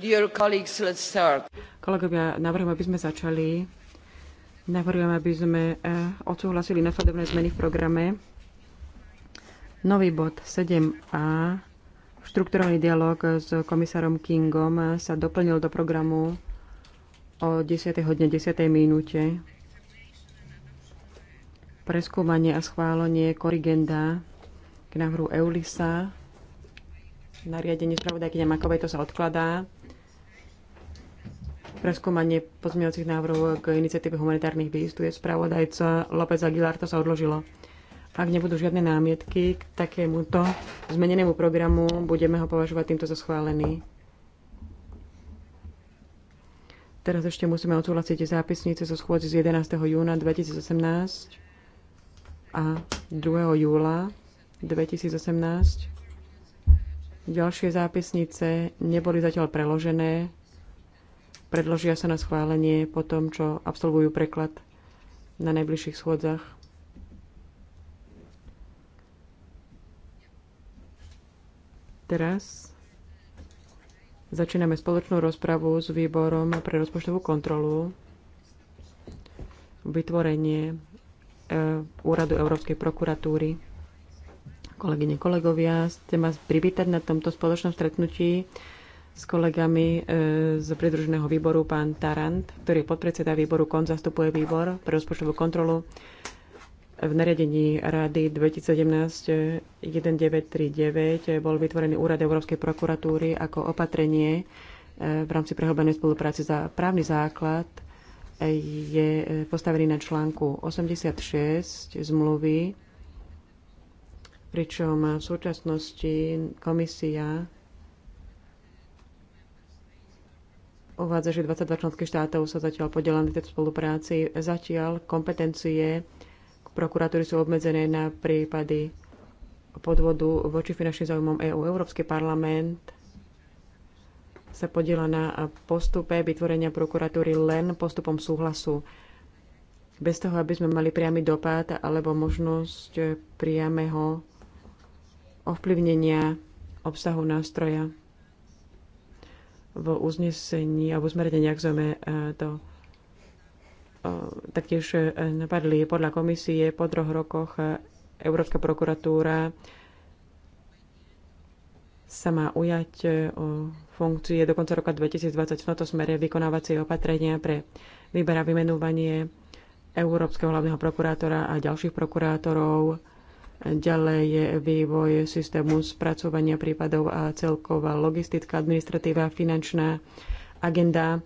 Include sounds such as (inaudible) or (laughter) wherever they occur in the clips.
Kolegovia, navrhujem, aby sme začali. Navrhujem, aby sme eh, odsúhlasili nasledovné zmeny v programe. Nový bod 7a, štruktúrovaný dialog s komisárom Kingom, eh, sa doplnil do programu o 10. hodine 10. minúte. Preskúmanie a schválenie korigenda k návrhu Eulisa nariadenie spravodajkyne nemakovej to sa odkladá preskúmanie pozmeňovacích návrhov k iniciatíve humanitárnych víz. Tu je spravodajca López Aguilar, to sa odložilo. Ak nebudú žiadne námietky k takémuto zmenenému programu, budeme ho považovať týmto za schválený. Teraz ešte musíme odsúhlasiť zápisnice zo schôdzi z 11. júna 2018 a 2. júla 2018. Ďalšie zápisnice neboli zatiaľ preložené predložia sa na schválenie po tom, čo absolvujú preklad na najbližších schôdzach. Teraz začíname spoločnú rozpravu s výborom pre rozpočtovú kontrolu vytvorenie e, Úradu Európskej prokuratúry. Kolegyne, kolegovia, chcem vás privítať na tomto spoločnom stretnutí s kolegami e, z pridruženého výboru, pán Tarant, ktorý je podpredseda výboru KON, zastupuje výbor pre rozpočtovú kontrolu v nariadení Rady 2017-1939 e, e, bol vytvorený úrad Európskej prokuratúry ako opatrenie v rámci prehobenej spolupráce za právny základ je postavený na článku 86 zmluvy, pričom v súčasnosti komisia uvádza, že 22 členských štátov sa zatiaľ podiela na tejto spolupráci. Zatiaľ kompetencie prokuratúry sú obmedzené na prípady podvodu voči finančným záujmom EÚ. Európsky parlament sa podiela na postupe vytvorenia prokuratúry len postupom súhlasu. Bez toho, aby sme mali priamy dopad alebo možnosť priameho ovplyvnenia obsahu nástroja v uznesení alebo usmerneniach sme e, to e, taktiež e, napadli. Podľa komisie po troch rokoch Európska prokuratúra sa má ujať o funkcie do konca roka 2020 v tomto smere vykonávacie opatrenia pre výber a vymenúvanie Európskeho hlavného prokurátora a ďalších prokurátorov Ďalej je vývoj systému spracovania prípadov a celková logistická, administratíva, finančná agenda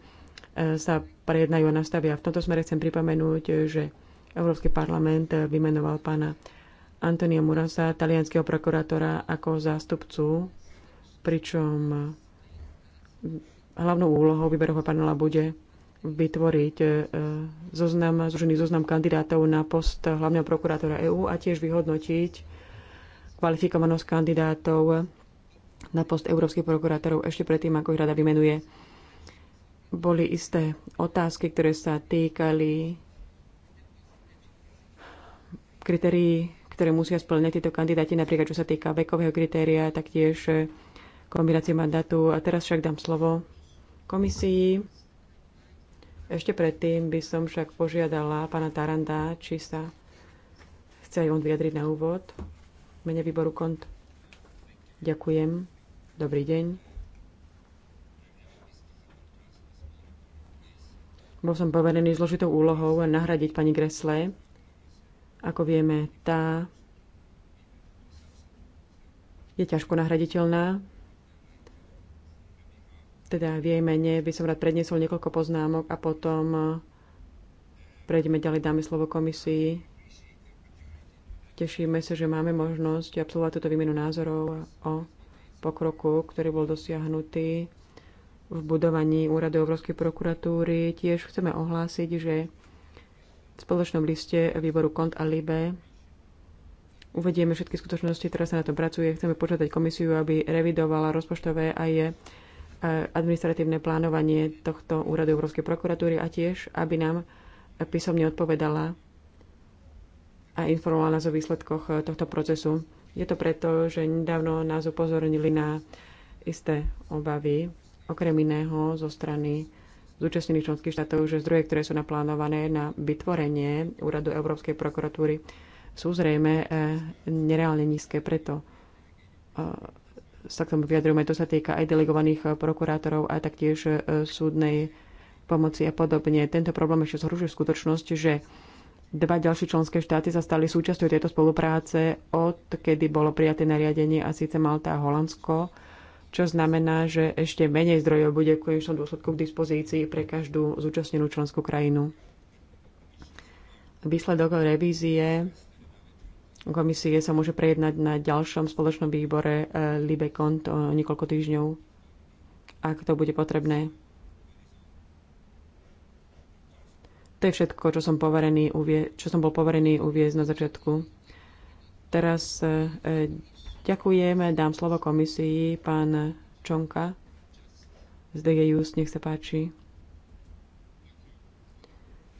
e, sa prejednajú a nastavia. V tomto smere chcem pripomenúť, že Európsky parlament vymenoval pána Antonia Murasa, talianského prokurátora, ako zástupcu, pričom hlavnou úlohou výberového panela bude vytvoriť e, zoznam, zružený zoznam kandidátov na post hlavného prokurátora EÚ a tiež vyhodnotiť kvalifikovanosť kandidátov na post európskych prokurátorov ešte predtým, ako ich rada vymenuje. Boli isté otázky, ktoré sa týkali kritérií, ktoré musia splňať tieto kandidáti, napríklad čo sa týka vekového kritéria, taktiež kombinácie mandátu. A teraz však dám slovo komisii. Ešte predtým by som však požiadala pána Taranda, či sa chce aj on vyjadriť na úvod. Mene výboru kont. Ďakujem. Dobrý deň. Bol som poverený zložitou úlohou nahradiť pani Gresle. Ako vieme, tá je ťažko nahraditeľná teda v jej mene by som rád predniesol niekoľko poznámok a potom eh, prejdeme ďalej, dáme slovo komisii. Tešíme sa, že máme možnosť absolvovať túto výmenu názorov o pokroku, ktorý bol dosiahnutý v budovaní Úradu Európskej prokuratúry. Tiež chceme ohlásiť, že v spoločnom liste výboru KONT a LIBE uvedieme všetky skutočnosti, teraz sa na tom pracuje. Chceme požiadať komisiu, aby revidovala rozpočtové aj administratívne plánovanie tohto úradu Európskej prokuratúry a tiež, aby nám písomne odpovedala a informovala nás o výsledkoch eh, tohto procesu. Je to preto, že nedávno nás upozornili na isté obavy, okrem iného zo strany zúčastnených členských štátov, že zdroje, ktoré sú naplánované na vytvorenie úradu Európskej prokuratúry, sú zrejme eh, nereálne nízke. Preto eh, sa k tomu vyjadrujeme. To sa týka aj delegovaných eh, prokurátorov a taktiež eh, súdnej pomoci a podobne. Tento problém ešte zhoršuje skutočnosť, že dva ďalšie členské štáty sa stali súčasťou tejto spolupráce od kedy bolo prijaté nariadenie a síce Malta a Holandsko, čo znamená, že ešte menej zdrojov bude v konečnom dôsledku k dispozícii pre každú zúčastnenú členskú krajinu. Výsledok revízie komisie sa môže prejednať na ďalšom spoločnom výbore eh, Libe Kont o niekoľko týždňov, ak to bude potrebné. To je všetko, čo som, poverený, čo som bol poverený uviezť na začiatku. Teraz eh, eh, ďakujeme, dám slovo komisii, pán Čonka. Zde je Just, nech sa páči.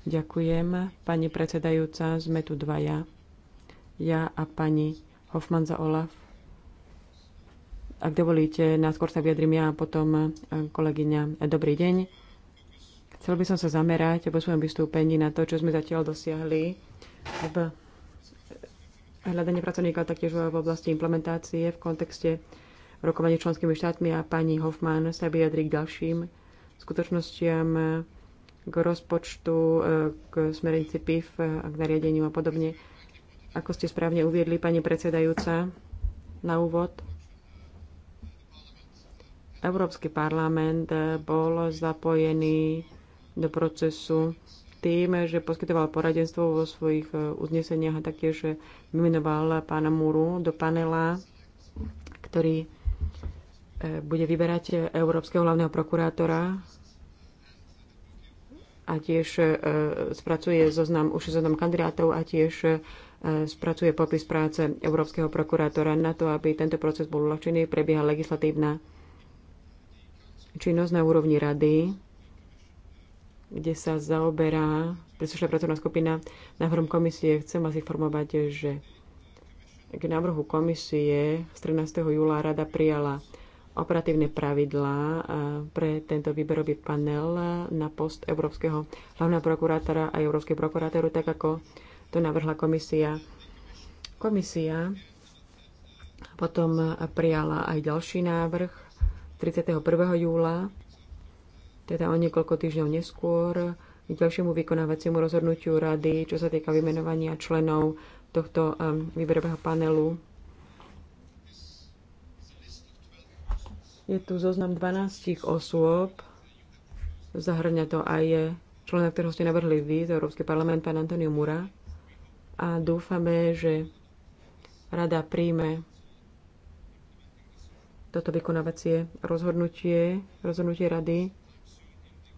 Ďakujem, pani predsedajúca, sme tu dvaja ja a pani Hoffman za Olaf. Ak dovolíte, náskôr sa vyjadrím ja a potom e, kolegyňa. E, dobrý deň. Chcel by som sa zamerať vo svojom vystúpení na to, čo sme zatiaľ dosiahli v hľadanie pracovníka, taktiež v oblasti implementácie v kontexte rokovania členskými štátmi a pani Hoffman sa vyjadri k ďalším skutočnostiam, e, k rozpočtu, k smernici PIF a k nariadeniu a podobne. Ako ste správne uviedli, pani predsedajúca, na úvod, Európsky parlament bol zapojený do procesu tým, že poskytoval poradenstvo vo svojich e, uzneseniach a taktiež vymenoval pána Múru do panela, ktorý e, bude vyberať Európskeho hlavného prokurátora a tiež e, spracuje zoznam, už zoznam kandidátov a tiež E, spracuje popis práce Európskeho prokurátora na to, aby tento proces bol uľahčený, prebieha legislatívna činnosť na úrovni rady, kde sa zaoberá príslušná pracovná skupina návrhom komisie. Chcem vás informovať, že k návrhu komisie z 13. júla rada prijala operatívne pravidlá e, pre tento výberový panel na post Európskeho hlavného prokurátora a Európskej prokurátoru, tak ako to navrhla komisia. Komisia potom prijala aj ďalší návrh 31. júla, teda o niekoľko týždňov neskôr, k ďalšiemu vykonávaciemu rozhodnutiu rady, čo sa týka vymenovania členov tohto um, výberového panelu. Je tu zoznam 12 osôb, zahrňa to aj člena, ktorého ste navrhli vy, Európsky parlament, pán Antoniu Mura a dúfame, že rada príjme toto vykonávacie rozhodnutie, rozhodnutie rady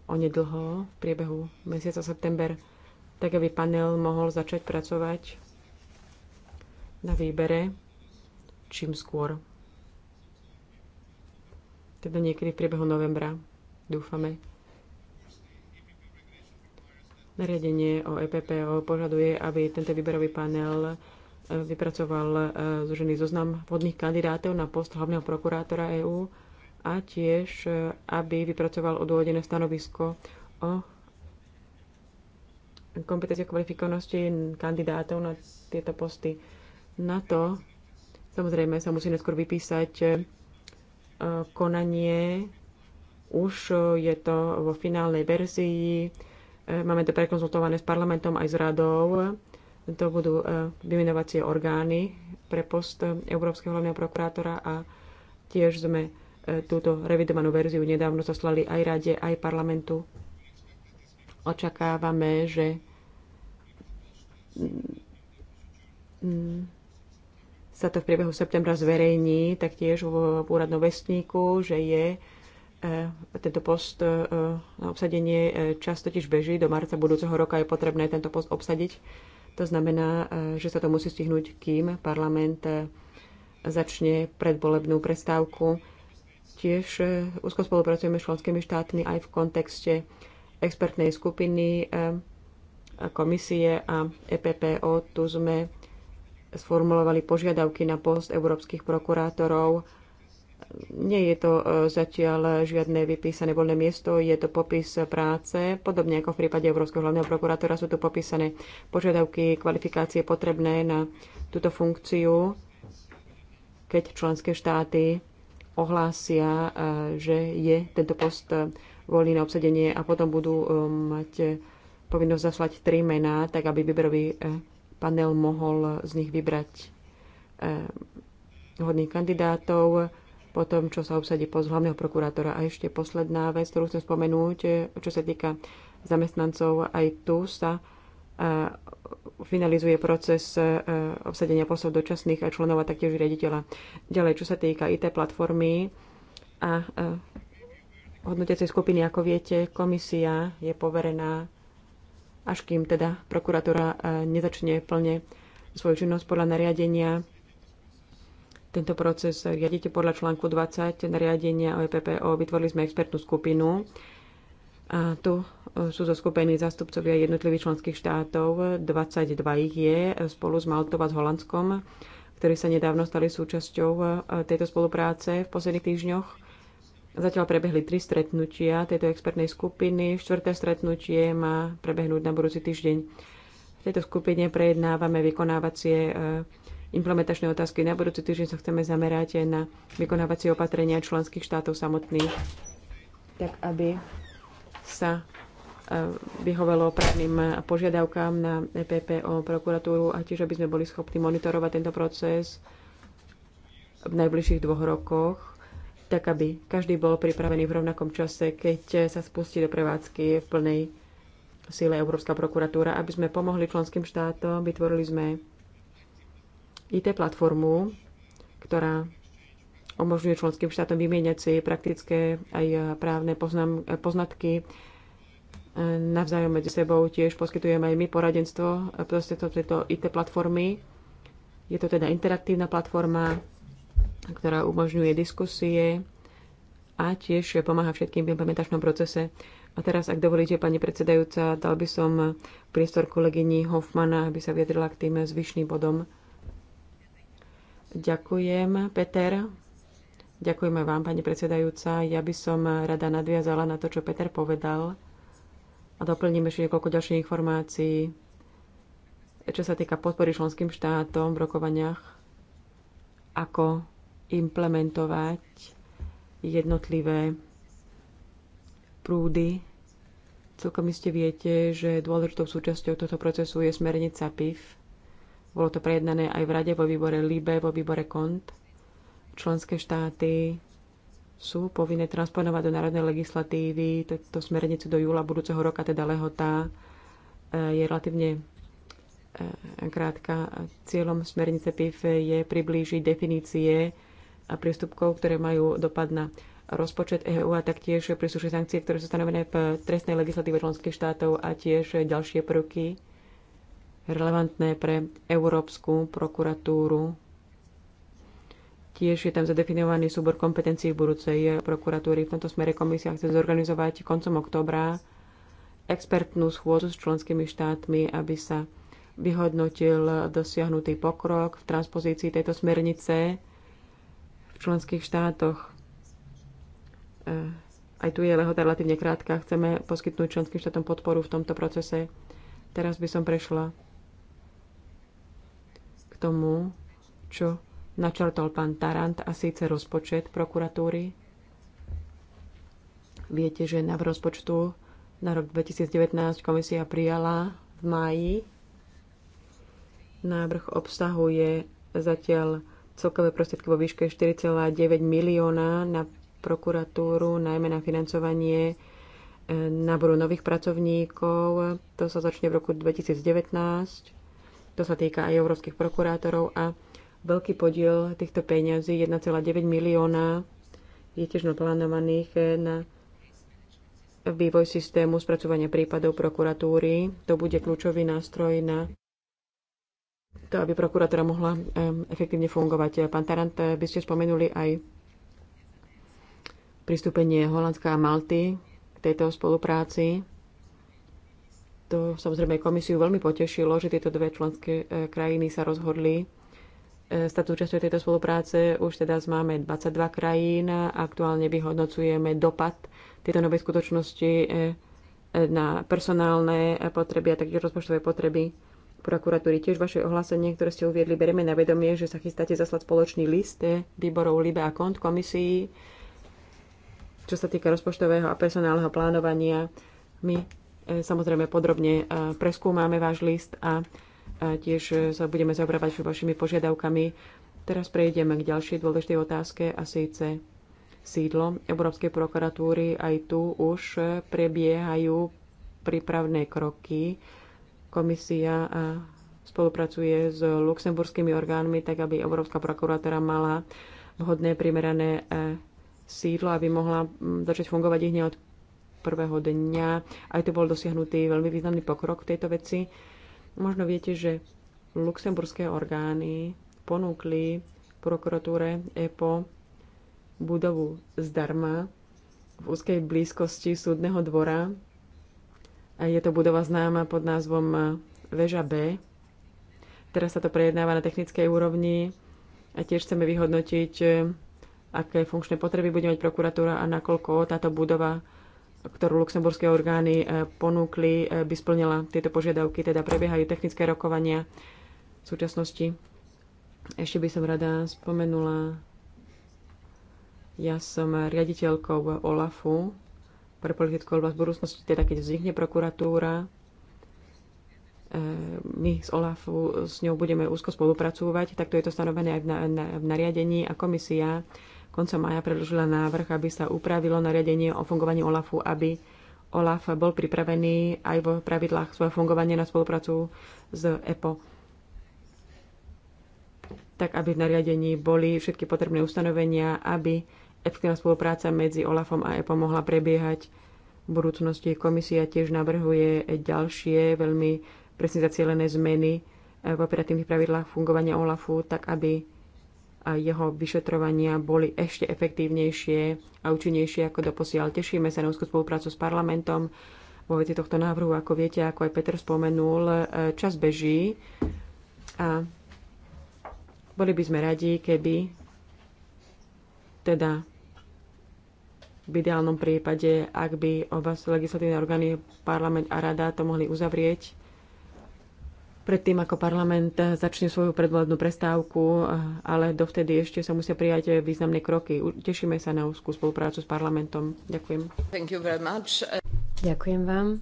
onedlho, v priebehu mesiaca september, tak aby panel mohol začať pracovať na výbere čím skôr. Teda niekedy v priebehu novembra, dúfame. Nariadenie o EPPO požaduje, aby tento výberový panel e, vypracoval e, zložený zoznam vodných kandidátov na post hlavného prokurátora EÚ a tiež, e, aby vypracoval odôvodené stanovisko o kompetenciách kvalifikovanosti kandidátov na tieto posty. Na to samozrejme sa musí neskôr vypísať konanie. Už je to vo finálnej verzii Eh, máme to prekonzultované s parlamentom aj s radou. To budú eh, vymenovacie orgány pre post Európskeho hlavného prokurátora a tiež sme eh, túto revidovanú verziu nedávno zaslali aj rade, aj parlamentu. Očakávame, že mm, mm, sa to v priebehu septembra zverejní taktiež v úradnom vestníku, že je E, tento post e, na obsadenie e, čas totiž beží. Do marca budúceho roka je potrebné tento post obsadiť. To znamená, že sa to musí stihnúť, kým parlament začne predvolebnú prestávku. Tiež úzko spolupracujeme s členskými štátmi aj v kontexte expertnej skupiny komisie a EPPO. Tu sme sformulovali požiadavky na post európskych prokurátorov nie je to e, zatiaľ žiadne vypísané voľné miesto, je to popis práce, podobne ako v prípade Európskeho hlavného prokurátora sú tu popísané požiadavky, kvalifikácie potrebné na túto funkciu, keď členské štáty ohlásia, e, že je tento post e, voľný na obsadenie a potom budú mať povinnosť zaslať tri mená, tak aby výberový panel mohol z nich vybrať hodných kandidátov po tom, čo sa obsadí post hlavného prokurátora. A ešte posledná vec, ktorú chcem spomenúť, e, čo sa týka zamestnancov, aj tu sa e, finalizuje proces e, obsadenia posov dočasných a členov a taktiež riaditeľa. Ďalej, čo sa týka IT platformy a hodnotiacej skupiny, ako viete, komisia je poverená, až kým teda prokuratúra nezačne plne svoju činnosť podľa nariadenia tento proces riadite podľa článku 20 nariadenia o EPPO. Vytvorili sme expertnú skupinu a tu e, sú zoskupení zástupcovia jednotlivých členských štátov. 22 ich je spolu s Maltou a s Holandskom, ktorí sa nedávno stali súčasťou e, tejto spolupráce v posledných týždňoch. Zatiaľ prebehli tri stretnutia tejto expertnej skupiny. Štvrté stretnutie má prebehnúť na budúci týždeň. V tejto skupine prejednávame vykonávacie e, implementačné otázky. Na budúci týždeň sa chceme zamerať aj na vykonávacie opatrenia členských štátov samotných, tak aby sa e, vyhovelo právnym požiadavkám na EPP o prokuratúru a tiež, aby sme boli schopní monitorovať tento proces v najbližších dvoch rokoch, tak aby každý bol pripravený v rovnakom čase, keď sa spustí do prevádzky v plnej síle Európska prokuratúra, aby sme pomohli členským štátom, vytvorili sme IT platformu, ktorá umožňuje členským štátom vymieňať si praktické aj právne poznám, poznatky navzájom medzi sebou. Tiež poskytujeme aj my poradenstvo to, tejto IT platformy. Je to teda interaktívna platforma, ktorá umožňuje diskusie a tiež pomáha všetkým v implementačnom procese. A teraz, ak dovolíte, pani predsedajúca, dal by som priestor kolegyni Hoffmana, aby sa vyjadrila k tým zvyšným bodom. Ďakujem, Peter. Ďakujeme vám, pani predsedajúca. Ja by som rada nadviazala na to, čo Peter povedal a doplním ešte niekoľko ďalších informácií, čo sa týka podpory členským štátom v rokovaniach, ako implementovať jednotlivé prúdy. Celkom iste viete, že dôležitou súčasťou tohto procesu je smernica PIF, bolo to prejednané aj v Rade, vo výbore LIBE, vo výbore KONT. Členské štáty sú povinné transponovať do národnej legislatívy túto smernicu do júla budúceho roka, teda lehota e, je relatívne e, krátka. Cieľom smernice PIF je priblížiť definície a prístupkov, ktoré majú dopad na rozpočet EÚ a taktiež príslušné sankcie, ktoré sú stanovené v trestnej legislatíve členských štátov a tiež ďalšie prvky relevantné pre Európsku prokuratúru. Tiež je tam zadefinovaný súbor kompetencií v budúcej prokuratúry. V tomto smere komisia chce zorganizovať koncom oktobra expertnú schôdzu s členskými štátmi, aby sa vyhodnotil dosiahnutý pokrok v transpozícii tejto smernice v členských štátoch. Eh, aj tu je lehota relatívne krátka. Chceme poskytnúť členským štátom podporu v tomto procese. Teraz by som prešla tomu, čo načrtol pán Tarant a síce rozpočet prokuratúry. Viete, že na rozpočtu na rok 2019 komisia prijala v máji. Návrh obsahuje zatiaľ celkové prostriedky vo výške 4,9 milióna na prokuratúru, najmä na financovanie e, náboru nových pracovníkov. To sa začne v roku 2019 to sa týka aj európskych prokurátorov a veľký podiel týchto peňazí, 1,9 milióna, je tiež naplánovaných eh, na vývoj systému spracovania prípadov prokuratúry. To bude kľúčový nástroj na to, aby prokuratúra mohla efektívne fungovať. Pán Tarant, by eh, ste spomenuli aj pristúpenie Holandska a Malty k tejto spolupráci. To samozrejme komisiu veľmi potešilo, že tieto dve členské e, krajiny sa rozhodli e, stať súčasťou tejto spolupráce. Už teda máme 22 krajín a aktuálne vyhodnocujeme dopad tejto novej skutočnosti e, na personálne potreby a taktiež rozpočtové potreby prokuratúry. Tiež vaše ohlásenie, ktoré ste uviedli, bereme na vedomie, že sa chystáte zaslať spoločný list výborov LIBE a KONT komisii, čo sa týka rozpočtového a personálneho plánovania. My E, samozrejme podrobne e, preskúmame váš list a e, tiež sa budeme zaobrávať vašimi požiadavkami. Teraz prejdeme k ďalšej dôležitej otázke a síce sídlo Európskej prokuratúry. Aj tu už prebiehajú prípravné kroky. Komisia spolupracuje s luxemburskými orgánmi, tak aby Európska prokuratúra mala vhodné, primerané sídlo, aby mohla začať fungovať ich hneď od prvého dňa. Aj tu bol dosiahnutý veľmi významný pokrok v tejto veci. Možno viete, že luxemburské orgány ponúkli prokuratúre EPO budovu zdarma v úzkej blízkosti súdneho dvora. Je to budova známa pod názvom Veža B. Teraz sa to prejednáva na technickej úrovni a tiež chceme vyhodnotiť, aké funkčné potreby bude mať prokuratúra a nakoľko táto budova ktorú luxemburské orgány e, ponúkli, e, by splnila tieto požiadavky. Teda prebiehajú technické rokovania v súčasnosti. Ešte by som rada spomenula, ja som riaditeľkou OLAFu pre politickú oblasť budúcnosti, teda keď vznikne prokuratúra, e, my z OLAFu s ňou budeme úzko spolupracovať, takto je to stanovené aj v, v nariadení a komisia koncom maja predložila návrh, aby sa upravilo nariadenie o fungovaní OLAFu, aby OLAF bol pripravený aj vo pravidlách svojho fungovania na spoluprácu s EPO tak aby v nariadení boli všetky potrebné ustanovenia, aby efektívna spolupráca medzi OLAFom a EPO mohla prebiehať v budúcnosti. Komisia tiež navrhuje ďalšie veľmi presne zacielené zmeny v operatívnych pravidlách fungovania OLAFu, tak aby a jeho vyšetrovania boli ešte efektívnejšie a účinnejšie ako doposiaľ. Tešíme sa na úzku spoluprácu s parlamentom vo veci tohto návrhu. Ako viete, ako aj Peter spomenul, e, čas beží a boli by sme radi, keby teda v ideálnom prípade, ak by oba legislatívne orgány, parlament a rada to mohli uzavrieť predtým, ako parlament začne svoju predvolebnú prestávku, ale dovtedy ešte sa musia prijať významné kroky. Tešíme sa na úzkú spoluprácu s parlamentom. Ďakujem. Thank you very much. Ďakujem vám.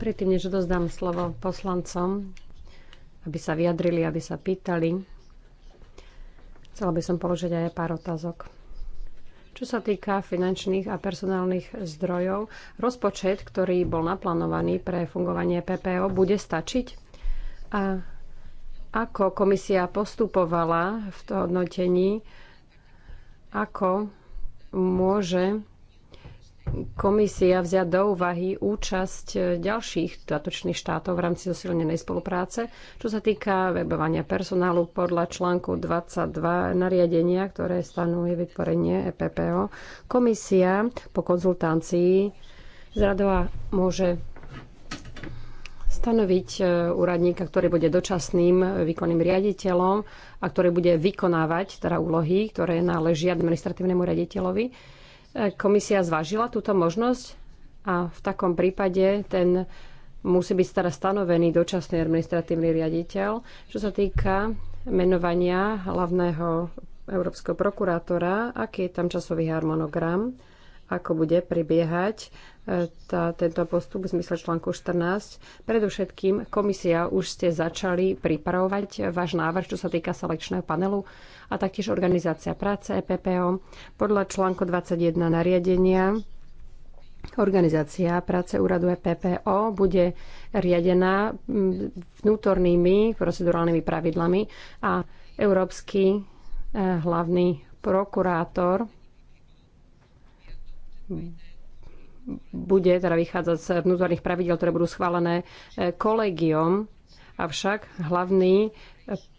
Predtým, než dozdám slovo poslancom, aby sa vyjadrili, aby sa pýtali, chcela by som položiť aj pár otázok. Čo sa týka finančných a personálnych zdrojov, rozpočet, ktorý bol naplánovaný pre fungovanie PPO, bude stačiť? A ako komisia postupovala v to hodnotení, ako môže komisia vziať do úvahy účasť ďalších dodatočných štátov v rámci zosilnenej spolupráce. Čo sa týka webovania personálu podľa článku 22 nariadenia, ktoré stanuje vytvorenie EPPO, komisia po konzultácii z radova môže stanoviť e, úradníka, ktorý bude dočasným e, výkonným riaditeľom a ktorý bude vykonávať teda úlohy, ktoré náleží administratívnemu riaditeľovi. E, komisia zvážila túto možnosť a v takom prípade ten musí byť teda stanovený dočasný administratívny riaditeľ. Čo sa týka menovania hlavného európskeho prokurátora, aký je tam časový harmonogram, ako bude prebiehať e, tá, tento postup v zmysle článku 14. Predovšetkým komisia už ste začali pripravovať váš návrh, čo sa týka selekčného panelu a taktiež organizácia práce EPPO. Podľa článku 21 nariadenia Organizácia práce úradu EPPO bude riadená vnútornými procedurálnymi pravidlami a Európsky e, hlavný prokurátor bude teda vychádzať z vnútorných pravidel, ktoré budú schválené eh, kolegiom. Avšak hlavný eh,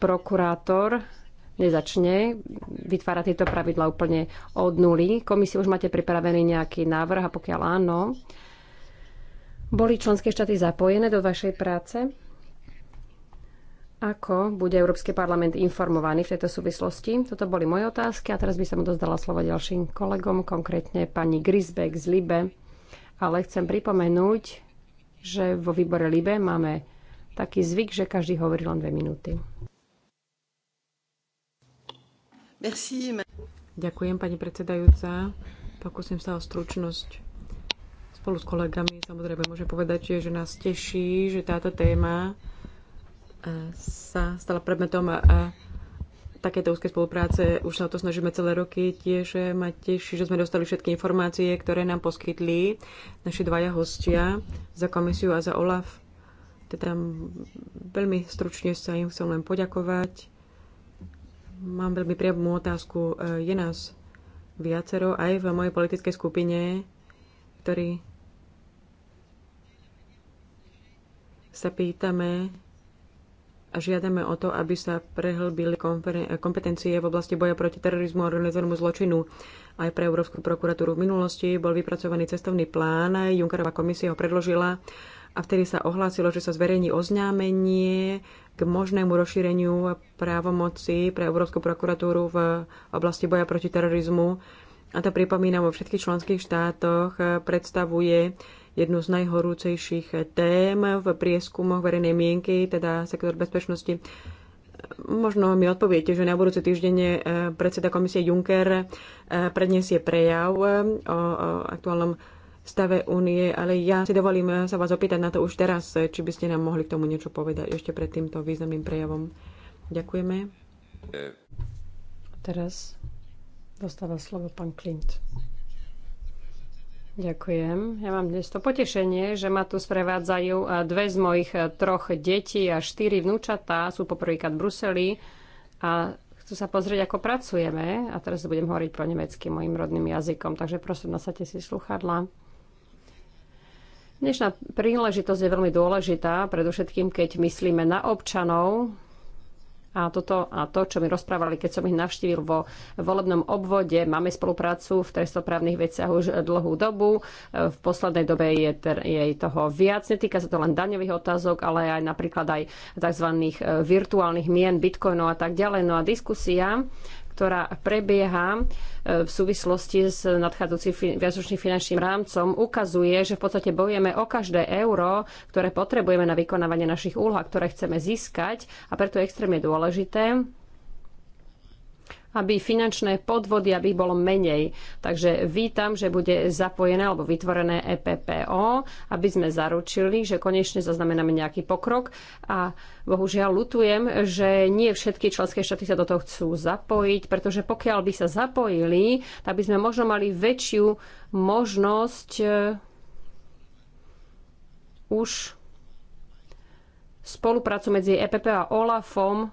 prokurátor nezačne vytvárať tieto pravidla úplne od nuly. Komisiu už máte pripravený nejaký návrh a pokiaľ áno, boli členské štáty zapojené do vašej práce? Ako bude Európsky parlament informovaný v tejto súvislosti? Toto boli moje otázky a teraz by som dozdala slovo ďalším kolegom, konkrétne pani Grisbeck z Libe. Ale chcem pripomenúť, že vo výbore Libe máme taký zvyk, že každý hovorí len dve minúty. Merci. Ďakujem, pani predsedajúca. Pokúsim sa o stručnosť. Spolu s kolegami samozrejme môžem povedať, že nás teší, že táto téma sa stala predmetom a takéto úzkej spolupráce. Už sa o to snažíme celé roky. Tiež e, mať teší, že sme dostali všetky informácie, ktoré nám poskytli naši dvaja hostia za komisiu a za OLAF. Teda veľmi stručne sa im chcem len poďakovať. Mám veľmi priamú otázku. E, je nás viacero aj v mojej politickej skupine, ktorí sa pýtame, a žiadame o to, aby sa prehlbili kompetencie v oblasti boja proti terorizmu a organizovanému zločinu. Aj pre Európsku prokuratúru v minulosti bol vypracovaný cestovný plán, Junckerová komisia ho predložila a vtedy sa ohlásilo, že sa zverejní oznámenie k možnému rozšíreniu právomoci pre Európsku prokuratúru v oblasti boja proti terorizmu. A to pripomínam vo všetkých členských štátoch predstavuje jednu z najhorúcejších tém v prieskumoch verejnej mienky, teda sektor bezpečnosti. Možno mi odpoviete, že na budúci týždeň eh, predseda komisie Juncker eh, predniesie prejav eh, o aktuálnom stave únie, ale ja si dovolím sa vás opýtať na to už teraz, či by ste nám mohli k tomu niečo povedať ešte pred týmto významným prejavom. Ďakujeme. E- teraz dostáva slovo pán Klint. Ďakujem. Ja mám dnes to potešenie, že ma tu sprevádzajú dve z mojich e, troch detí a štyri vnúčatá. Sú poprvýkrát v Bruseli a chcú sa pozrieť, ako pracujeme. A teraz budem hovoriť po nemecky, mojim rodným jazykom. Takže prosím, nasadte si sluchadla. Dnešná príležitosť je veľmi dôležitá, predovšetkým keď myslíme na občanov, a, toto, a to, čo mi rozprávali, keď som ich navštívil vo volebnom obvode, máme spoluprácu v trestoprávnych veciach už dlhú dobu. E, v poslednej dobe je, je toho viac. Netýka sa to len daňových otázok, ale aj napríklad aj tzv. virtuálnych mien, bitcoinov a tak ďalej. No a diskusia ktorá prebieha e, v súvislosti s nadchádzajúcim viacročným finančným rámcom, ukazuje, že v podstate bojujeme o každé euro, ktoré potrebujeme na vykonávanie našich úloh, ktoré chceme získať a preto je extrémne dôležité, aby finančné podvody, aby ich bolo menej. Takže vítam, že bude zapojené alebo vytvorené EPPO, aby sme zaručili, že konečne zaznamenáme nejaký pokrok. A bohužiaľ lutujem, že nie všetky členské štáty sa do toho chcú zapojiť, pretože pokiaľ by sa zapojili, tak by sme možno mali väčšiu možnosť e, už spoluprácu medzi EPP a OLAFom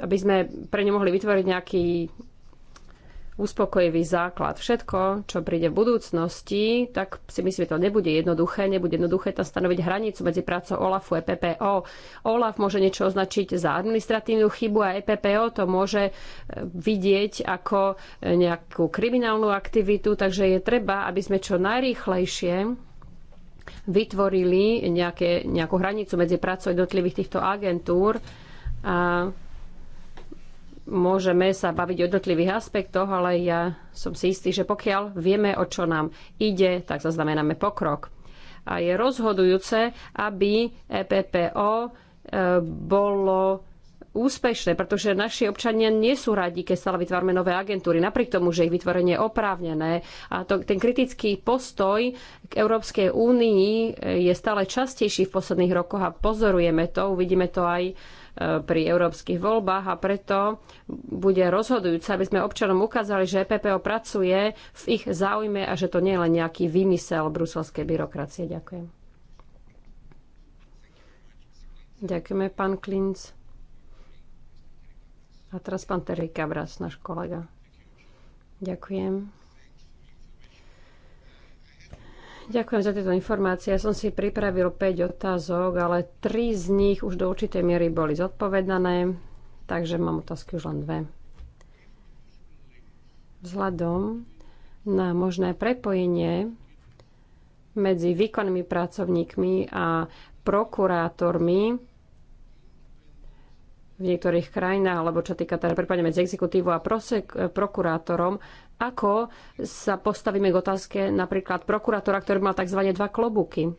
aby sme pre ňu mohli vytvoriť nejaký uspokojivý základ. Všetko, čo príde v budúcnosti, tak si myslím, že to nebude jednoduché. Nebude jednoduché tam stanoviť hranicu medzi prácou OLAFu a EPPO. OLAF môže niečo označiť za administratívnu chybu a EPPO to môže e, vidieť ako nejakú kriminálnu aktivitu, takže je treba, aby sme čo najrýchlejšie vytvorili nejaké, nejakú hranicu medzi prácou jednotlivých týchto agentúr a môžeme sa baviť o jednotlivých aspektoch, ale ja som si istý, že pokiaľ vieme, o čo nám ide, tak zaznamenáme pokrok. A je rozhodujúce, aby EPPO e, bolo úspešné, pretože naši občania nie sú radi, keď stále vytvárame nové agentúry, napriek tomu, že ich vytvorenie je oprávnené. A to, ten kritický postoj k Európskej únii e, je stále častejší v posledných rokoch a pozorujeme to, uvidíme to aj pri európskych voľbách a preto bude rozhodujúce, aby sme občanom ukázali, že EPPO pracuje v ich záujme a že to nie je len nejaký vymysel bruselskej byrokracie. Ďakujem. Ďakujeme, pán Klinc. A teraz pán Terry Cabras, náš kolega. Ďakujem. Ďakujem za tieto informácie. Ja som si pripravil 5 otázok, ale 3 z nich už do určitej miery boli zodpovedané, takže mám otázky už len dve. Vzhľadom na možné prepojenie medzi výkonnými pracovníkmi a prokurátormi v niektorých krajinách, alebo čo týka teda prípadne medzi exekutívou a prosek, prokurátorom, ako sa postavíme k otázke napríklad prokurátora, ktorý mal tzv. dva klobúky.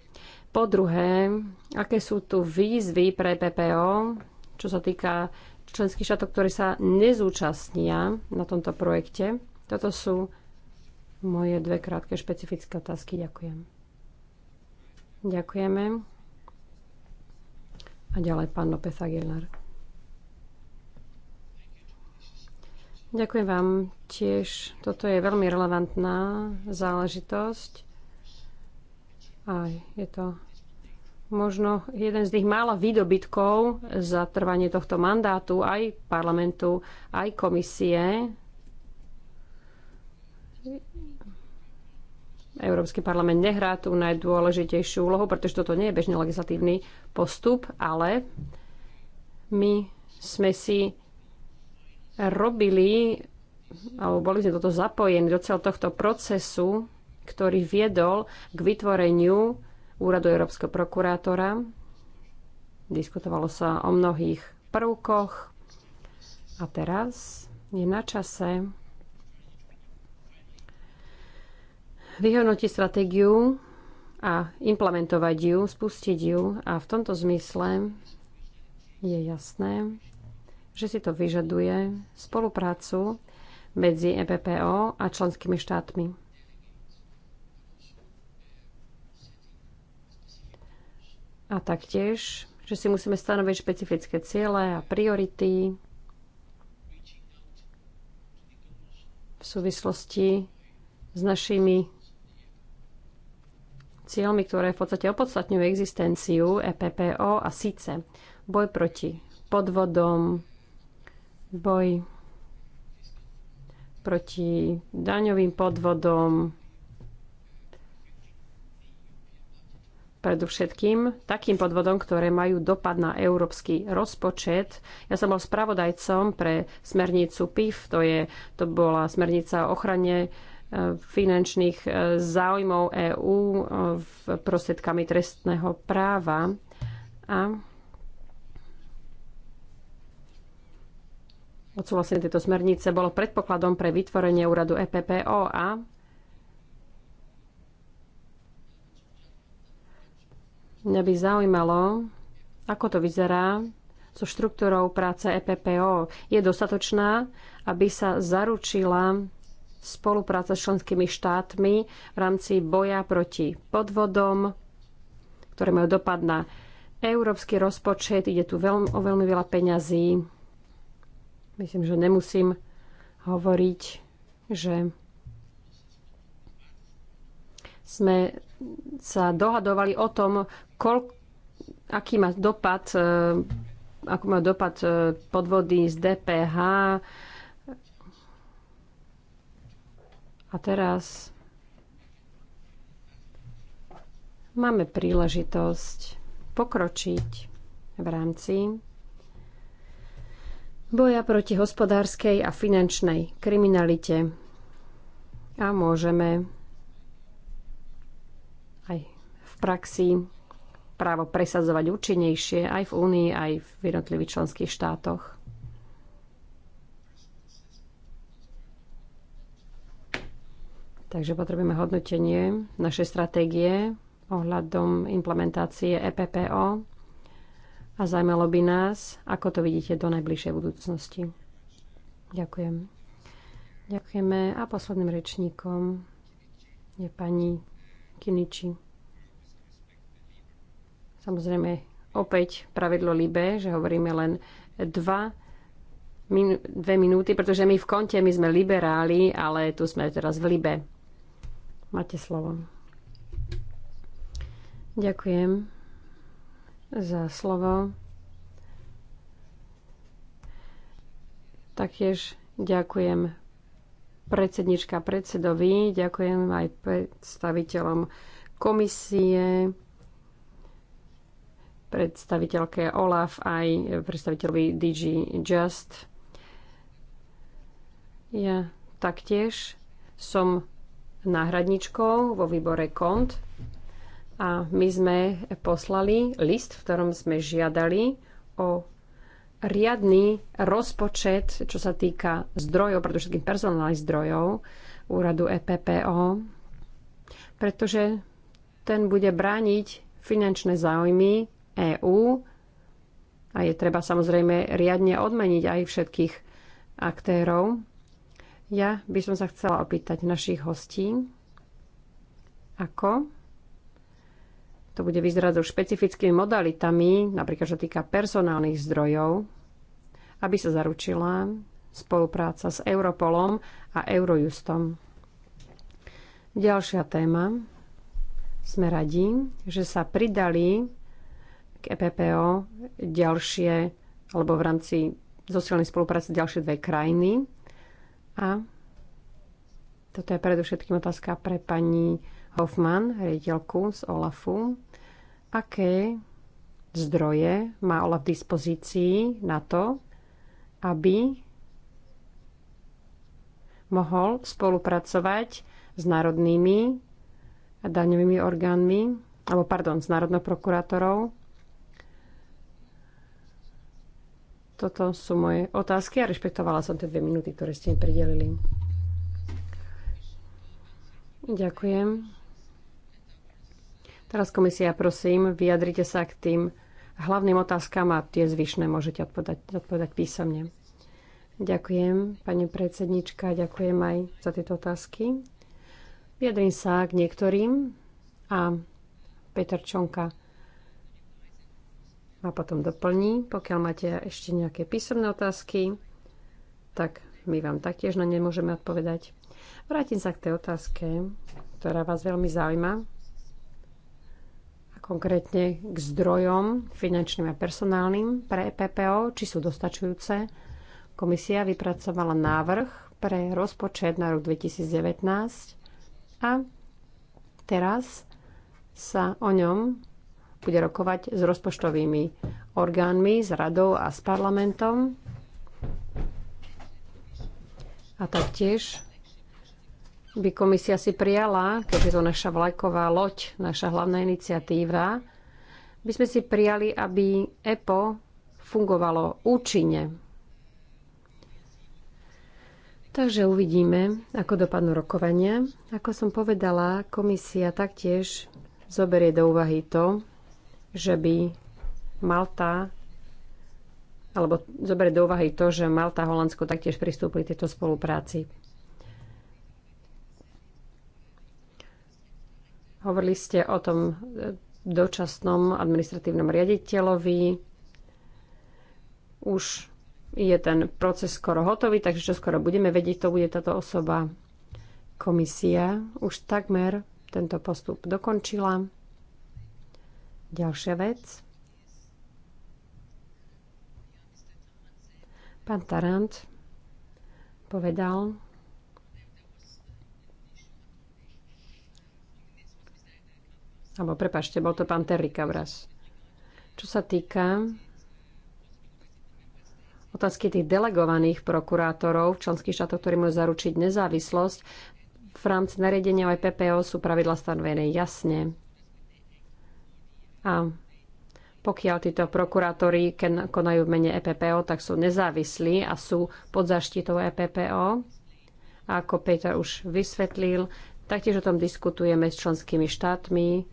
Po druhé, aké sú tu výzvy pre PPO, čo sa týka členských štátov, ktorí sa nezúčastnia na tomto projekte. Toto sú moje dve krátke špecifické otázky. Ďakujem. Ďakujeme. A ďalej pán López Aguilar. Ďakujem vám tiež. Toto je veľmi relevantná záležitosť. A je to možno jeden z tých mála výdobytkov za trvanie tohto mandátu aj parlamentu, aj komisie. Európsky parlament nehrá tú najdôležitejšiu úlohu, pretože toto nie je bežný legislatívny postup, ale my sme si robili, alebo boli sme toto zapojení do celého tohto procesu, ktorý viedol k vytvoreniu Úradu Európskeho prokurátora. Diskutovalo sa o mnohých prvkoch. A teraz je na čase vyhodnotiť stratégiu a implementovať ju, spustiť ju. A v tomto zmysle je jasné, že si to vyžaduje spoluprácu medzi EPPO a členskými štátmi. A taktiež, že si musíme stanoviť špecifické ciele a priority v súvislosti s našimi cieľmi, ktoré v podstate opodstatňujú existenciu EPPO a síce boj proti podvodom, boj proti daňovým podvodom, predovšetkým takým podvodom, ktoré majú dopad na európsky rozpočet. Ja som bol spravodajcom pre smernicu PIF, to, je, to bola smernica o ochrane e, finančných e, záujmov EÚ e, prostriedkami trestného práva. A odsúhlasenie tejto smernice bolo predpokladom pre vytvorenie úradu EPPO a mňa by zaujímalo, ako to vyzerá so štruktúrou práce EPPO. Je dostatočná, aby sa zaručila spolupráca s členskými štátmi v rámci boja proti podvodom, ktoré majú dopad na európsky rozpočet. Ide tu veľmi, o veľmi veľa peňazí. Myslím, že nemusím hovoriť, že sme sa dohadovali o tom, koľko, aký má dopad, e, ako má dopad e, podvody z DPH. A teraz máme príležitosť pokročiť v rámci boja proti hospodárskej a finančnej kriminalite. A môžeme aj v praxi právo presadzovať účinnejšie aj v Únii, aj v jednotlivých členských štátoch. Takže potrebujeme hodnotenie našej stratégie ohľadom implementácie EPPO a zaujímalo by nás, ako to vidíte do najbližšej budúcnosti. Ďakujem. Ďakujeme. A posledným rečníkom je pani Kiniči. Samozrejme, opäť pravidlo Libe, že hovoríme len dva, min, dve minúty, pretože my v konte, my sme liberáli, ale tu sme teraz v Libe. Máte slovo. Ďakujem za slovo. Taktiež ďakujem predsednička predsedovi, ďakujem aj predstaviteľom komisie, predstaviteľke OLAF, aj predstaviteľovi DG Just. Ja taktiež som náhradničkou vo výbore KONT a my sme poslali list, v ktorom sme žiadali o riadny rozpočet, čo sa týka zdrojov, pretože všetkým personálnych zdrojov úradu EPPO, pretože ten bude brániť finančné záujmy EÚ a je treba samozrejme riadne odmeniť aj všetkých aktérov. Ja by som sa chcela opýtať našich hostí, ako to bude vyzerať so špecifickými modalitami, napríklad čo týka personálnych zdrojov, aby sa zaručila spolupráca s Europolom a Eurojustom. Ďalšia téma. Sme radi, že sa pridali k EPPO ďalšie, alebo v rámci zosilnej spolupráce ďalšie dve krajiny. A toto je predovšetkým otázka pre pani Hoffman, riaditeľku z OLAFu, aké zdroje má OLAF v dispozícii na to, aby mohol spolupracovať s národnými daňovými orgánmi, alebo pardon, s národnou prokurátorou. Toto sú moje otázky a rešpektovala som tie dve minúty, ktoré ste mi pridelili. Ďakujem. Teraz komisia, prosím, vyjadrite sa k tým hlavným otázkam a tie zvyšné môžete odpovedať, odpovedať písomne. Ďakujem, pani predsednička, ďakujem aj za tieto otázky. Vyjadrím sa k niektorým a Peter Čonka ma potom doplní. Pokiaľ máte ešte nejaké písomné otázky, tak my vám taktiež na ne môžeme odpovedať. Vrátim sa k tej otázke, ktorá vás veľmi zaujíma konkrétne k zdrojom finančným a personálnym pre EPPO, či sú dostačujúce. Komisia vypracovala návrh pre rozpočet na rok 2019 a teraz sa o ňom bude rokovať s rozpočtovými orgánmi, s radou a s parlamentom. A taktiež by komisia si prijala, keďže to naša vlajková loď, naša hlavná iniciatíva, by sme si prijali, aby EPO fungovalo účinne. Takže uvidíme, ako dopadnú rokovania. Ako som povedala, komisia taktiež zoberie do úvahy to, že by Malta alebo zoberie do úvahy to, že Malta a Holandsko taktiež pristúpili tejto spolupráci. Hovorili ste o tom e, dočasnom administratívnom riaditeľovi. Už je ten proces skoro hotový, takže čo skoro budeme vedieť, to bude táto osoba. Komisia už takmer tento postup dokončila. Ďalšia vec. Pán Tarant povedal, Alebo prepašte, bol to pán Terry vraz. Čo sa týka otázky tých delegovaných prokurátorov v členských štátoch, ktorí môžu zaručiť nezávislosť, v rámci nariadenia aj PPO sú pravidla stanovené jasne. A pokiaľ títo prokurátori konajú v mene EPPO, tak sú nezávislí a sú pod zaštitou EPPO. A ako Peter už vysvetlil, taktiež o tom diskutujeme s členskými štátmi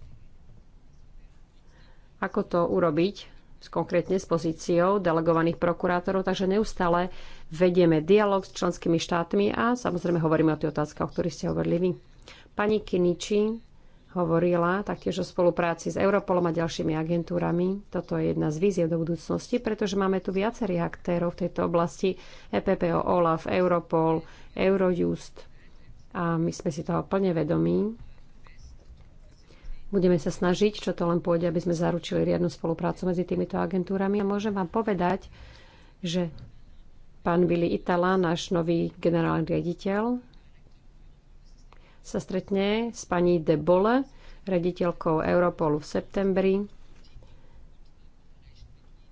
ako to urobiť konkrétne s pozíciou delegovaných prokurátorov, takže neustále vedieme dialog s členskými štátmi a samozrejme hovoríme o tých otázkach, o ktorých ste hovorili vy. Pani Kiniči hovorila taktiež o spolupráci s Europolom a ďalšími agentúrami. Toto je jedna z víziev do budúcnosti, pretože máme tu viacerých aktérov v tejto oblasti. EPPO, OLAF, Europol, Eurojust a my sme si toho plne vedomí Budeme sa snažiť, čo to len pôjde, aby sme zaručili riadnu spoluprácu medzi týmito agentúrami. A môžem vám povedať, že pán Billy Itala, náš nový generálny riaditeľ, sa stretne s pani De Bolle, rediteľkou Europolu v septembri,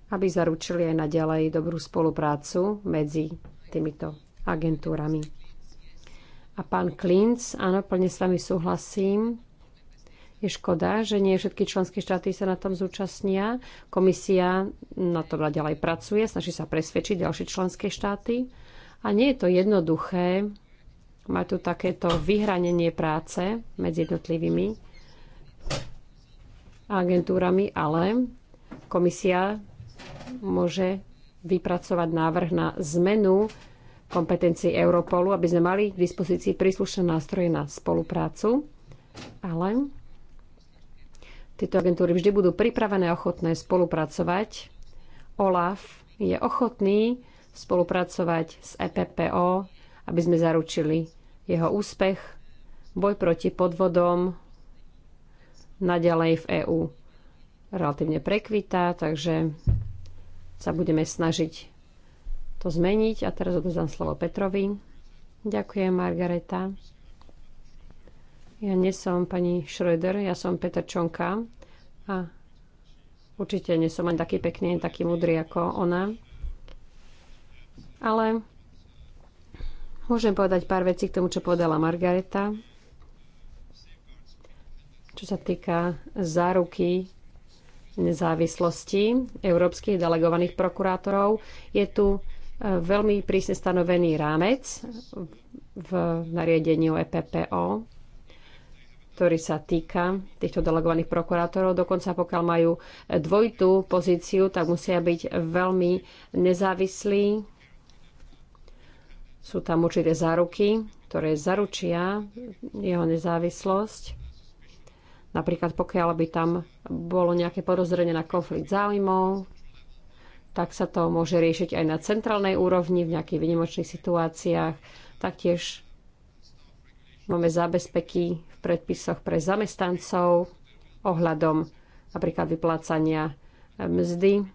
aby zaručili aj naďalej dobrú spoluprácu medzi týmito agentúrami. A pán Klinc, áno, plne s vami súhlasím, je škoda, že nie všetky členské štáty sa na tom zúčastnia. Komisia na to ďalej pracuje, snaží sa presvedčiť ďalšie členské štáty. A nie je to jednoduché mať tu takéto vyhranenie práce medzi jednotlivými agentúrami, ale komisia môže vypracovať návrh na zmenu kompetencií Europolu, aby sme mali k dispozícii príslušné nástroje na spoluprácu, ale tieto agentúry vždy budú pripravené a ochotné spolupracovať. OLAF je ochotný spolupracovať s EPPO, aby sme zaručili jeho úspech, boj proti podvodom naďalej v EÚ relatívne prekvita, takže sa budeme snažiť to zmeniť. A teraz odozdám slovo Petrovi. Ďakujem, Margareta. Ja nie som pani Schröder, ja som Peter Čonka a určite nie som ani taký pekný, ani taký mudrý ako ona. Ale môžem povedať pár vecí k tomu, čo povedala Margareta. Čo sa týka záruky nezávislosti európskych delegovaných prokurátorov, je tu e, veľmi prísne stanovený rámec v nariadení o EPPO, ktorý sa týka týchto delegovaných prokurátorov. Dokonca pokiaľ majú dvojitú pozíciu, tak musia byť veľmi nezávislí. Sú tam určité záruky, ktoré zaručia jeho nezávislosť. Napríklad pokiaľ by tam bolo nejaké podozrenie na konflikt záujmov, tak sa to môže riešiť aj na centrálnej úrovni v nejakých vynimočných situáciách. Taktiež máme zábezpeky predpisoch pre zamestnancov ohľadom napríklad vyplácania eh, mzdy,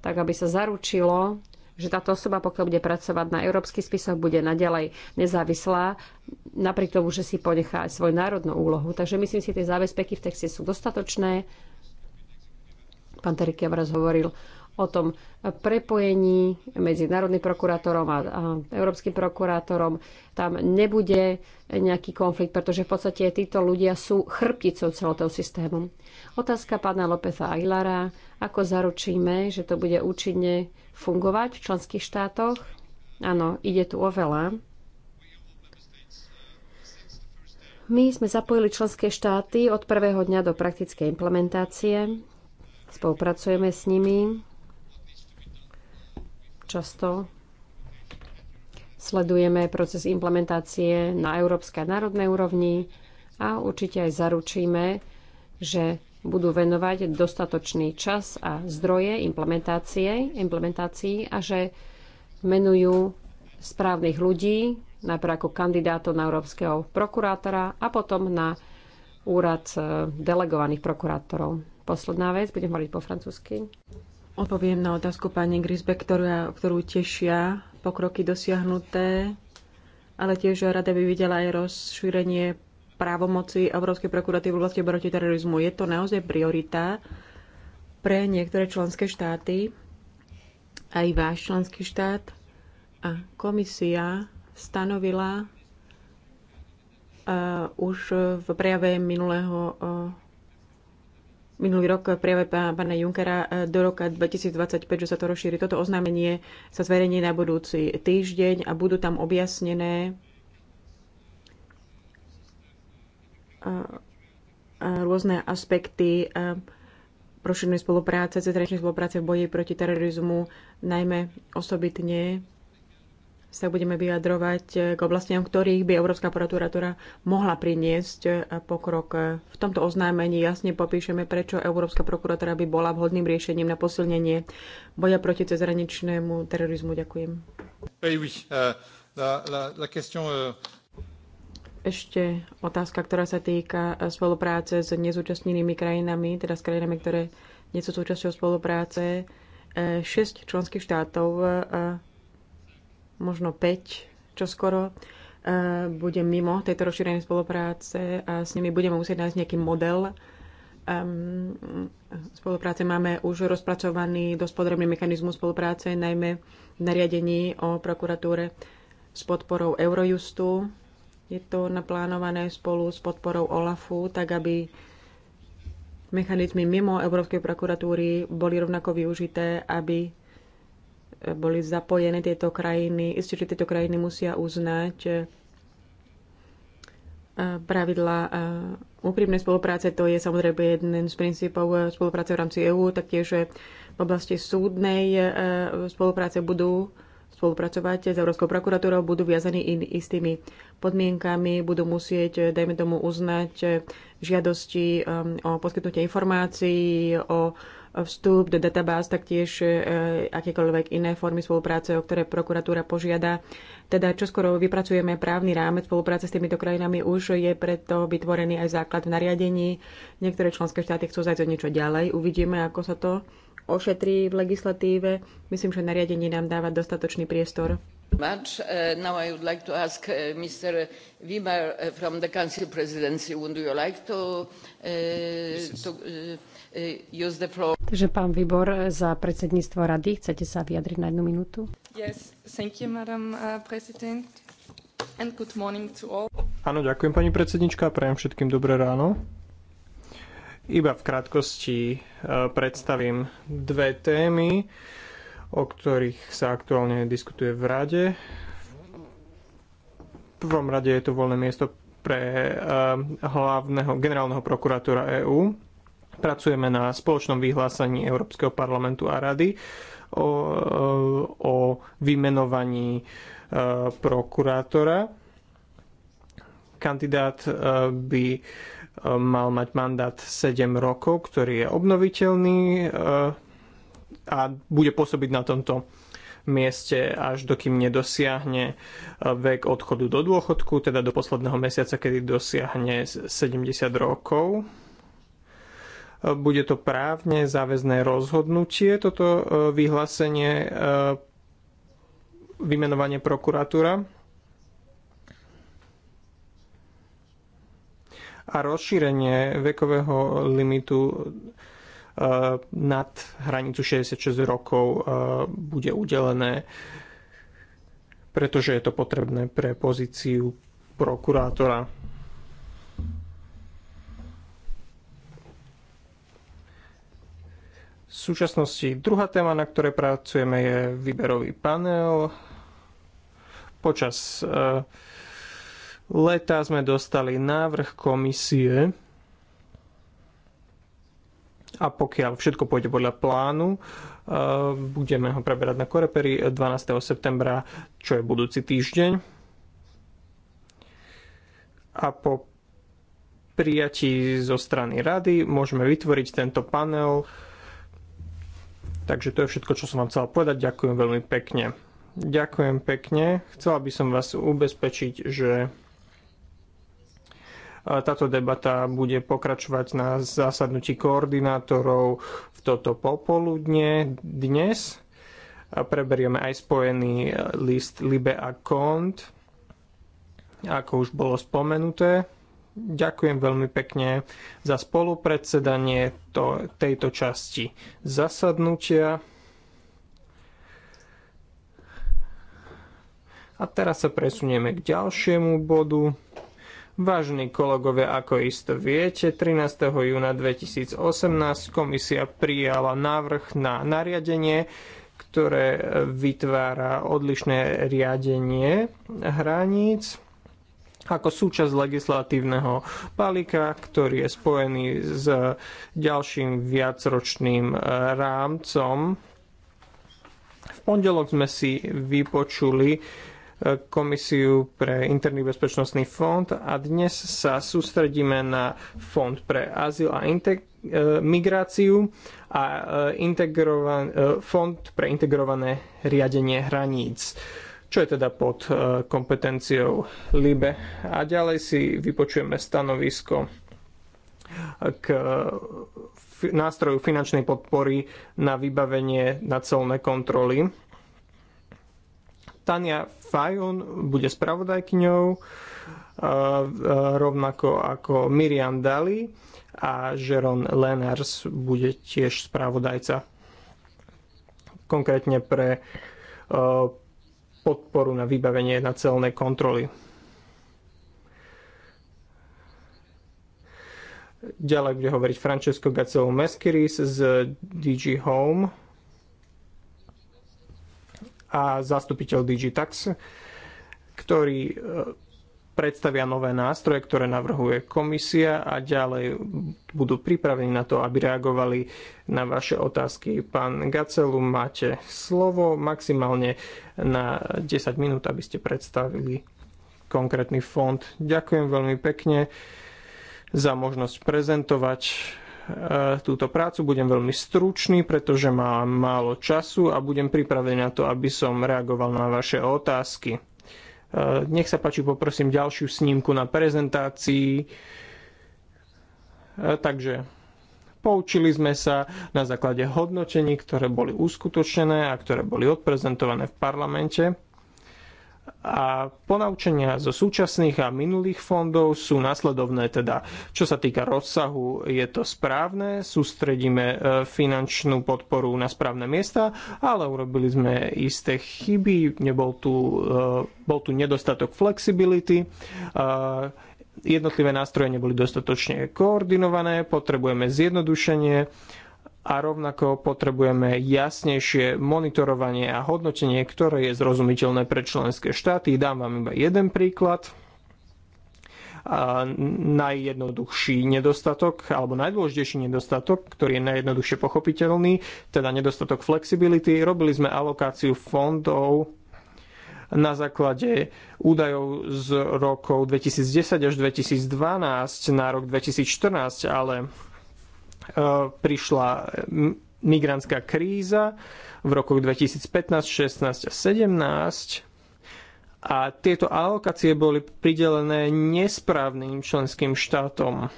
tak aby sa zaručilo, že táto osoba, pokiaľ bude pracovať na európskych spisoch, bude naďalej nezávislá, napriek tomu, že si ponechá aj svoju národnú úlohu. Takže myslím si, tie zábezpeky v texte sú dostatočné. Pán Terik raz hovoril o tom prepojení medzi Národným prokurátorom a, Európskym prokurátorom. Tam nebude nejaký konflikt, pretože v podstate títo ľudia sú chrbticou celého systému. Otázka pána Lópeza Aguilara. Ako zaručíme, že to bude účinne fungovať v členských štátoch? Áno, ide tu o veľa. My sme zapojili členské štáty od prvého dňa do praktickej implementácie. Spolupracujeme s nimi často sledujeme proces implementácie na európskej a národnej úrovni a určite aj zaručíme, že budú venovať dostatočný čas a zdroje implementácie, implementácii a že menujú správnych ľudí, najprv ako kandidátov na európskeho prokurátora a potom na úrad eh, delegovaných prokurátorov. Posledná vec, budem hovoriť po francúzsky. Odpoviem na otázku pani Grisbe, ktorú, ktorú tešia pokroky dosiahnuté, ale tiež rada by videla aj rozšírenie právomoci Európskej prokuratúry v oblasti proti terorizmu. Je to naozaj priorita pre niektoré členské štáty, aj váš členský štát a komisia stanovila uh, už v prejave minulého uh, minulý rok prejave pána Junkera e, do roka 2025, že sa to rozšíri. Toto oznámenie sa zverejní na budúci týždeň a budú tam objasnené e, e, rôzne aspekty prošenej spolupráce, cezhraničnej spolupráce v boji proti terorizmu, najmä osobitne sa budeme vyjadrovať eh, k oblastiam, ktorých by Európska prokuratúra mohla priniesť eh, pokrok. V tomto oznámení jasne popíšeme, prečo Európska prokuratúra by bola vhodným riešením na posilnenie boja proti cezhraničnému terorizmu. Ďakujem. Eh, Ešte otázka, ktorá sa týka spolupráce s nezúčastnenými krajinami, teda s krajinami, ktoré nie sú súčasťou spolupráce. Šesť členských štátov možno 5, čo skoro e, budem mimo tejto rozšírenej spolupráce a s nimi budeme musieť nájsť nejaký model. Spolupráce máme už rozpracovaný dosť podrobný mechanizmus spolupráce, najmä v nariadení o prokuratúre s podporou Eurojustu. Je to naplánované spolu s podporou OLAFu, tak aby mechanizmy mimo Európskej prokuratúry boli rovnako využité, aby boli zapojené tieto krajiny. Isté, že tieto krajiny musia uznať e, pravidla e, úprimnej spolupráce. To je samozrejme jeden z princípov e, spolupráce v rámci EÚ, taktiež v oblasti súdnej spolupráce budú spolupracovať s Európskou prokuratúrou, budú viazaní in, istými podmienkami, budú musieť, dajme tomu, uznať žiadosti o poskytnutie informácií, o vstup do databáz, taktiež e, akékoľvek iné formy spolupráce, o ktoré prokuratúra požiada. Teda čoskoro vypracujeme právny rámec spolupráce s týmito krajinami, už je preto vytvorený aj základ v nariadení. Niektoré členské štáty chcú zajť o niečo ďalej. Uvidíme, ako sa to ošetrí v legislatíve. Myslím, že nariadenie nám dáva dostatočný priestor much. Uh, now I would like to ask uh, Mr. weber uh, from the Council Presidency, would you like to, to use the floor? Takže pán Výbor za predsedníctvo rady, chcete sa vyjadriť na jednu minútu? Yes, thank you, Madam President. And good morning to all. Áno, ďakujem pani predsednička, prajem všetkým dobré ráno. Iba v krátkosti predstavím dve témy o ktorých sa aktuálne diskutuje v rade. V prvom rade je to voľné miesto pre eh, hlavného generálneho prokurátora EÚ. Pracujeme na spoločnom vyhlásení Európskeho parlamentu a rady o, eh, o vymenovaní eh, prokurátora. Kandidát by mal mať mandát 7 rokov, ktorý je obnoviteľný a bude pôsobiť na tomto mieste, až dokým nedosiahne e, vek odchodu do dôchodku, teda do posledného mesiaca, kedy dosiahne 70 rokov. E, bude to právne záväzné rozhodnutie, toto e, vyhlásenie vymenovanie prokuratúra. A rozšírenie vekového limitu Eh, nad hranicu 66 rokov eh, bude udelené, pretože je to potrebné pre pozíciu prokurátora. V súčasnosti druhá téma, na ktorej pracujeme, je výberový panel. Počas eh, leta sme dostali návrh komisie a pokiaľ všetko pôjde podľa plánu, e, budeme ho preberať na Koreperi 12. septembra, čo je budúci týždeň. A po prijatí zo strany rady môžeme vytvoriť tento panel. Takže to je všetko, čo som vám chcel povedať. Ďakujem veľmi pekne. Ďakujem pekne. Chcela by som vás ubezpečiť, že táto debata bude pokračovať na zásadnutí koordinátorov v toto popoludne dnes. Preberieme aj spojený list Libe a Kont, ako už bolo spomenuté. Ďakujem veľmi pekne za spolupredsedanie to, tejto časti zasadnutia. A teraz sa presunieme k ďalšiemu bodu. Vážení kolegovia, ako isto viete, 13. júna 2018 komisia prijala návrh na nariadenie, ktoré vytvára odlišné riadenie hraníc ako súčasť legislatívneho palika, ktorý je spojený s ďalším viacročným eh, rámcom. V pondelok sme si vypočuli Komisiu pre interný bezpečnostný fond a dnes sa sústredíme na Fond pre azyl a integ- e, migráciu a e, integrovan- e, Fond pre integrované riadenie hraníc čo je teda pod kompetenciou LIBE. A ďalej si vypočujeme stanovisko k nástroju finančnej podpory na vybavenie na colné kontroly Tania Fajon bude spravodajkňou, e, e, rovnako ako Miriam Dali a Jeron Lenners bude tiež spravodajca konkrétne pre e, podporu na vybavenie na celné kontroly. Ďalej bude hovoriť Francesco Gacelo Meskiris z DG Home a zastupiteľ Digitax, ktorí e, predstavia nové nástroje, ktoré navrhuje komisia a ďalej budú pripravení na to, aby reagovali na vaše otázky. Pán Gacelu, máte slovo maximálne na 10 minút, aby ste predstavili konkrétny fond. Ďakujem veľmi pekne za možnosť prezentovať E, túto prácu. Budem veľmi stručný, pretože mám málo času a budem pripravený na to, aby som reagoval na vaše otázky. E, nech sa páči, poprosím ďalšiu snímku na prezentácii. E, takže poučili sme sa na základe hodnotení, ktoré boli uskutočnené a ktoré boli odprezentované v parlamente a ponaučenia zo súčasných a minulých fondov sú nasledovné. Teda, čo sa týka rozsahu, je to správne, sústredíme e, finančnú podporu na správne miesta, ale urobili sme isté chyby, nebol tu, e, bol tu nedostatok flexibility, e, jednotlivé nástroje neboli dostatočne koordinované, potrebujeme zjednodušenie, a rovnako potrebujeme jasnejšie monitorovanie a hodnotenie, ktoré je zrozumiteľné pre členské štáty. Dám vám iba jeden príklad. A najjednoduchší nedostatok, alebo najdôležitejší nedostatok, ktorý je najjednoduchšie pochopiteľný, teda nedostatok flexibility. Robili sme alokáciu fondov na základe údajov z rokov 2010 až 2012 na rok 2014, ale Eh, prišla migrantská kríza v rokoch 2015, 16 a 17 a tieto alokácie boli pridelené nesprávnym členským štátom.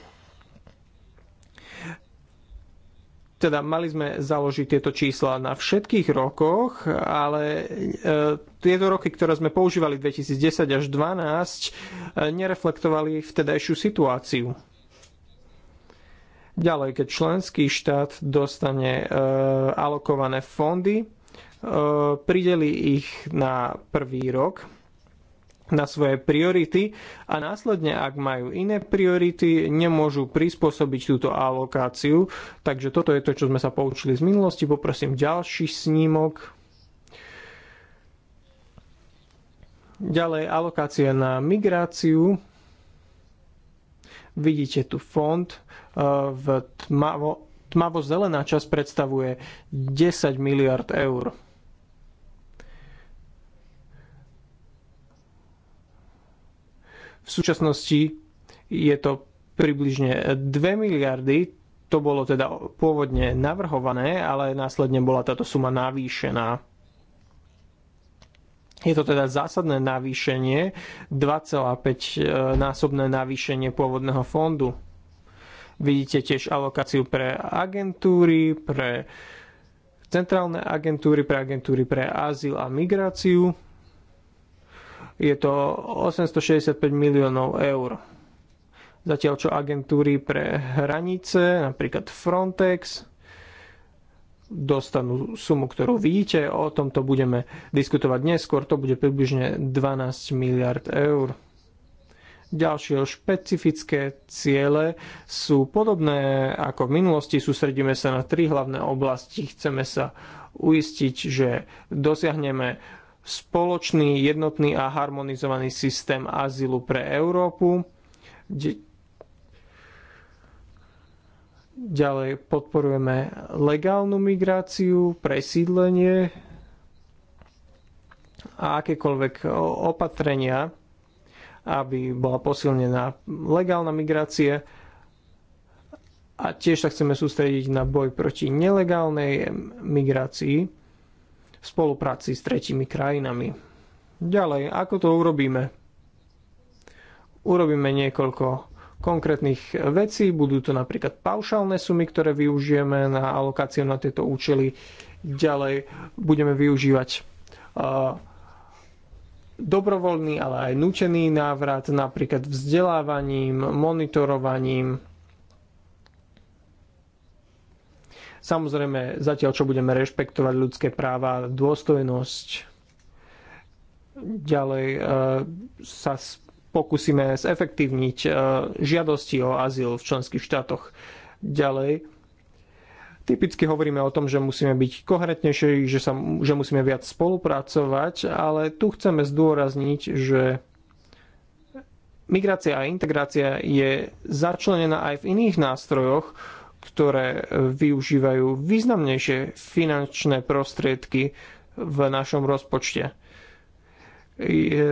Teda mali sme založiť tieto čísla na všetkých rokoch, ale eh, tieto roky, ktoré sme používali 2010 až 2012, eh, nereflektovali vtedajšiu situáciu. Ďalej, keď členský štát dostane e, alokované fondy, e, prideli ich na prvý rok na svoje priority a následne, ak majú iné priority, nemôžu prispôsobiť túto alokáciu. Takže toto je to, čo sme sa poučili z minulosti. Poprosím ďalší snímok. Ďalej alokácia na migráciu. Vidíte tu fond v tmavo, tmavo-zelená časť predstavuje 10 miliard eur. V súčasnosti je to približne 2 miliardy, to bolo teda pôvodne navrhované, ale následne bola táto suma navýšená. Je to teda zásadné navýšenie, 2,5 e, násobné navýšenie pôvodného fondu. Vidíte tiež alokáciu pre agentúry, pre centrálne agentúry, pre agentúry pre azyl a migráciu. Je to 865 miliónov eur. Zatiaľ čo agentúry pre hranice, napríklad Frontex, dostanú sumu, ktorú vidíte. O tomto budeme diskutovať neskôr. To bude približne 12 miliard eur. Ďalšie špecifické ciele sú podobné ako v minulosti. Sústredíme sa na tri hlavné oblasti. Chceme sa uistiť, že dosiahneme spoločný, jednotný a harmonizovaný systém azylu pre Európu. Ďalej podporujeme legálnu migráciu, presídlenie a akékoľvek opatrenia, aby bola posilnená legálna migrácia a tiež sa chceme sústrediť na boj proti nelegálnej migrácii v spolupráci s tretimi krajinami. Ďalej, ako to urobíme? Urobíme niekoľko konkrétnych vecí, budú to napríklad paušálne sumy, ktoré využijeme na alokáciu na tieto účely. Ďalej budeme využívať uh, dobrovoľný, ale aj nutený návrat, napríklad vzdelávaním, monitorovaním. Samozrejme, zatiaľ čo budeme rešpektovať ľudské práva, dôstojnosť, ďalej e, sa pokúsime zefektívniť e, žiadosti o azyl v členských štátoch. Ďalej, Typicky hovoríme o tom, že musíme byť koherentnejší, že, sa, že musíme viac spolupracovať, ale tu chceme zdôrazniť, že migrácia a integrácia je začlenená aj v iných nástrojoch, ktoré využívajú významnejšie finančné prostriedky v našom rozpočte.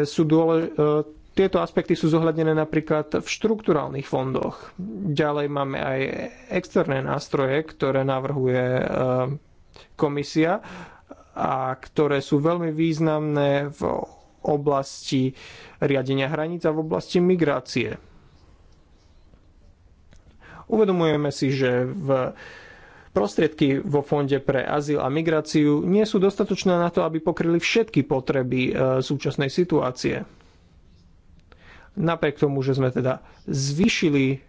Sú dôle, tieto aspekty sú zohľadnené napríklad v štruktúrálnych fondoch. Ďalej máme aj externé nástroje, ktoré navrhuje eh, komisia a ktoré sú veľmi významné v oblasti riadenia hraníc a v oblasti migrácie. Uvedomujeme si, že v prostriedky vo Fonde pre azyl a migráciu nie sú dostatočné na to, aby pokryli všetky potreby eh, súčasnej situácie. Napriek tomu, že sme teda zvýšili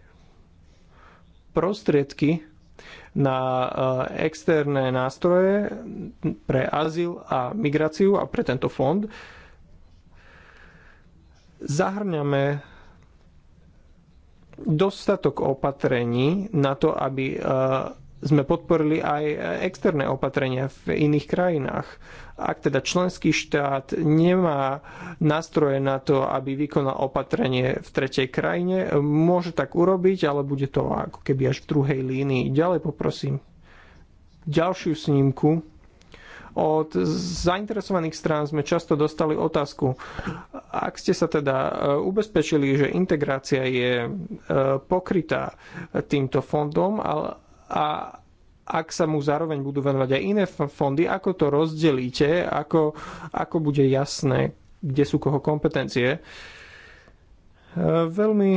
prostriedky na eh, externé nástroje pre azyl a migráciu a pre tento fond, zahrňame dostatok opatrení na to, aby eh, sme podporili aj e, externé opatrenia v iných krajinách. Ak teda členský štát nemá nástroje na to, aby vykonal opatrenie v tretej krajine, môže tak urobiť, ale bude to ako keby až v druhej línii. Ďalej poprosím ďalšiu snímku. Od zainteresovaných strán sme často dostali otázku, ak ste sa teda e, ubezpečili, že integrácia je e, pokrytá týmto fondom, ale a ak sa mu zároveň budú venovať aj iné fondy, ako to rozdelíte, ako, ako bude jasné, kde sú koho kompetencie. E, veľmi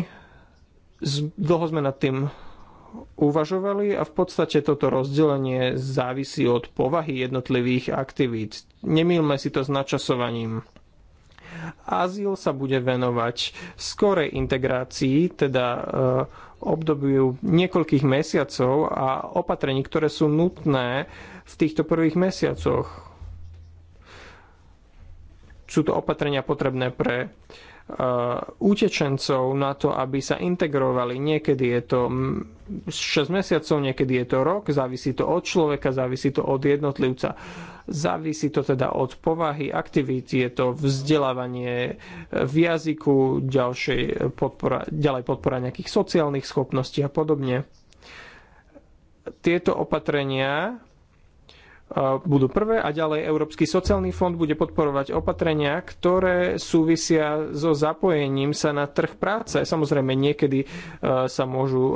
dlho sme nad tým uvažovali a v podstate toto rozdelenie závisí od povahy jednotlivých aktivít. Nemýlme si to s načasovaním. Azyl sa bude venovať skorej integrácii, teda e, obdobiu niekoľkých mesiacov a opatrení, ktoré sú nutné v týchto prvých mesiacoch. Sú to opatrenia potrebné pre e, utečencov na to, aby sa integrovali. Niekedy je to 6 mesiacov, niekedy je to rok, závisí to od človeka, závisí to od jednotlivca. Závisí to teda od povahy aktivít, je to vzdelávanie v jazyku, ďalšej podpora, ďalej podpora nejakých sociálnych schopností a podobne. Tieto opatrenia e, budú prvé a ďalej Európsky sociálny fond bude podporovať opatrenia, ktoré súvisia so zapojením sa na trh práce. Samozrejme, niekedy e, sa môžu e,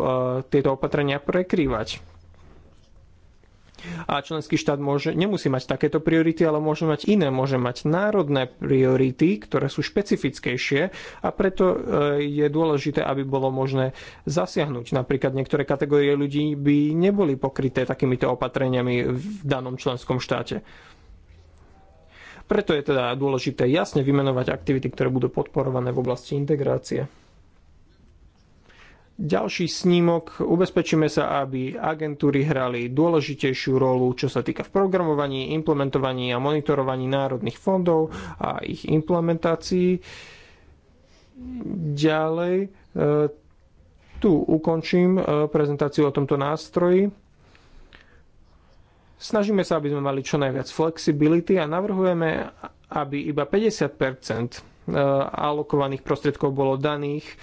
tieto opatrenia prekrývať a členský štát môže, nemusí mať takéto priority, ale môže mať iné, môže mať národné priority, ktoré sú špecifickejšie a preto e, je dôležité, aby bolo možné zasiahnuť. Napríklad niektoré kategórie ľudí by neboli pokryté takýmito opatreniami v danom členskom štáte. Preto je teda dôležité jasne vymenovať aktivity, ktoré budú podporované v oblasti integrácie ďalší snímok. Ubezpečíme sa, aby agentúry hrali dôležitejšiu rolu, čo sa týka v programovaní, implementovaní a monitorovaní národných fondov a ich implementácií. Ďalej, e, tu ukončím e, prezentáciu o tomto nástroji. Snažíme sa, aby sme mali čo najviac flexibility a navrhujeme, aby iba 50 E, alokovaných prostriedkov bolo daných e,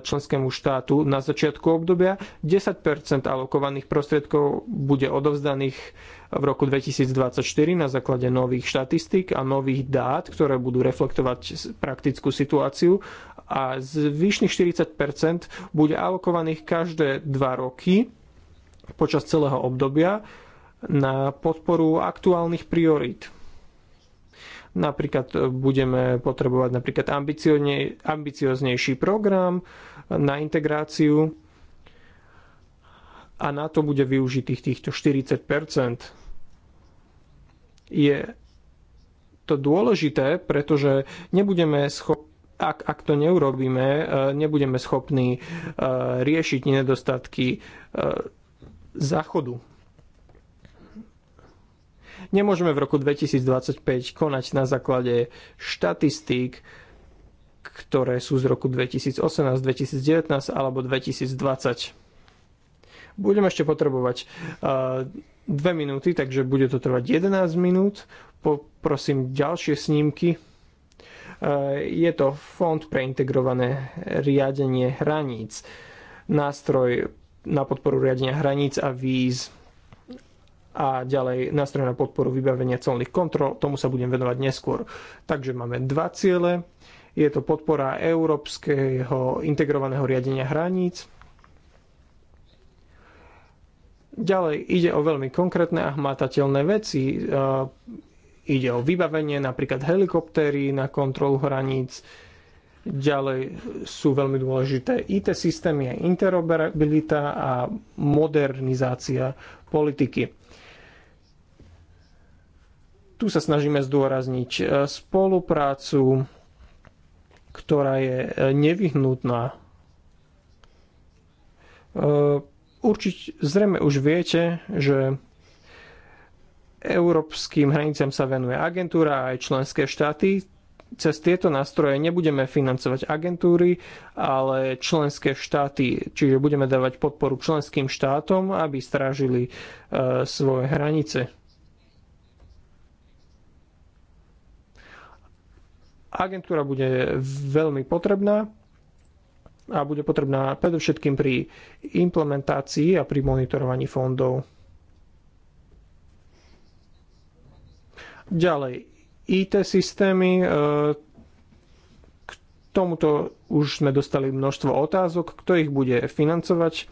členskému štátu na začiatku obdobia. 10 alokovaných prostriedkov bude odovzdaných v roku 2024 na základe nových štatistík a nových dát, ktoré budú reflektovať praktickú situáciu a zvyšných 40 bude alokovaných každé 2 roky počas celého obdobia na podporu aktuálnych priorít Napríklad e, budeme potrebovať napríklad ambicioznejší program na integráciu a na to bude využitých týchto 40 Je to dôležité, pretože nebudeme schopní ak, ak to neurobíme, e, nebudeme schopní e, riešiť nedostatky záchodu. Nemôžeme v roku 2025 konať na základe štatistík, ktoré sú z roku 2018, 2019 alebo 2020. Budem ešte potrebovať 2 minúty, takže bude to trvať 11 minút. Poprosím ďalšie snímky. Je to Fond pre integrované riadenie hraníc, nástroj na podporu riadenia hraníc a víz a ďalej nástroj na podporu vybavenia colných kontrol, tomu sa budem venovať neskôr. Takže máme dva ciele, je to podpora európskeho integrovaného riadenia hraníc, Ďalej ide o veľmi konkrétne a hmatateľné veci. E, ide o vybavenie napríklad helikoptéry na kontrolu hraníc. Ďalej sú veľmi dôležité IT systémy a interoperabilita a modernizácia politiky. Tu sa snažíme zdôrazniť e, spoluprácu, ktorá je e, nevyhnutná. E, určite zrejme už viete, že európskym hranicám sa venuje agentúra a aj členské štáty. Cez tieto nástroje nebudeme financovať agentúry, ale členské štáty, čiže budeme dávať podporu členským štátom, aby strážili svoje hranice. Agentúra bude veľmi potrebná a bude potrebná predovšetkým pri implementácii a pri monitorovaní fondov. Ďalej, IT systémy. E, k tomuto už sme dostali množstvo otázok, kto ich bude financovať.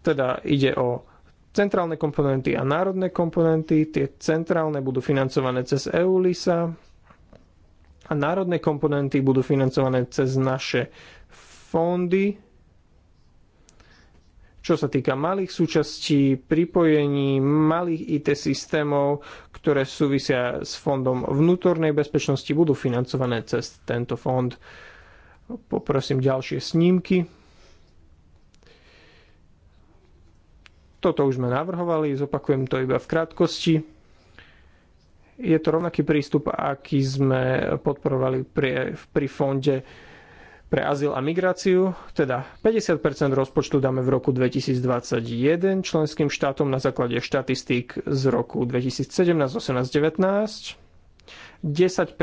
Teda ide o centrálne komponenty a národné komponenty. Tie centrálne budú financované cez EULISA, a národné komponenty budú financované cez naše fondy. Čo sa týka malých súčastí, pripojení malých IT systémov, ktoré súvisia s fondom vnútornej bezpečnosti, budú financované cez tento fond. Poprosím ďalšie snímky. Toto už sme navrhovali, zopakujem to iba v krátkosti je to rovnaký prístup, aký sme podporovali pri, pri fonde pre azyl a migráciu, teda 50 rozpočtu dáme v roku 2021 členským štátom na základe štatistík z roku 2017, 18, 19. 10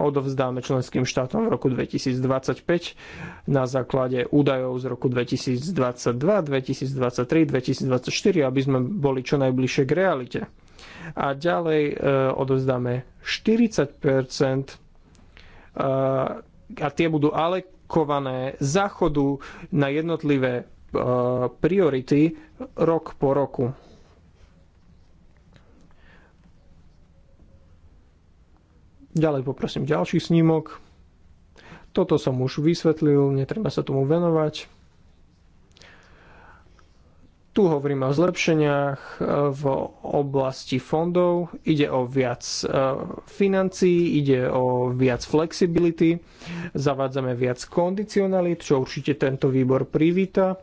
odovzdáme členským štátom v roku 2025 na základe údajov z roku 2022, 2023, 2024, aby sme boli čo najbližšie k realite a ďalej e, odovzdáme 40 e, a tie budú alekované záchodu na jednotlivé e, priority rok po roku. Ďalej poprosím ďalší snímok. Toto som už vysvetlil, netreba sa tomu venovať. Tu hovoríme o zlepšeniach e, v oblasti fondov, ide o viac e, financií, ide o viac flexibility, zavádzame viac kondicionalit, čo určite tento výbor privíta.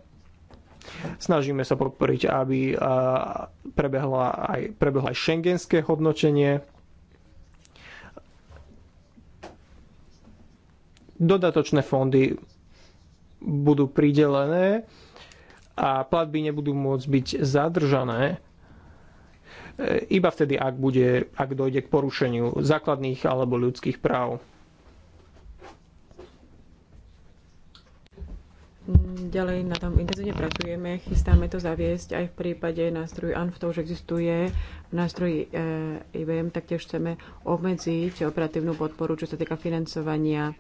Snažíme sa podporiť, aby e, prebehlo aj, prebehlo aj šengenské hodnotenie. Dodatočné fondy budú pridelené a platby nebudú môcť byť zadržané e, iba vtedy, ak, bude, ak dojde k porušeniu základných alebo ľudských práv. Ďalej na tom intenzívne pracujeme, chystáme to zaviesť aj v prípade nástroju ANF, to už existuje. V nástroji e, IBM taktiež chceme obmedziť operatívnu podporu, čo sa týka financovania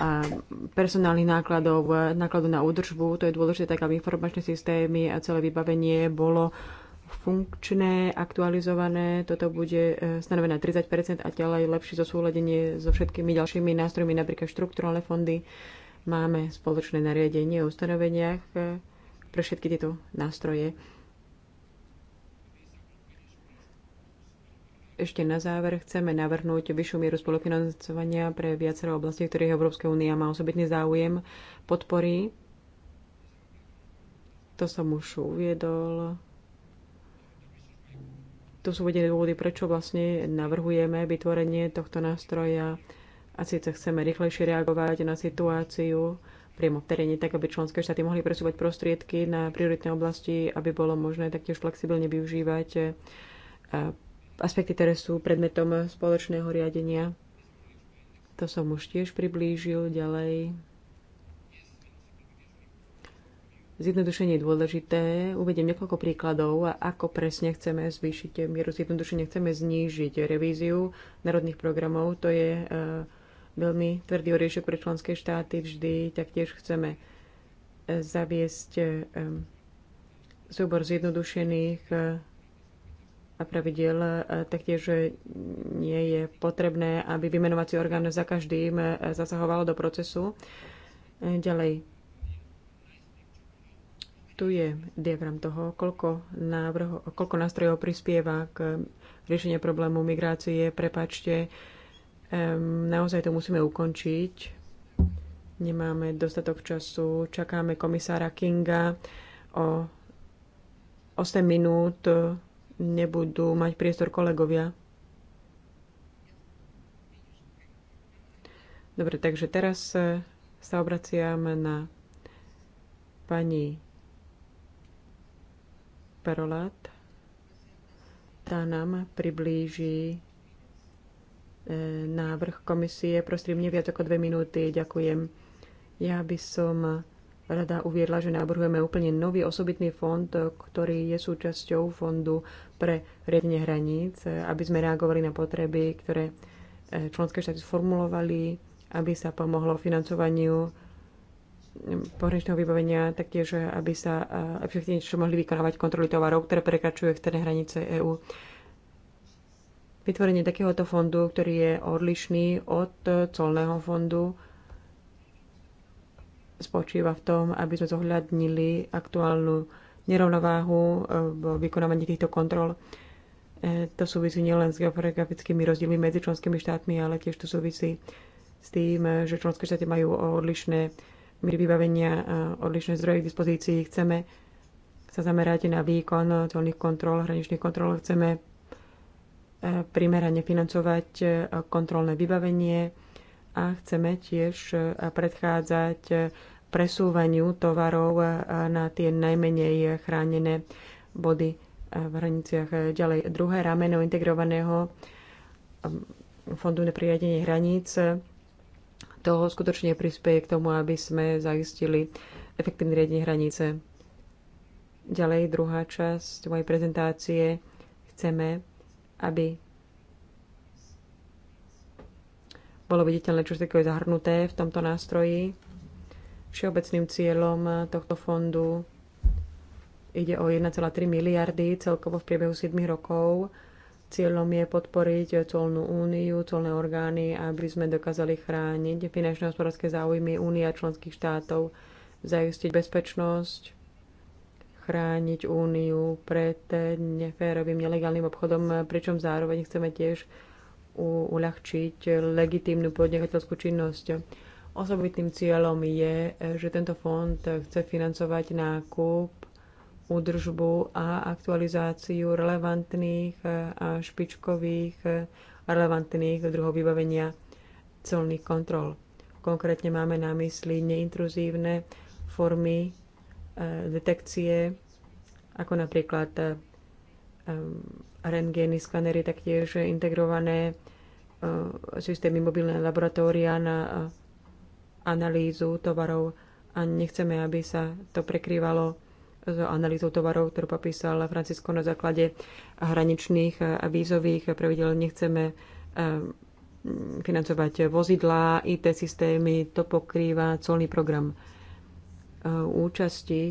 a e, personálnych nákladov, nákladu na údržbu. To je dôležité, tak aby informačné systémy a celé vybavenie bolo funkčné, aktualizované. Toto bude e, stanovené na 30 a ďalej lepšie zosúladenie so všetkými ďalšími nástrojmi, napríklad štrukturálne fondy Máme spoločné nariadenie o ustanoveniach e, pre všetky tieto nástroje. Ešte na záver chceme navrhnúť vyššiu mieru spolufinancovania pre viacero oblasti, ktorých Európska únia má osobitný záujem podpory. To som už uviedol. Tu sú vedené dôvody, prečo vlastne navrhujeme vytvorenie tohto nástroja a síce chceme rýchlejšie reagovať na situáciu priamo v teréne, tak aby členské štáty mohli presúvať prostriedky na prioritné oblasti, aby bolo možné taktiež flexibilne využívať eh, aspekty, ktoré sú predmetom spoločného riadenia. To som už tiež priblížil ďalej. Zjednodušenie je dôležité. Uvediem niekoľko príkladov, ako presne chceme zvýšiť mieru zjednodušenia. Chceme znížiť revíziu národných programov. To je uh, veľmi tvrdý oriešok pre členské štáty. Vždy taktiež chceme eh, zaviesť eh, súbor zjednodušených eh, a pravidel, taktiež nie je potrebné, aby vymenovací orgán za každým zasahoval do procesu. Ďalej, tu je diagram toho, koľko, návrho, koľko nástrojov prispieva k riešeniu problému migrácie. Prepačte, naozaj to musíme ukončiť. Nemáme dostatok času. Čakáme komisára Kinga o 8 minút nebudú mať priestor kolegovia. Dobre, takže teraz e, sa obraciam na pani Perolat. Tá nám priblíži návrh komisie prosím neviac ako dve minúty. Ďakujem. Ja by som rada uviedla, že navrhujeme úplne nový osobitný fond, ktorý je súčasťou fondu pre riadenie hraníc, aby sme reagovali na potreby, ktoré e, členské štáty sformulovali, aby sa pomohlo financovaniu pohraničného vybavenia, taktiež aby sa všetci mohli vykonávať kontroly tovarov, ktoré prekračujú externé hranice EÚ. Vytvorenie takéhoto fondu, ktorý je odlišný od colného fondu, spočíva v tom, aby sme zohľadnili aktuálnu nerovnováhu eh, v vykonávaní týchto kontrol. Eh, to súvisí nielen s geografickými rozdielmi medzi členskými štátmi, ale tiež to súvisí s tým, eh, že členské štáty majú odlišné míry vybavenia a odlišné zdroje k dispozícii. Chceme sa zamerať na výkon colných kontrol, hraničných kontrol. Chceme E, primerane financovať e, kontrolné vybavenie a chceme tiež e, predchádzať presúvaniu tovarov na tie najmenej chránené body v hraniciach. Ďalej, druhé rameno integrovaného fondu na priadenie hraníc to skutočne prispieje k tomu, aby sme zaistili efektívne riadenie hranice. Ďalej, druhá časť mojej prezentácie. Chceme aby bolo viditeľné, čo všetko je zahrnuté v tomto nástroji. Všeobecným cieľom tohto fondu ide o 1,3 miliardy celkovo v priebehu 7 rokov. Cieľom je podporiť colnú úniu, colné orgány, aby sme dokázali chrániť finančné hospodárske záujmy únie a členských štátov, zajistiť bezpečnosť chrániť úniu pred neférovým, nelegálnym obchodom, pričom zároveň chceme tiež uľahčiť legitímnu podnikateľskú činnosť. Osobitným cieľom je, že tento fond chce financovať nákup, údržbu a aktualizáciu relevantných a špičkových relevantných druhov vybavenia celných kontrol. Konkrétne máme na mysli neintruzívne formy Eh, detekcie, ako napríklad eh, eh, rengény, skanery, taktiež integrované systémy mobilné laboratória na analýzu tovarov a nechceme, aby sa to prekrývalo s analýzou tovarov, ktorú popísal Francisco na základe hraničných a vízových pravidel. Nechceme financovať vozidlá, IT systémy, to pokrýva colný program. Eh, účasti,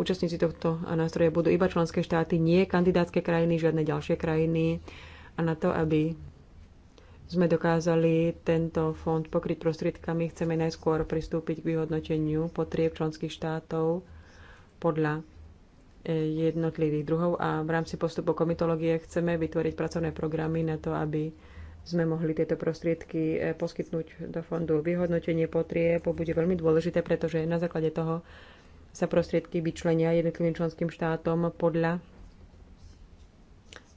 účastníci tohto nástroja budú iba členské štáty, nie kandidátske krajiny, žiadne ďalšie krajiny. A na to, aby sme dokázali tento fond pokryť prostriedkami, chceme najskôr pristúpiť k vyhodnoteniu potrieb členských štátov podľa eh, jednotlivých druhov a v rámci postupu komitológie chceme vytvoriť pracovné programy na to, aby sme mohli tieto prostriedky e, poskytnúť do fondu. Vyhodnotenie potrieb bude veľmi dôležité, pretože na základe toho sa prostriedky vyčlenia jednotlivým členským štátom podľa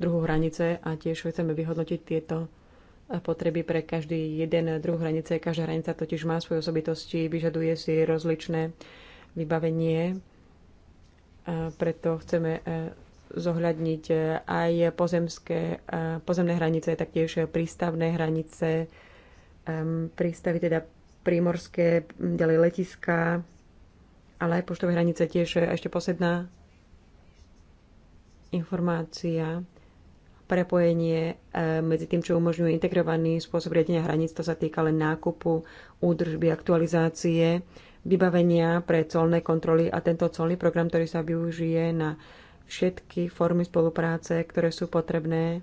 druhu hranice a tiež chceme vyhodnotiť tieto e, potreby pre každý jeden druh hranice. Každá hranica totiž má svoje osobitosti, vyžaduje si rozličné vybavenie, a preto chceme e, zohľadniť eh, aj pozemské, eh, pozemné hranice, taktiež prístavné hranice, ehm, prístavy teda prímorské, ďalej letiska, ale aj poštové hranice tiež. Eh, ešte posledná informácia, prepojenie medzi tým, čo umožňuje integrovaný spôsob riadenia hraníc, to sa týka len nákupu, údržby, aktualizácie, vybavenia pre colné kontroly a tento colný program, ktorý sa využije na všetky formy spolupráce, ktoré sú potrebné,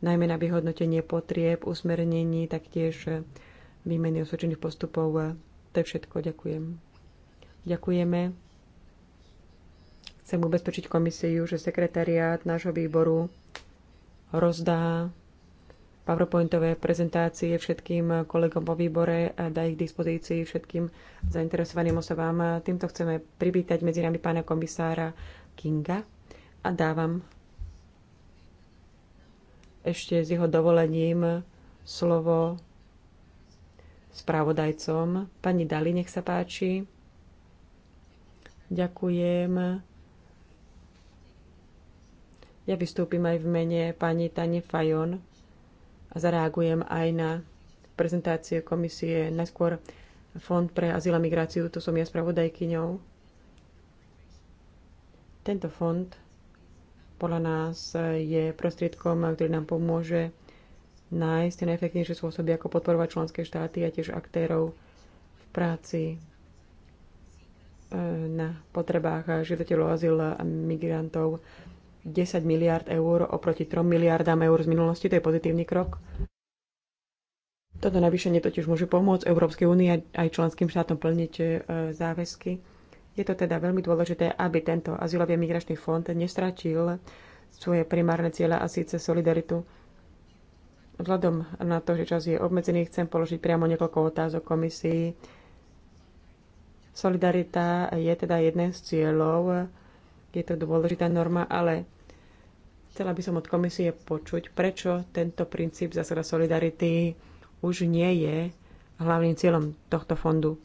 najmä na vyhodnotenie potrieb, usmernení, taktiež eh, výmeny osvedčených postupov. Eh, to je všetko. Ďakujem. Ďakujeme. Chcem ubezpečiť komisiu, že sekretariát nášho výboru rozdá PowerPointové prezentácie všetkým kolegom po výbore a dá ich k dispozícii všetkým zainteresovaným osobám. Týmto chceme privítať medzi nami pána komisára Kinga a dávam ešte s jeho dovolením slovo spravodajcom. Pani Dali, nech sa páči. Ďakujem. Ja vystúpim aj v mene pani Tane Fajon a zareagujem aj na prezentácie komisie, najskôr Fond pre azyl a migráciu, to som ja spravodajkyňou. Tento fond podľa nás eh, je prostriedkom, ktorý nám pomôže nájsť tie najefektívnejšie spôsoby, ako podporovať členské štáty a tiež aktérov v práci eh, na potrebách žiadateľov azyl a migrantov. 10 miliard eur oproti 3 miliardám eur z minulosti, to je pozitívny krok. Toto navýšenie totiž môže pomôcť Európskej únii aj členským štátom plniť eh, záväzky je to teda veľmi dôležité, aby tento azylový migračný fond nestratil svoje primárne cieľa a síce solidaritu. Vzhľadom na to, že čas je obmedzený, chcem položiť priamo niekoľko otázok komisii. Solidarita je teda jedné z cieľov, je to dôležitá norma, ale chcela by som od komisie počuť, prečo tento princíp zásada solidarity už nie je hlavným cieľom tohto fondu.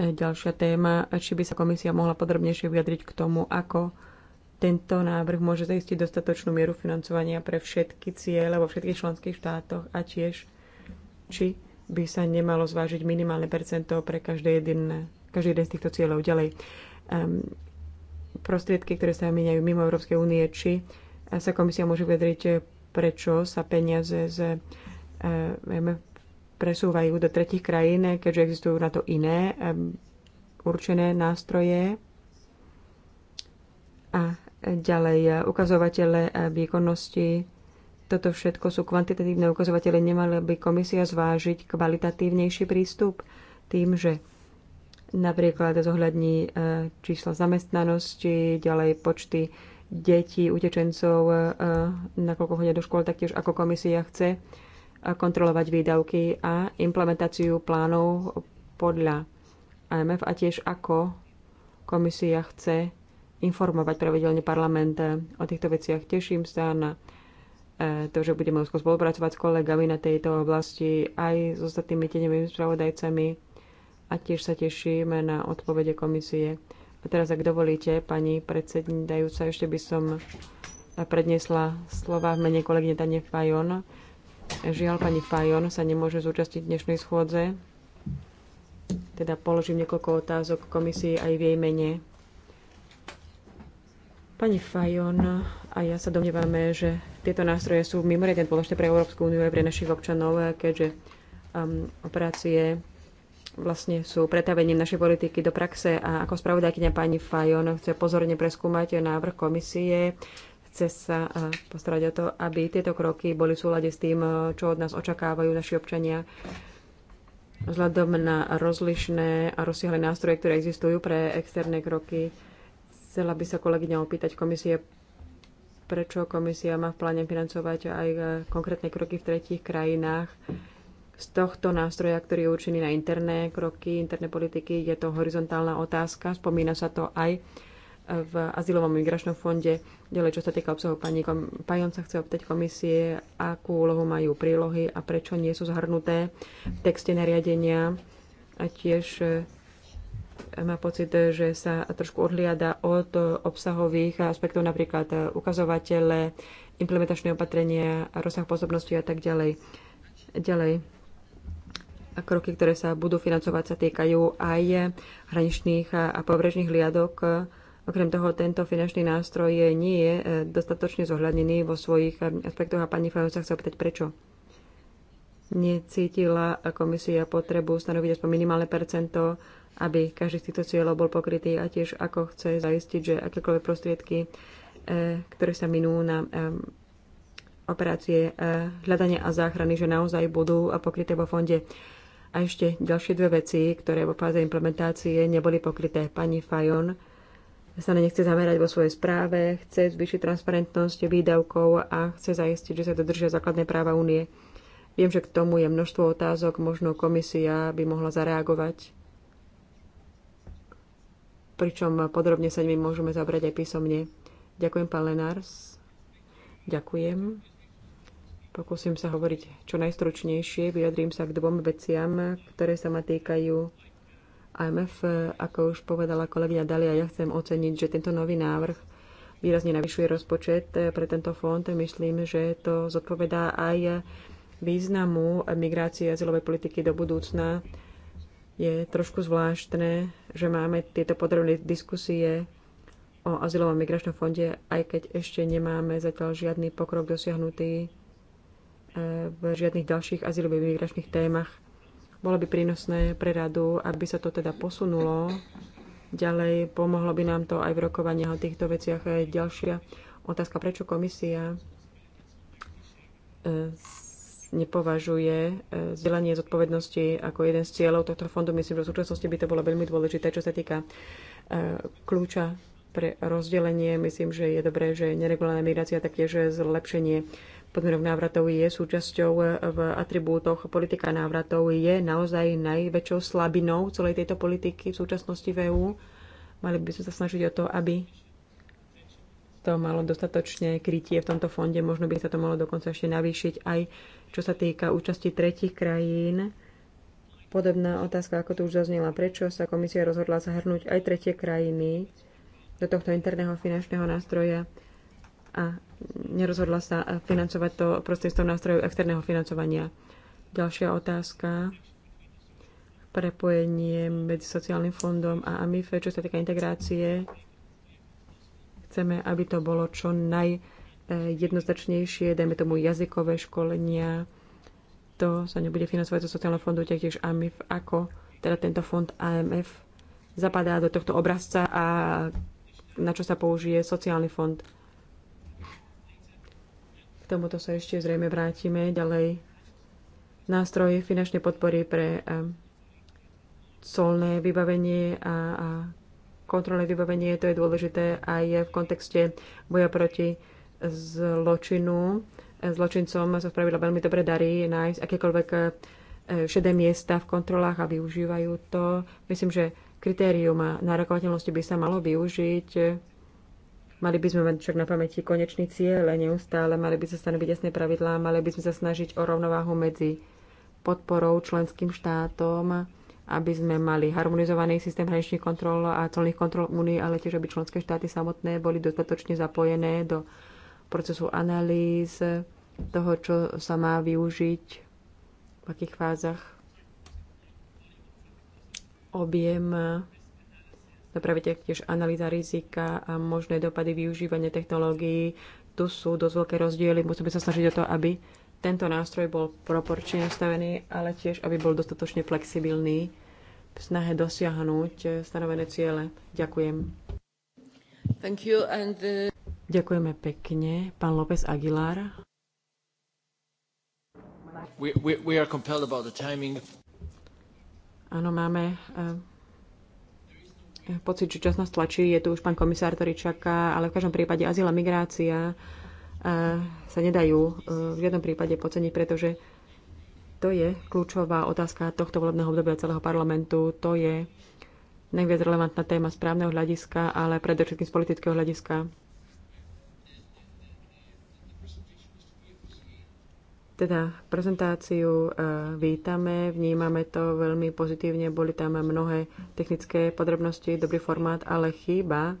Ďalšia téma, či by sa komisia mohla podrobnejšie vyjadriť k tomu, ako tento návrh môže zaistiť dostatočnú mieru financovania pre všetky ciele vo všetkých členských štátoch a tiež, či by sa nemalo zvážiť minimálne percento pre každý jeden, každý jeden z týchto cieľov. Ďalej, um, prostriedky, ktoré sa míňajú mimo Európskej únie, či sa komisia môže vyjadriť, prečo sa peniaze z ehm, presúvajú do tretich krajín, keďže existujú na to iné určené nástroje. A ďalej eh, ukazovatele eh, výkonnosti. Toto všetko sú kvantitatívne ukazovatele. Nemala by komisia zvážiť kvalitatívnejší prístup tým, že napríklad zohľadní eh, čísla zamestnanosti, ďalej počty detí, utečencov, nakoľko hodia do škôl, taktiež ako komisia chce kontrolovať výdavky a implementáciu plánov podľa IMF a tiež ako komisia chce informovať pravidelne parlament o týchto veciach. Teším sa na e, to, že budeme úzko spolupracovať s kolegami na tejto oblasti aj s so ostatnými tenevými spravodajcami a tiež sa tešíme na odpovede komisie. A teraz, ak dovolíte, pani predsedajúca, ešte by som predniesla slova v mene kolegyne Tane Fajon, Žiaľ, pani Fajon sa nemôže zúčastniť dnešnej schôdze. Teda položím niekoľko otázok komisii aj v jej mene. Pani Fajon a ja sa domnievame, že tieto nástroje sú mimoriadne dôležité pre Európsku úniu aj pre našich občanov, keďže um, operácie vlastne sú pretavením našej politiky do praxe a ako spravodajkynia pani Fajon chce pozorne preskúmať návrh komisie Chce sa eh, postarať o to, aby tieto kroky boli v súlade s tým, eh, čo od nás očakávajú naši občania vzhľadom na rozlišné a rozsiahle nástroje, ktoré existujú pre externé kroky. Chcela by sa kolegyňa opýtať komisie, prečo komisia má v pláne financovať aj eh, konkrétne kroky v tretích krajinách z tohto nástroja, ktorý je určený na interné kroky, interné politiky. Je to horizontálna otázka, spomína sa to aj v Azylovom migračnom fonde. Ďalej, čo sa týka obsahu, pani Pajon sa chce opýtať komisie, akú úlohu majú prílohy a prečo nie sú zhrnuté v texte nariadenia. A tiež e, má pocit, že sa trošku odliada od obsahových aspektov, napríklad ukazovatele, implementačné opatrenia, rozsah pôsobnosti a tak ďalej. Ďalej, a kroky, ktoré sa budú financovať, sa týkajú aj hraničných a pobrežných hliadok Okrem toho, tento finančný nástroj nie je dostatočne zohľadnený vo svojich e, aspektoch a pani Fajon sa chce opýtať, prečo necítila komisia potrebu stanoviť aspoň minimálne percento, aby každý z týchto cieľov bol pokrytý a tiež ako chce zaistiť, že akékoľvek prostriedky, e, ktoré sa minú na e, operácie hľadania a záchrany, že naozaj budú pokryté vo fonde. A ešte ďalšie dve veci, ktoré vo fáze implementácie neboli pokryté. Pani Fajon sa na ne chce zamerať vo svojej správe, chce zvýšiť transparentnosť výdavkov a chce zaistiť, že sa dodržia základné práva únie. Viem, že k tomu je množstvo otázok, možno komisia by mohla zareagovať. Pričom podrobne sa nimi môžeme zabrať aj písomne. Ďakujem, pán Lenárs. Ďakujem. Pokúsim sa hovoriť čo najstručnejšie. Vyjadrím sa k dvom veciam, ktoré sa ma týkajú IMF, ako už povedala kolegyňa Dalia, ja chcem oceniť, že tento nový návrh výrazne navyšuje rozpočet eh, pre tento fond. Myslím, že to zodpovedá aj významu migrácie a azylovej politiky do budúcna. Je trošku zvláštne, že máme tieto podrobné diskusie o azylovom migračnom fonde, aj keď ešte nemáme zatiaľ žiadny pokrok dosiahnutý eh, v žiadnych ďalších azylových migračných témach. Bolo by prínosné pre radu, aby sa to teda posunulo ďalej. Pomohlo by nám to aj v rokovaniach o týchto veciach. Ďalšia otázka, prečo komisia e, nepovažuje e, zdieľanie zodpovednosti ako jeden z cieľov tohto fondu. Myslím, že v súčasnosti by to bolo veľmi dôležité, čo sa týka e, kľúča pre rozdelenie. Myslím, že je dobré, že neregulárna migrácia taktiež zlepšenie podmienok návratov je súčasťou e, v atribútoch politika návratov, je naozaj najväčšou slabinou celej tejto politiky v súčasnosti v EÚ. Mali by sme sa snažiť o to, aby to malo dostatočné krytie v tomto fonde. Možno by sa to malo dokonca ešte navýšiť aj čo sa týka účasti tretich krajín. Podobná otázka, ako tu už zaznela, prečo sa komisia rozhodla zahrnúť aj tretie krajiny do tohto interného finančného nástroja a nerozhodla sa financovať to prostredstvom nástrojov externého financovania. Ďalšia otázka prepojenie medzi sociálnym fondom a AMIFE, čo sa týka integrácie. Chceme, aby to bolo čo najjednoznačnejšie, dajme tomu jazykové školenia. To sa nebude financovať zo sociálneho fondu, taktiež AMIF, ako teda tento fond AMF zapadá do tohto obrazca a na čo sa použije sociálny fond tomuto sa ešte zrejme vrátime ďalej. Nástroj finančnej podpory pre eh, colné vybavenie a, a kontrolné vybavenie, to je dôležité aj v kontexte boja proti zločinu. Zločincom sa spravila veľmi dobre darí nájsť akékoľvek eh, šedé miesta v kontrolách a využívajú to. Myslím, že kritérium nárokovateľnosti by sa malo využiť Mali by sme mať však na pamäti konečný cieľ, neustále mali by sa stanoviť jasné pravidlá, mali by sme sa snažiť o rovnováhu medzi podporou členským štátom, aby sme mali harmonizovaný systém hraničných kontrol a celných kontrol únie, ale tiež, aby členské štáty samotné boli dostatočne zapojené do procesu analýz toho, čo sa má využiť, v akých fázach objem Napravíte tiež analýza rizika a možné dopady využívania technológií. Tu sú dosť veľké rozdiely. Musíme sa snažiť o to, aby tento nástroj bol proporčne nastavený, ale tiež, aby bol dostatočne flexibilný v snahe dosiahnuť stanovené ciele. Ďakujem. Thank you and, uh... Ďakujeme pekne. Pán López Aguilar. We, we, we are compelled about the timing. Áno, máme eh, pocit, že čas nás tlačí. Je tu už pán komisár, ktorý čaká, ale v každom prípade azyl a migrácia e, sa nedajú e, v žiadnom prípade poceniť, pretože to je kľúčová otázka tohto volebného obdobia celého parlamentu. To je najviac relevantná téma správneho hľadiska, ale predovšetkým z politického hľadiska. Teda prezentáciu e, vítame, vnímame to veľmi pozitívne, boli tam mnohé technické podrobnosti, dobrý formát, ale chýba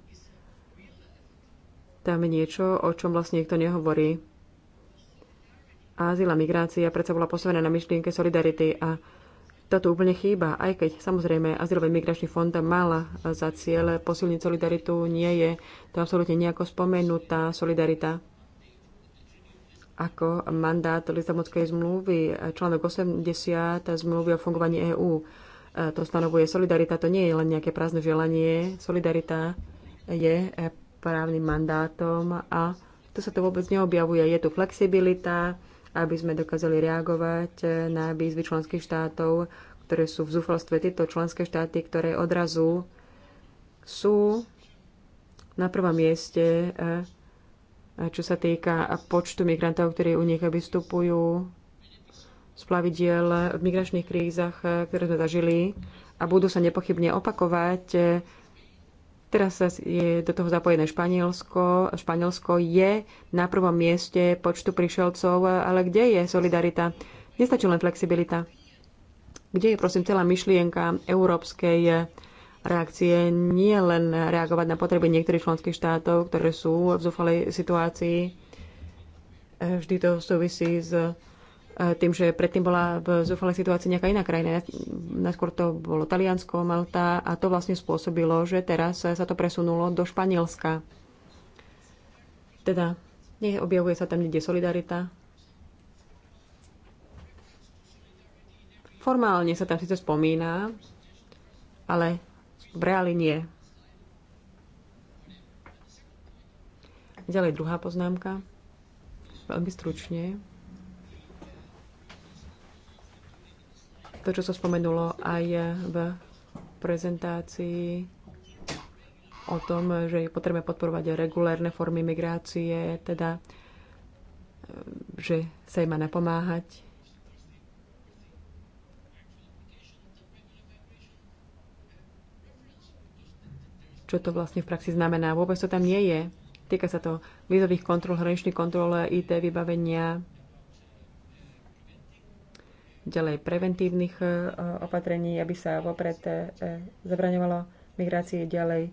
tam niečo, o čom vlastne niekto nehovorí. Azyl a migrácia predsa bola postavená na myšlienke solidarity a toto úplne chýba, aj keď samozrejme Azylový migračný fond mala za cieľ posilniť solidaritu, nie je to absolútne nejako spomenutá solidarita ako mandát Lizamotskej zmluvy, článok 80 zmluvy o fungovaní EÚ. E, to stanovuje solidarita, to nie je len nejaké prázdne želanie. Solidarita je právnym mandátom a to sa to vôbec neobjavuje. Je tu flexibilita, aby sme dokázali reagovať na výzvy členských štátov, ktoré sú v zúfalstve. Tieto členské štáty, ktoré odrazu sú na prvom mieste e, čo sa týka počtu migrantov, ktorí u nich vystupujú z plavidiel v migračných krízach, ktoré sme zažili a budú sa nepochybne opakovať. Teraz sa je do toho zapojené Španielsko. Španielsko je na prvom mieste počtu prišelcov, ale kde je solidarita? Nestačí len flexibilita. Kde je, prosím, celá myšlienka európskej reakcie, nie len reagovať na potreby niektorých členských štátov, ktoré sú v zúfalej situácii. E, vždy to súvisí s e, tým, že predtým bola v zúfalej situácii nejaká iná krajina. Najskôr to bolo Taliansko, Malta a to vlastne spôsobilo, že teraz sa to presunulo do Španielska. Teda neobjavuje sa tam niekde solidarita. Formálne sa tam síce spomína, ale v reáli nie. Ďalej druhá poznámka. Veľmi stručne. To, čo sa spomenulo aj v prezentácii o tom, že je potrebné podporovať regulérne formy migrácie, teda že sa im má napomáhať čo to vlastne v praxi znamená. Vôbec to tam nie je. Týka sa to vízových kontrol, hraničných kontrol, IT vybavenia, ďalej preventívnych e, opatrení, aby sa vopred e, zabraňovalo migrácii ďalej e,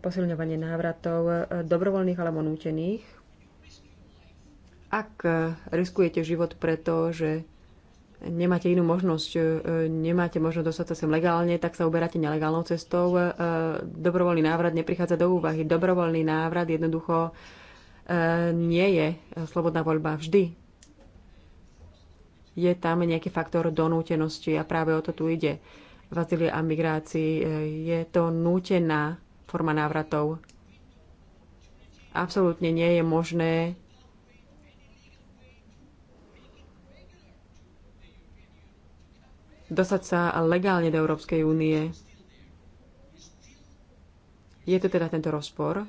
posilňovanie návratov dobrovoľných alebo nútených. Ak riskujete život preto, že nemáte inú možnosť, e, nemáte možnosť dostať sa sem legálne, tak sa uberáte nelegálnou cestou. E, dobrovoľný návrat neprichádza do úvahy. Dobrovoľný návrat jednoducho e, nie je slobodná voľba vždy. Je tam nejaký faktor donútenosti a práve o to tu ide. V a migrácii je to nútená forma návratov. Absolútne nie je možné dostať sa legálne do Európskej únie. Je to teda tento rozpor.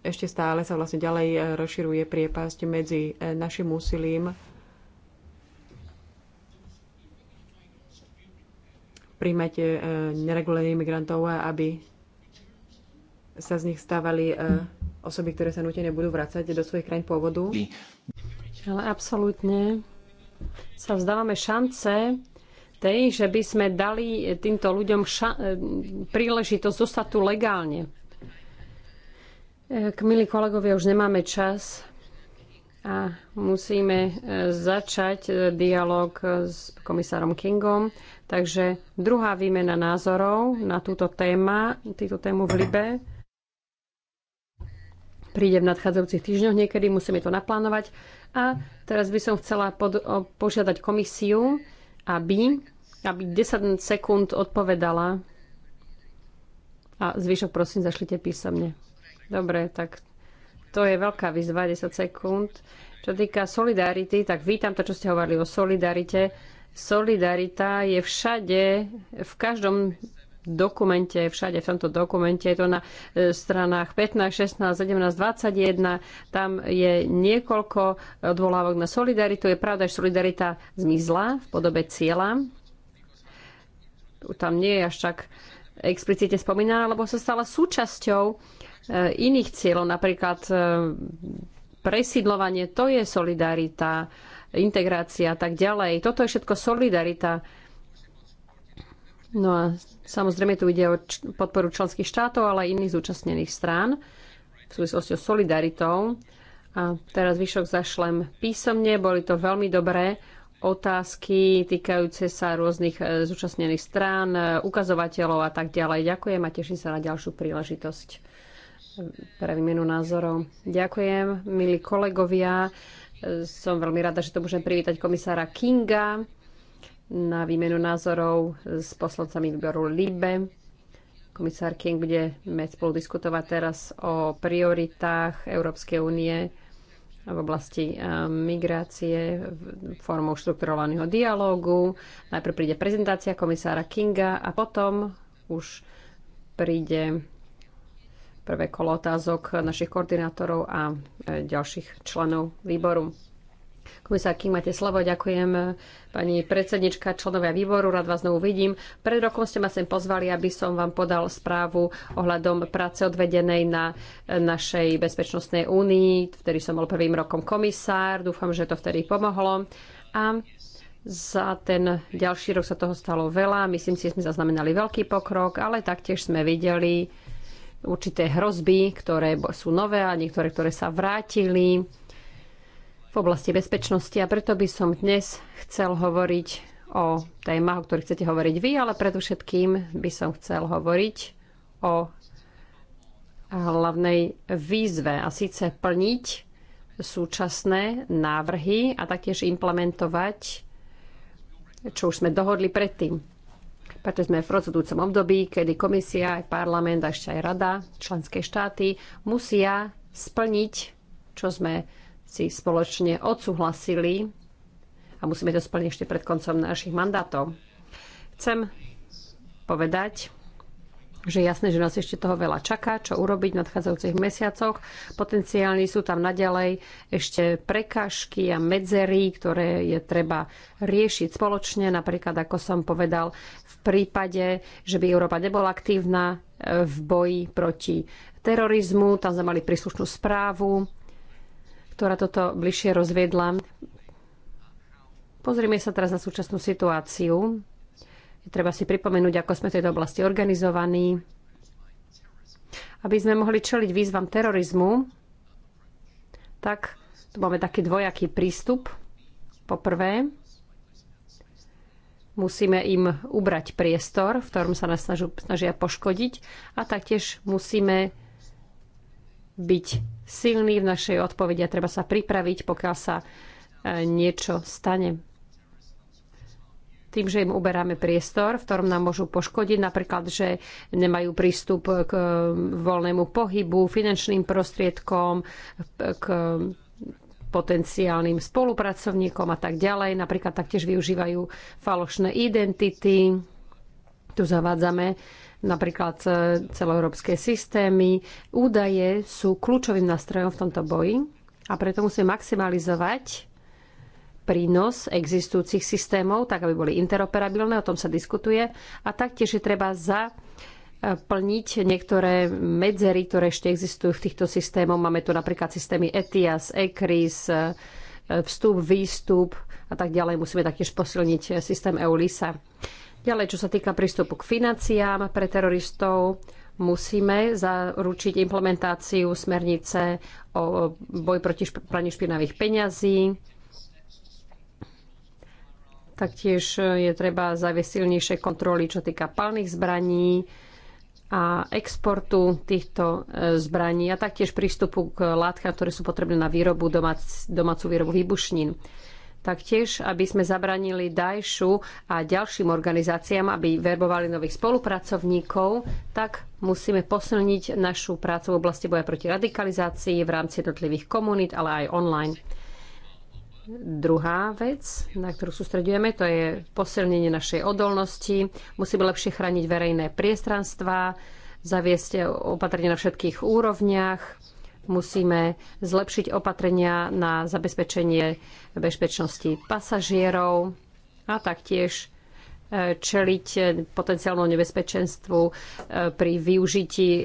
Ešte stále sa vlastne ďalej rozširuje priepasť medzi e, našim úsilím príjmať e, neregulárnych imigrantov, aby sa z nich stávali e, osoby, ktoré sa nutene budú vrácať do svojich krajín pôvodu. Ale absolútne sa vzdávame šance tej, že by sme dali týmto ľuďom príležitosť zostať tu legálne. E, k milí kolegovia, už nemáme čas a musíme e, začať e, dialog s komisárom Kingom. Takže druhá výmena názorov na túto téma, túto tému v Libe príde v nadchádzajúcich týždňoch, niekedy musíme to naplánovať. A teraz by som chcela pod, o, požiadať komisiu, aby, aby 10 sekúnd odpovedala. A zvyšok prosím zašlite písomne. Dobre, tak to je veľká výzva, 10 sekúnd. Čo týka solidarity, tak vítam to, čo ste hovorili o solidarite. Solidarita je všade, v každom dokumente, všade v tomto dokumente, je to na e, stranách 15, 16, 17, 21, tam je niekoľko odvolávok na solidaritu. Je pravda, že solidarita zmizla v podobe cieľa. Tam nie je až tak explicitne spomínaná, lebo sa stala súčasťou e, iných cieľov, napríklad e, presídlovanie, to je solidarita, integrácia a tak ďalej. Toto je všetko solidarita No a samozrejme tu ide o podporu členských štátov, ale aj iných zúčastnených strán v súvislosti s solidaritou. A teraz vyšok zašlem písomne, boli to veľmi dobré otázky týkajúce sa rôznych e, zúčastnených strán, e, ukazovateľov a tak ďalej. Ďakujem a teším sa na ďalšiu príležitosť e, pre výmenu názorov. Ďakujem, milí kolegovia. Som veľmi rada, že to môžem privítať komisára Kinga na výmenu názorov s poslancami výboru LIBE. Komisár King bude mať spolu diskutovať teraz o prioritách Európskej únie v oblasti eh, migrácie formou štrukturovaného dialógu. Najprv príde prezentácia komisára Kinga a potom už príde prvé kolo otázok našich koordinátorov a eh, ďalších členov výboru. Komisár máte slovo, ďakujem pani predsednička, členovia výboru, rád vás znovu vidím. Pred rokom ste ma sem pozvali, aby som vám podal správu ohľadom práce odvedenej na našej bezpečnostnej únii, vtedy som bol prvým rokom komisár, dúfam, že to vtedy pomohlo. A za ten ďalší rok sa toho stalo veľa, myslím si, že sme zaznamenali veľký pokrok, ale taktiež sme videli určité hrozby, ktoré sú nové a niektoré, ktoré sa vrátili v oblasti bezpečnosti a preto by som dnes chcel hovoriť o témach, o ktorých chcete hovoriť vy, ale predovšetkým by som chcel hovoriť o hlavnej výzve a síce plniť súčasné návrhy a taktiež implementovať, čo už sme dohodli predtým. Preto sme v rozhodujúcom období, kedy komisia, aj parlament, a ešte aj rada, členské štáty musia splniť, čo sme si spoločne odsúhlasili a musíme to splniť ešte pred koncom našich mandátov. Chcem povedať, že jasné, že nás ešte toho veľa čaká, čo urobiť v nadchádzajúcich mesiacoch. Potenciálne sú tam naďalej ešte prekážky a medzery, ktoré je treba riešiť spoločne. Napríklad, ako som povedal, v prípade, že by Európa nebola aktívna eh, v boji proti terorizmu, tam sme mali príslušnú správu ktorá toto bližšie rozviedla. Pozrieme sa teraz na súčasnú situáciu. Je treba si pripomenúť, ako sme v tejto oblasti organizovaní, aby sme mohli čeliť výzvam terorizmu, tak tu máme taký dvojaký prístup. Poprvé, musíme im ubrať priestor, v ktorom sa nás snažia poškodiť a taktiež musíme byť silný v našej odpovedi a treba sa pripraviť, pokiaľ sa e, niečo stane. Tým, že im uberáme priestor, v ktorom nám môžu poškodiť, napríklad, že nemajú prístup k e, voľnému pohybu, finančným prostriedkom, k potenciálnym spolupracovníkom a tak ďalej. Napríklad taktiež využívajú falošné identity. Tu zavádzame napríklad e, celoeurópske systémy. Údaje sú kľúčovým nástrojom v tomto boji a preto musíme maximalizovať prínos existujúcich systémov, tak aby boli interoperabilné, o tom sa diskutuje. A taktiež je treba e, plniť niektoré medzery, ktoré ešte existujú v týchto systémoch. Máme tu napríklad systémy ETIAS, ECRIS, e, vstup, výstup a tak ďalej. Musíme taktiež posilniť systém EULISA. Ďalej, čo sa týka prístupu k financiám pre teroristov, musíme zaručiť implementáciu smernice o boj proti praní špinavých peňazí. Taktiež e, je treba zaviesť silnejšie kontroly, čo týka palných zbraní a exportu týchto e, zbraní a taktiež prístupu k látkam, ktoré sú potrebné na výrobu domácu výrobu výbušnín taktiež, aby sme zabranili Dajšu a ďalším organizáciám, aby verbovali nových spolupracovníkov, tak musíme posilniť našu prácu v oblasti boja proti radikalizácii v rámci jednotlivých komunít, ale aj online. Druhá vec, na ktorú sústredujeme, to je posilnenie našej odolnosti. Musíme lepšie chrániť verejné priestranstva, zaviesť opatrenie na všetkých úrovniach, musíme zlepšiť opatrenia na zabezpečenie bezpečnosti pasažierov a taktiež e, čeliť potenciálnom nebezpečenstvu e, pri využití e,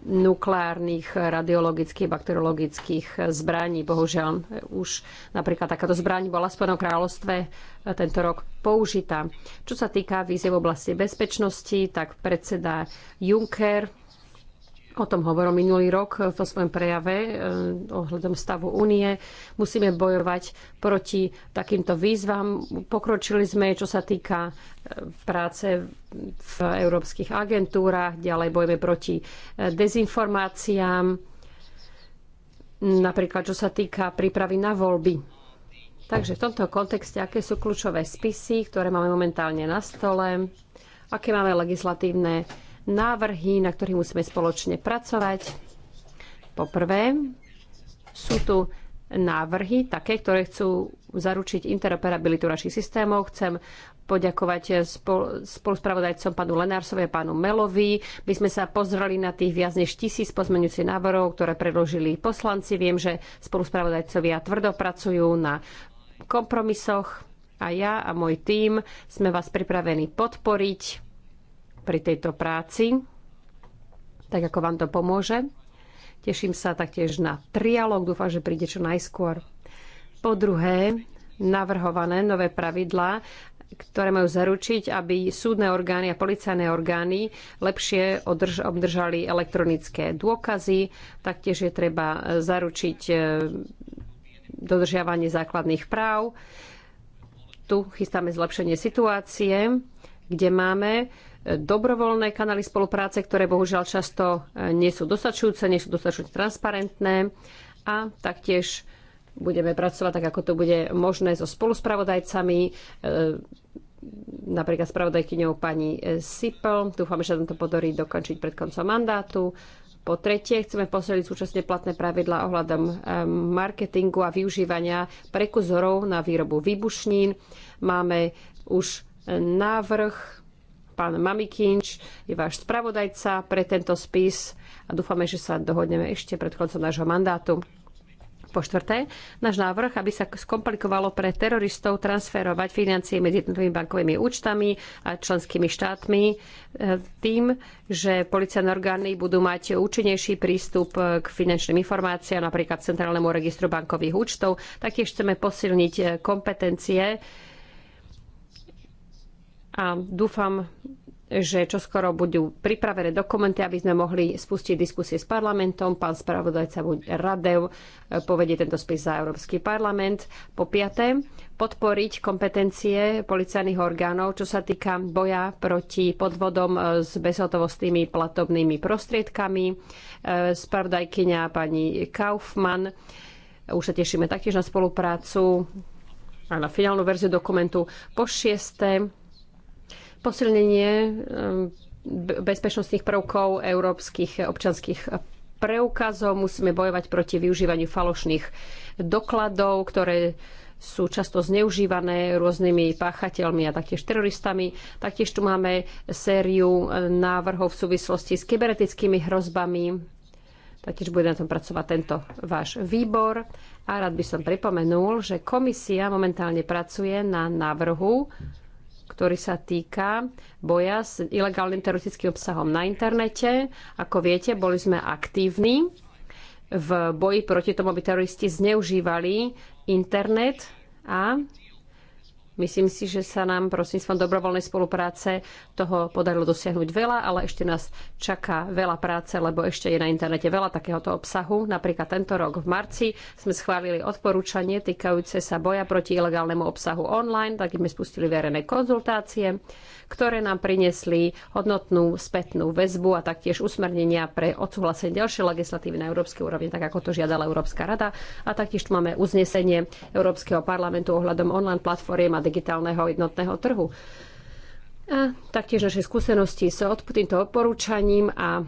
nukleárnych, radiologických, bakteriologických zbraní. Bohužiaľ, už napríklad takáto zbraň bola v Spojenom kráľovstve tento rok použitá. Čo sa týka výziev v oblasti bezpečnosti, tak predseda Juncker O tom hovoril minulý rok eh, vo svojom prejave eh, ohľadom stavu únie. Musíme bojovať proti takýmto výzvam. Pokročili sme, čo sa týka eh, práce v európskych agentúrach. Ďalej bojujeme proti dezinformáciám. Napríklad, čo sa týka prípravy na voľby. Takže v tomto kontexte, aké sú kľúčové spisy, ktoré máme momentálne na stole, aké máme legislatívne návrhy, na ktorých musíme spoločne pracovať. Poprvé, sú tu návrhy, také, ktoré chcú zaručiť interoperabilitu našich systémov. Chcem poďakovať spol, spoluspravodajcom pánu Lenársovi a pánu Melovi. My sme sa pozreli na tých viac než tisíc pozmeňujúcich návrhov, ktoré predložili poslanci. Viem, že spoluspravodajcovia tvrdo pracujú na kompromisoch a ja a môj tím sme vás pripravení podporiť pri tejto práci, tak ako vám to pomôže. Teším sa taktiež na trialog, dúfam, že príde čo najskôr. Po druhé, navrhované nové pravidlá, ktoré majú zaručiť, aby súdne orgány a policajné orgány lepšie obdržali elektronické dôkazy. Taktiež je treba e, zaručiť e, dodržiavanie základných práv. Tu chystáme zlepšenie situácie, kde máme dobrovoľné kanály spolupráce, ktoré bohužiaľ často e, nie sú dostačujúce, nie sú dostačujúce transparentné a taktiež budeme pracovať tak, ako to bude možné so spoluspravodajcami, e, napríklad spravodajkyňou pani e, Sipel. Dúfame, že sa to podarí dokončiť pred koncom mandátu. Po tretie, chceme posiliť súčasne platné pravidla ohľadom marketingu a využívania prekuzorov na výrobu výbušnín. Máme už návrh Pán Mamikinč je váš spravodajca pre tento spis a dúfame, že sa dohodneme ešte pred koncom nášho mandátu. Po štvrté, náš návrh, aby sa skomplikovalo pre teroristov transferovať financie medzi jednotlivými bankovými účtami a členskými štátmi e, tým, že policajné orgány budú mať účinnejší prístup k finančným informáciám, napríklad Centrálnemu registru bankových účtov. Taktiež chceme posilniť e, kompetencie a dúfam, že čoskoro budú pripravené dokumenty, aby sme mohli spustiť diskusie s parlamentom. Pán spravodajca Radev eh, povedie tento spis za Európsky parlament. Po piaté, podporiť kompetencie policajných orgánov, čo sa týka boja proti podvodom eh, s bezhotovostnými platobnými prostriedkami. Eh, spravodajkyňa pani Kaufmann. Už sa tešíme taktiež na spoluprácu a na finálnu verziu dokumentu. Po šiesté, posilnenie um, bezpečnostných prvkov európskych občanských preukazov. Musíme bojovať proti využívaniu falošných dokladov, ktoré sú často zneužívané rôznymi páchateľmi a taktiež teroristami. Taktiež tu máme sériu návrhov v súvislosti s kybernetickými hrozbami. Taktiež bude na tom pracovať tento váš výbor. A rád by som pripomenul, že komisia momentálne pracuje na návrhu ktorý sa týka boja s ilegálnym teroristickým obsahom na internete. Ako viete, boli sme aktívni v boji proti tomu, aby teroristi zneužívali internet a Myslím si, že sa nám prostredníctvom dobrovoľnej spolupráce toho podarilo dosiahnuť veľa, ale ešte nás čaká veľa práce, lebo ešte je na internete veľa takéhoto obsahu. Napríklad tento rok v marci sme schválili odporúčanie týkajúce sa boja proti ilegálnemu obsahu online, tak sme spustili verejné konzultácie ktoré nám priniesli hodnotnú spätnú väzbu a taktiež usmernenia pre odsúhlasenie ďalšej legislatívy na európskej úrovni, tak ako to žiadala Európska rada. A taktiež tu máme uznesenie Európskeho parlamentu ohľadom online platformiem a digitálneho jednotného trhu. A taktiež naše skúsenosti s týmto odporúčaním a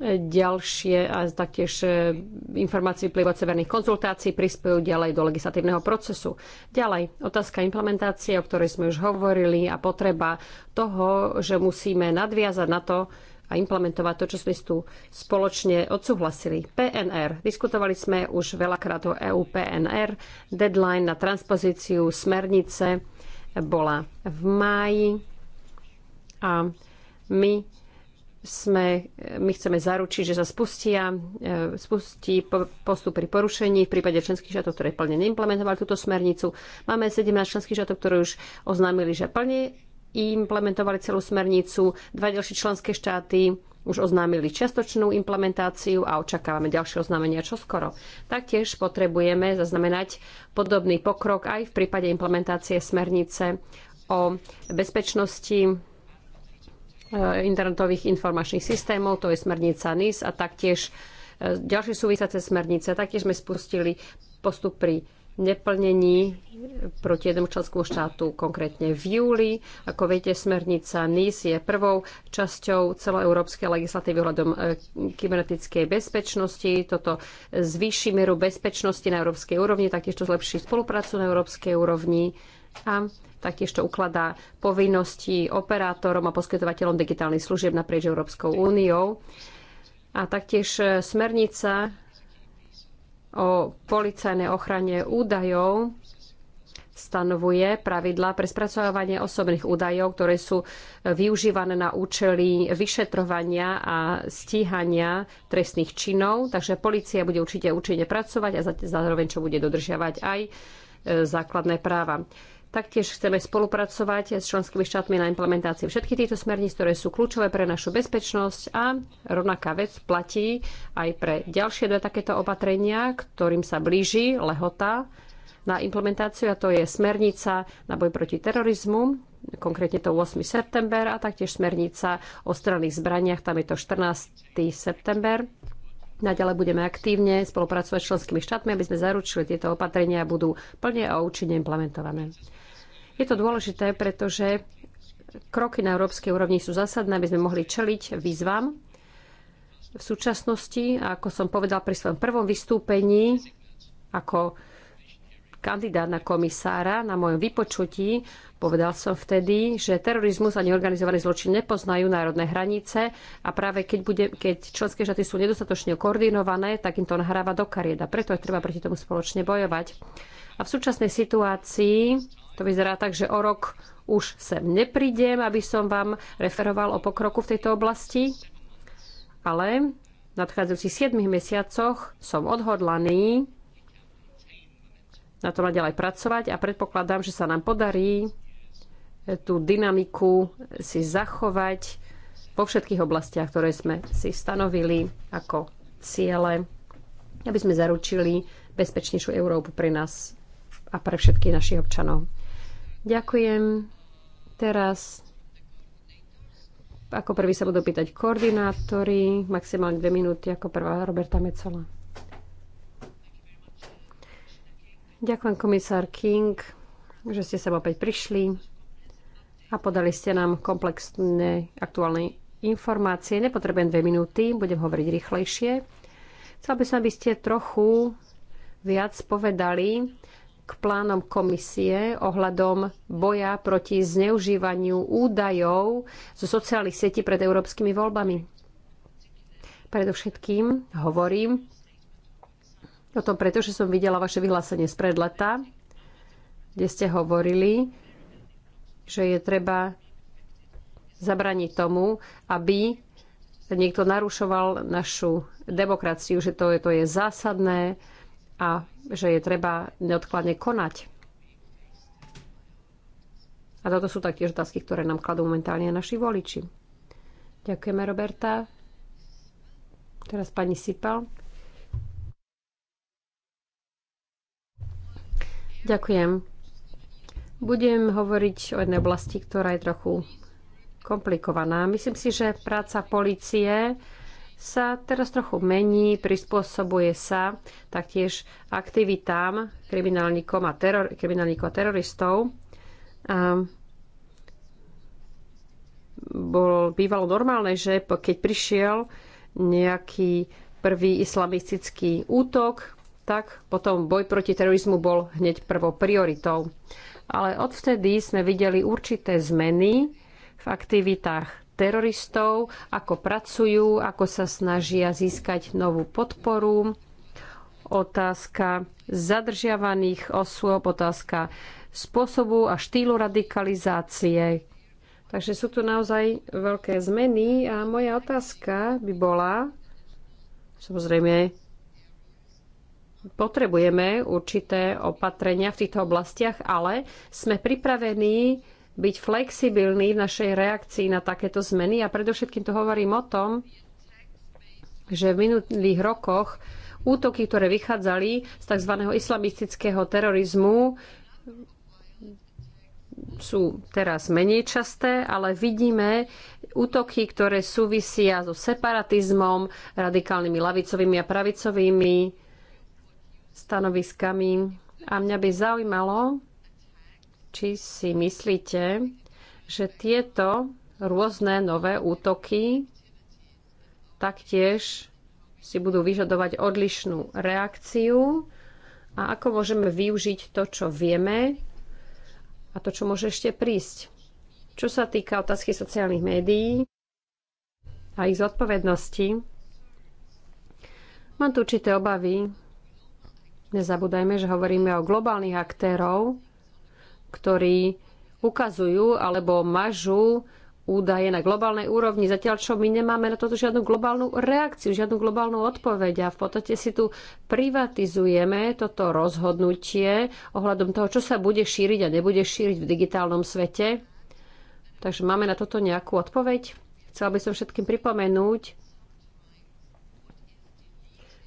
Ďalšie a taktiež e, informácie vplyvať severných konzultácií prispiejú ďalej do legislatívneho procesu. Ďalej, otázka implementácie, o ktorej sme už hovorili a potreba toho, že musíme nadviazať na to, a implementovať to, čo sme tu spoločne odsúhlasili. PNR. Diskutovali sme už veľakrát o EU PNR. Deadline na transpozíciu smernice bola v máji a my sme, my chceme zaručiť, že sa spustia, e, spustí postup pri porušení v prípade členských štátov, ktoré plne neimplementovali túto smernicu. Máme 17 členských štátov, ktoré už oznámili, že plne implementovali celú smernicu. Dva ďalšie členské štáty už oznámili čiastočnú implementáciu a očakávame ďalšie oznámenia čoskoro. Taktiež potrebujeme zaznamenať podobný pokrok aj v prípade implementácie smernice o bezpečnosti Eh, internetových informačných systémov, to je smernica NIS a taktiež eh, ďalšie súvisiace smernice. Taktiež sme spustili postup pri neplnení proti jednom členskému štátu, konkrétne v júli. Ako viete, smernica NIS je prvou časťou celoeurópskej legislatívy ohľadom eh, kybernetickej bezpečnosti. Toto zvýši mieru bezpečnosti na európskej úrovni, taktiež to zlepší spoluprácu na európskej úrovni a Taktiež to ukladá povinnosti operátorom a poskytovateľom digitálnych služieb naprieč Európskou úniou. A taktiež e, smernica o policajnej ochrane údajov stanovuje pravidlá pre spracovávanie osobných údajov, ktoré sú e, využívané na účely vyšetrovania a stíhania trestných činov. Takže policia bude určite účinne pracovať a zároveň čo bude dodržiavať aj e, základné práva. Taktiež chceme spolupracovať s členskými štátmi na implementácii všetkých týchto smerníc, ktoré sú kľúčové pre našu bezpečnosť a rovnaká vec platí aj pre ďalšie dve takéto opatrenia, ktorým sa blíži lehota na implementáciu a to je smernica na boj proti terorizmu, konkrétne to 8. september a taktiež smernica o stranných zbraniach, tam je to 14. september. Naďalej budeme aktívne spolupracovať s členskými štátmi, aby sme zaručili, tieto opatrenia budú plne a účinne implementované. Je to dôležité, pretože kroky na európskej úrovni sú zásadné, aby sme mohli čeliť výzvam v súčasnosti. A ako som povedal pri svojom prvom vystúpení, ako kandidát na komisára na mojom vypočutí, povedal som vtedy, že terorizmus a neorganizovaný zločin nepoznajú národné hranice a práve keď, bude, keď členské štáty sú nedostatočne koordinované, tak im to nahráva do karieda. Preto je treba proti tomu spoločne bojovať. A v súčasnej situácii to vyzerá tak, že o rok už sem neprídem, aby som vám referoval o pokroku v tejto oblasti, ale v nadchádzajúcich 7 mesiacoch som odhodlaný na to naďalej pracovať a predpokladám, že sa nám podarí tú dynamiku si zachovať vo všetkých oblastiach, ktoré sme si stanovili ako ciele, aby sme zaručili bezpečnejšiu Európu pre nás a pre všetkých našich občanov. Ďakujem. Teraz ako prvý sa budú pýtať koordinátori, maximálne dve minúty, ako prvá Roberta Mecola. Ďakujem komisár King, že ste sa opäť prišli a podali ste nám komplexné aktuálne informácie. Nepotrebujem dve minúty, budem hovoriť rýchlejšie. Chcel by som, aby ste trochu viac povedali k plánom komisie ohľadom boja proti zneužívaniu údajov zo sociálnych sietí pred európskymi voľbami. Predovšetkým hovorím o tom, pretože som videla vaše vyhlásenie z predleta, kde ste hovorili, že je treba zabraniť tomu, aby niekto narušoval našu demokraciu, že to je, to je zásadné, a že je treba neodkladne konať. A toto sú taktiež otázky, ktoré nám kladú momentálne naši voliči. Ďakujeme, Roberta. Teraz pani Sipal. Ďakujem. Budem hovoriť o jednej oblasti, ktorá je trochu komplikovaná. Myslím si, že práca policie sa teraz trochu mení, prispôsobuje sa taktiež aktivitám kriminálnikom a teror, kriminálnikom a teroristov. A bol, bývalo normálne, že keď prišiel nejaký prvý islamistický útok, tak potom boj proti terorizmu bol hneď prvou prioritou. Ale odvtedy sme videli určité zmeny v aktivitách teroristov, ako pracujú, ako sa snažia získať novú podporu. Otázka zadržiavaných osôb, otázka spôsobu a štýlu radikalizácie. Takže sú tu naozaj veľké zmeny a moja otázka by bola, samozrejme, potrebujeme určité opatrenia v týchto oblastiach, ale sme pripravení byť flexibilní v našej reakcii na takéto zmeny. A predovšetkým to hovorím o tom, že v minulých rokoch útoky, ktoré vychádzali z tzv. islamistického terorizmu, sú teraz menej časté, ale vidíme útoky, ktoré súvisia so separatizmom, radikálnymi lavicovými a pravicovými stanoviskami. A mňa by zaujímalo, či si myslíte, že tieto rôzne nové útoky taktiež si budú vyžadovať odlišnú reakciu a ako môžeme využiť to, čo vieme a to, čo môže ešte prísť. Čo sa týka otázky sociálnych médií a ich zodpovednosti, mám tu určité obavy. Nezabúdajme, že hovoríme o globálnych aktérov, ktorí ukazujú alebo mažú údaje na globálnej úrovni, zatiaľ čo my nemáme na toto žiadnu globálnu reakciu, žiadnu globálnu odpoveď a v podstate si tu privatizujeme toto rozhodnutie ohľadom toho, čo sa bude šíriť a nebude šíriť v digitálnom svete. Takže máme na toto nejakú odpoveď. Chcela by som všetkým pripomenúť,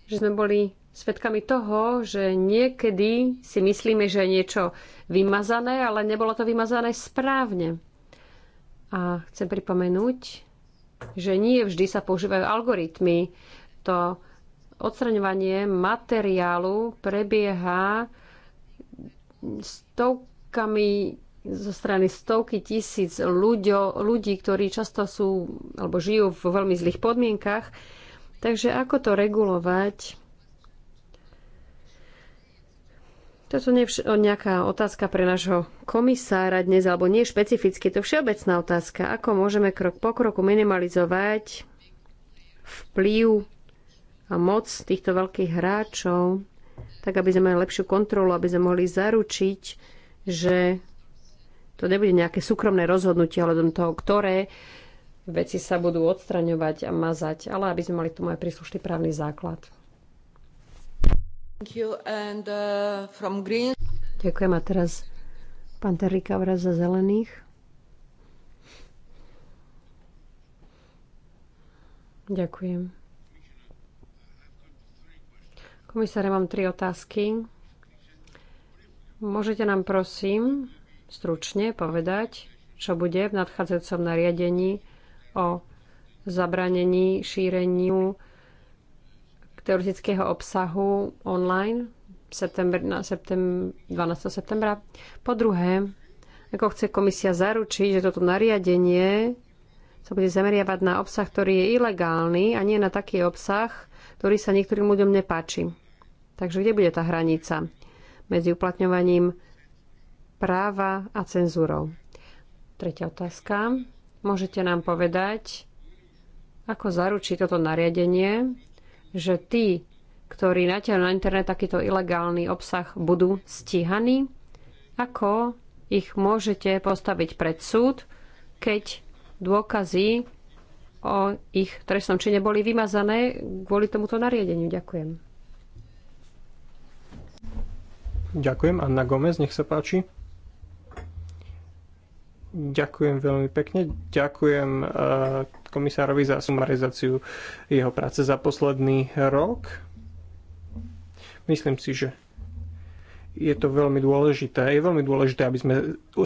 že sme boli svedkami toho, že niekedy si myslíme, že je niečo vymazané, ale nebolo to vymazané správne. A chcem pripomenúť, že nie vždy sa používajú algoritmy. To odstraňovanie materiálu prebieha stovkami zo strany stovky tisíc ľuďo, ľudí, ktorí často sú alebo žijú v veľmi zlých podmienkach. Takže ako to regulovať? Toto nie je nejaká otázka pre nášho komisára dnes, alebo nie špecificky, to je všeobecná otázka. Ako môžeme krok po kroku minimalizovať vplyv a moc týchto veľkých hráčov, tak aby sme mali lepšiu kontrolu, aby sme mohli zaručiť, že to nebude nejaké súkromné rozhodnutie do toho, ktoré veci sa budú odstraňovať a mazať, ale aby sme mali tomu aj príslušný právny základ. Uh, Ďakujem a teraz pán Terika vraz za zelených. Ďakujem. Komisáre, mám tri otázky. Môžete nám prosím stručne povedať, čo bude v nadchádzajúcom nariadení o zabranení šíreniu teoretického obsahu online september, na septem, 12. septembra. Po druhé, ako chce komisia zaručiť, že toto nariadenie sa bude zameriavať na obsah, ktorý je ilegálny a nie na taký obsah, ktorý sa niektorým ľuďom nepáči. Takže kde bude tá hranica medzi uplatňovaním práva a cenzúrou? Tretia otázka. Môžete nám povedať, ako zaručí toto nariadenie, že tí, ktorí natiaľ na internet takýto ilegálny obsah budú stíhaní, ako ich môžete postaviť pred súd, keď dôkazy o ich trestnom čine boli vymazané kvôli tomuto nariadeniu. Ďakujem. Ďakujem. Anna Gomez, nech sa páči. Ďakujem veľmi pekne. Ďakujem e, komisárovi za sumarizáciu jeho práce za posledný rok. Myslím si, že je to veľmi dôležité. Je veľmi dôležité, aby sme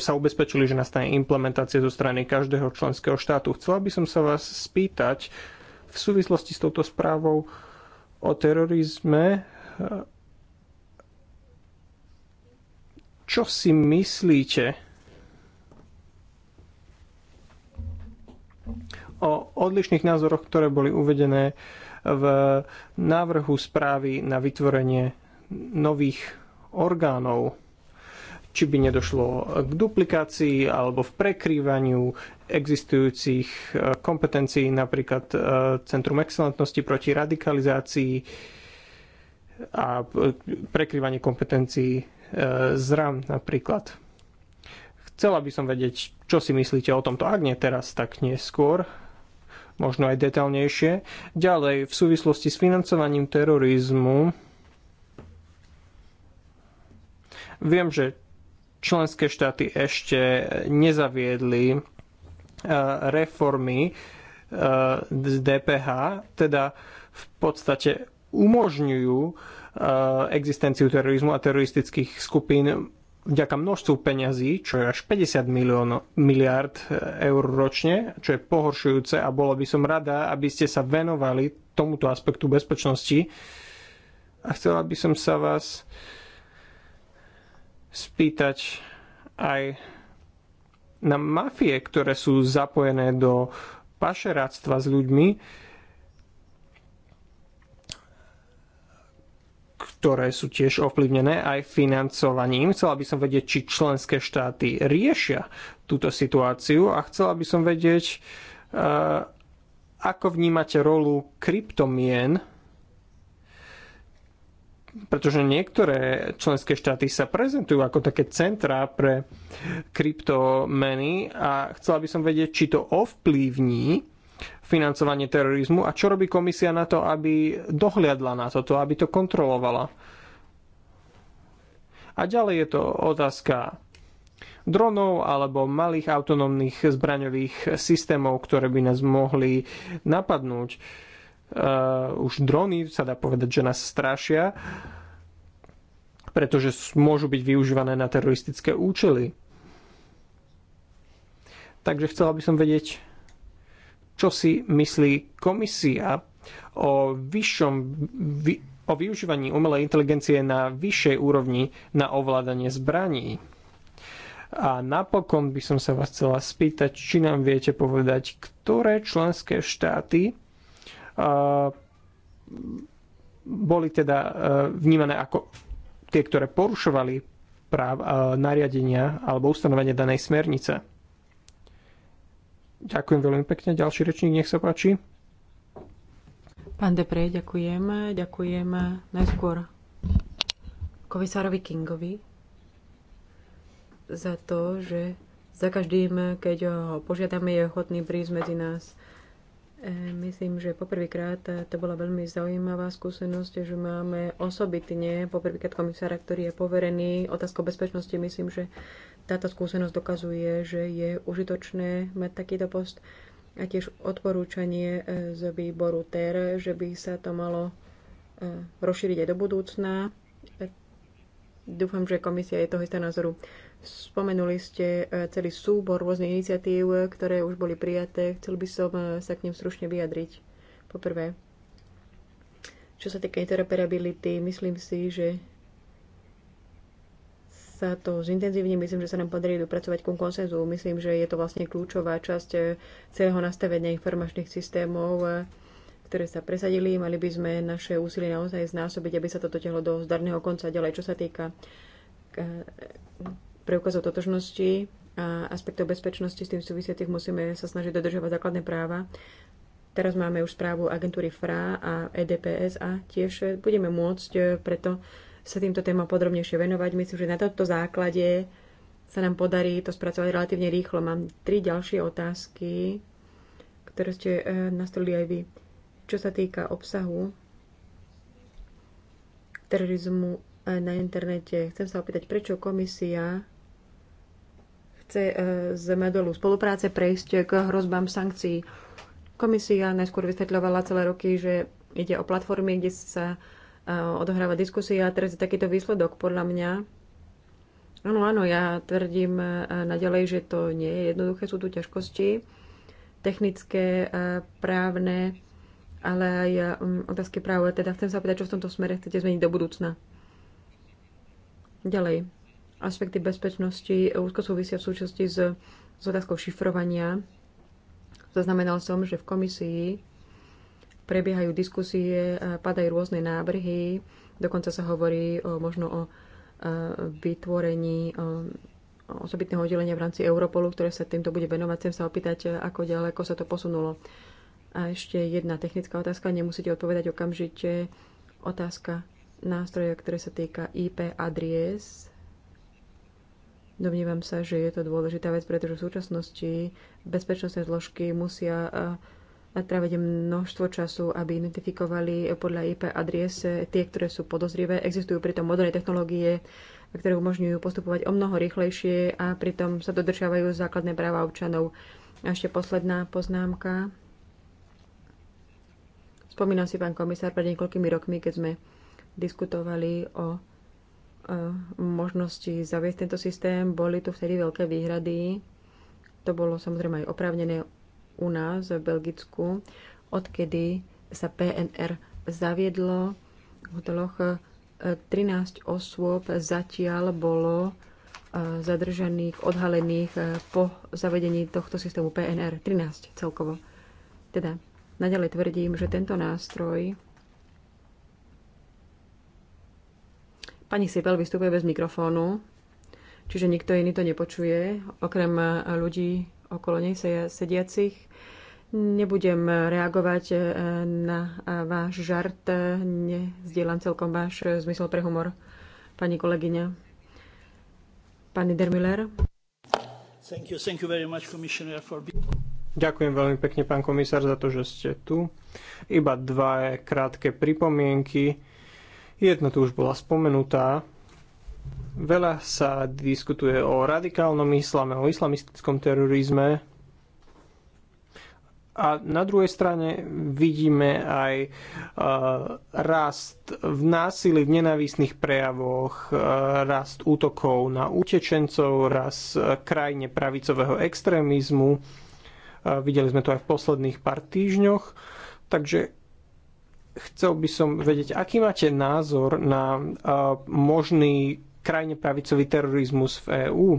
sa ubezpečili, že nastane implementácia zo strany každého členského štátu. Chcela by som sa vás spýtať v súvislosti s touto správou o terorizme, e, čo si myslíte o odlišných názoroch, ktoré boli uvedené v návrhu správy na vytvorenie nových orgánov, či by nedošlo k duplikácii alebo v prekrývaniu existujúcich e, kompetencií, napríklad e, Centrum excelentnosti proti radikalizácii a e, prekrývanie kompetencií zram napríklad. Chcela by som vedieť, čo si myslíte o tomto. Ak nie teraz, tak neskôr možno aj detaľnejšie. Ďalej, v súvislosti s financovaním terorizmu, viem, že členské štáty ešte nezaviedli e, reformy e, z DPH, teda v podstate umožňujú e, existenciu terorizmu a teroristických skupín vďaka množstvu peňazí, čo je až 50 milión, miliard e, eur ročne, čo je pohoršujúce a bolo by som rada, aby ste sa venovali tomuto aspektu bezpečnosti. A chcela by som sa vás spýtať aj na mafie, ktoré sú zapojené do pašeráctva s ľuďmi, ktoré sú tiež ovplyvnené aj financovaním. Chcela by som vedieť, či členské štáty riešia túto situáciu a chcela by som vedieť, e, ako vnímate rolu kryptomien, pretože niektoré členské štáty sa prezentujú ako také centrá pre kryptomeny a chcela by som vedieť, či to ovplyvní financovanie terorizmu a čo robí komisia na to, aby dohliadla na toto, aby to kontrolovala. A ďalej je to otázka dronov alebo malých autonómnych zbraňových systémov, ktoré by nás mohli napadnúť. Uh, už drony, sa dá povedať, že nás strašia, pretože môžu byť využívané na teroristické účely. Takže chcela by som vedieť, čo si myslí komisia o vyššom o využívaní umelej inteligencie na vyššej úrovni na ovládanie zbraní. A napokon by som sa vás chcela spýtať, či nám viete povedať, ktoré členské štáty uh, boli teda uh, vnímané ako tie, ktoré porušovali práv, uh, nariadenia alebo ustanovenie danej smernice. Ďakujem veľmi pekne. Ďalší rečník, nech sa páči. Pán Depre, ďakujem. Ďakujem najskôr komisárovi Kingovi za to, že za každým, keď ho požiadame, je ochotný prísť medzi nás. E, myslím, že poprvýkrát e, to bola veľmi zaujímavá skúsenosť, že máme osobitne poprvýkrát komisára, ktorý je poverený otázkou bezpečnosti. Myslím, že táto skúsenosť dokazuje, že je užitočné mať takýto post a tiež odporúčanie e, z výboru TER, že by sa to malo rozšíriť aj do budúcna. Dúfam, že komisia je toho istého názoru. Spomenuli ste e, celý súbor rôznych iniciatív, ktoré už boli prijaté. Chcel by som e, sa k ním stručne vyjadriť. Poprvé, čo sa týka interoperability, myslím si, že sa to zintenzívne, myslím, že sa nám podarí dopracovať ku konsenzu. Myslím, že je to vlastne kľúčová časť e, celého nastavenia informačných systémov, ktoré sa presadili. Mali by sme naše úsilie naozaj znásobiť, aby sa toto tehlo do zdarného konca ďalej. Čo sa týka preukazov totožnosti a aspektov bezpečnosti s tým súvisiacich musíme sa snažiť dodržovať základné práva. Teraz máme už správu agentúry FRA a EDPS a tiež budeme môcť eh, preto sa týmto témam podrobnejšie venovať. Myslím, že na tomto základe sa nám podarí to spracovať relatívne rýchlo. Mám tri ďalšie otázky, ktoré ste eh, nastolili aj vy. Čo sa týka obsahu terorizmu eh, na internete, chcem sa opýtať, prečo komisia chce e, z medolu spolupráce prejsť k hrozbám sankcií. Komisia najskôr vysvetľovala celé roky, že ide o platformy, kde sa e, odohráva diskusia a teraz je takýto výsledok podľa mňa. Áno, áno, ja tvrdím e, naďalej, že to nie je jednoduché, sú tu ťažkosti technické, právne, ale aj otázky práve. Teda chcem sa pýtať, čo v tomto smere chcete zmeniť do budúcna. Ďalej. Aspekty bezpečnosti úzko súvisia v súčasti s, s otázkou šifrovania. Zaznamenal som, že v komisii prebiehajú diskusie, e, padajú rôzne návrhy, dokonca sa hovorí o, možno o e, vytvorení osobitného oddelenia v rámci Europolu, ktoré sa týmto bude venovať. Chcem sa opýtať, e, ako ďaleko sa to posunulo. A ešte jedna technická otázka, nemusíte odpovedať okamžite. Otázka nástroja, ktoré sa týka IP adries. Domnívam sa, že je to dôležitá vec, pretože v súčasnosti bezpečnostné zložky musia tráviť množstvo času, aby identifikovali podľa IP adries tie, ktoré sú podozrivé. Existujú pritom moderné technológie, ktoré umožňujú postupovať o mnoho rýchlejšie a pritom sa dodržiavajú základné práva občanov. A ešte posledná poznámka. Spomínal si pán komisár pred niekoľkými rokmi, keď sme diskutovali o Eh, možnosti zaviesť tento systém. Boli tu vtedy veľké výhrady. To bolo samozrejme aj oprávnené u nás v Belgicku, odkedy sa PNR zaviedlo v hoteloch. 13 eh, osôb zatiaľ bolo eh, zadržaných, odhalených po zavedení tohto systému PNR. 13 celkovo. Teda naďalej tvrdím, že tento nástroj Pani Sipel vystupuje bez mikrofónu, čiže nikto iný to nepočuje, okrem ľudí okolo nej sediacich. Nebudem reagovať e, na váš žart, e, nezdielam celkom váš e, zmysel pre humor, pani kolegyňa. Pani Dermiller. Thank you, thank you very much, Commissioner, for Ďakujem veľmi pekne, pán komisár, za to, že ste tu. Iba dva krátke pripomienky Jedna tu už bola spomenutá. Veľa sa diskutuje o radikálnom islame, o islamistickom terorizme. A na druhej strane vidíme aj uh, rast v násilí, v nenávistných prejavoch, uh, rast útokov na utečencov, rast uh, krajine pravicového extrémizmu. Uh, videli sme to aj v posledných pár týždňoch. Takže Chcel by som vedieť, aký máte názor na možný krajne pravicový terorizmus v EÚ.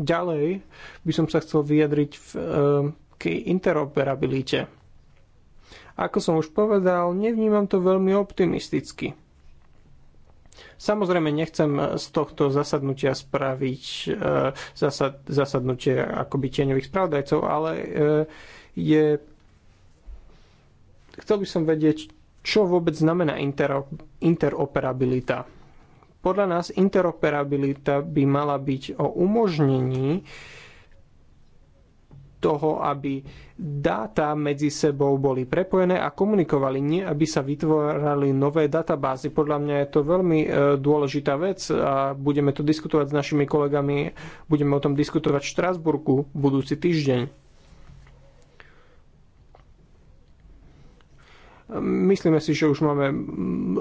Ďalej by som sa chcel vyjadriť v, e, k interoperabilite. Ako som už povedal, nevnímam to veľmi optimisticky. Samozrejme, nechcem z tohto zasadnutia spraviť e, zasad, zasadnutie akoby tieňových spravodajcov, ale e, je... Chcel by som vedieť, čo vôbec znamená interoperabilita? Podľa nás interoperabilita by mala byť o umožnení toho, aby dáta medzi sebou boli prepojené a komunikovali, nie aby sa vytvárali nové databázy. Podľa mňa je to veľmi e, dôležitá vec a budeme to diskutovať s našimi kolegami, budeme o tom diskutovať v Štrásburgu budúci týždeň. Myslíme si, že už máme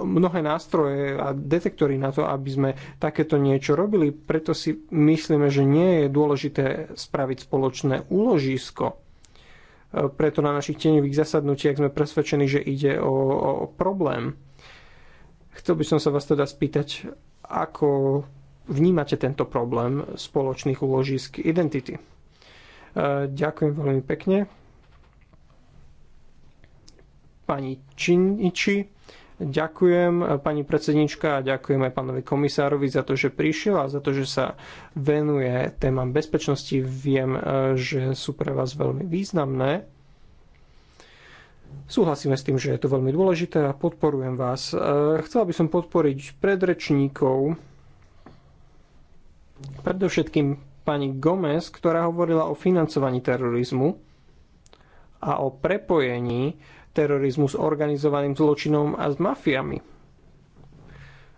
mnohé nástroje a detektory na to, aby sme takéto niečo robili, preto si myslíme, že nie je dôležité spraviť spoločné úložisko. E, preto na našich tieňových zasadnutiach sme presvedčení, že ide o, o problém. Chcel by som sa vás teda spýtať, ako vnímate tento problém spoločných úložisk identity. E, ďakujem veľmi pekne pani Činiči. Ďakujem e, pani predsednička a ďakujem aj pánovi komisárovi za to, že prišiel a za to, že sa venuje témam bezpečnosti. Viem, e, že sú pre vás veľmi významné. Súhlasíme s tým, že je to veľmi dôležité a podporujem vás. E, chcela by som podporiť predrečníkov, predovšetkým pani Gomez, ktorá hovorila o financovaní terorizmu a o prepojení terorizmu, s organizovaným zločinom a s mafiami.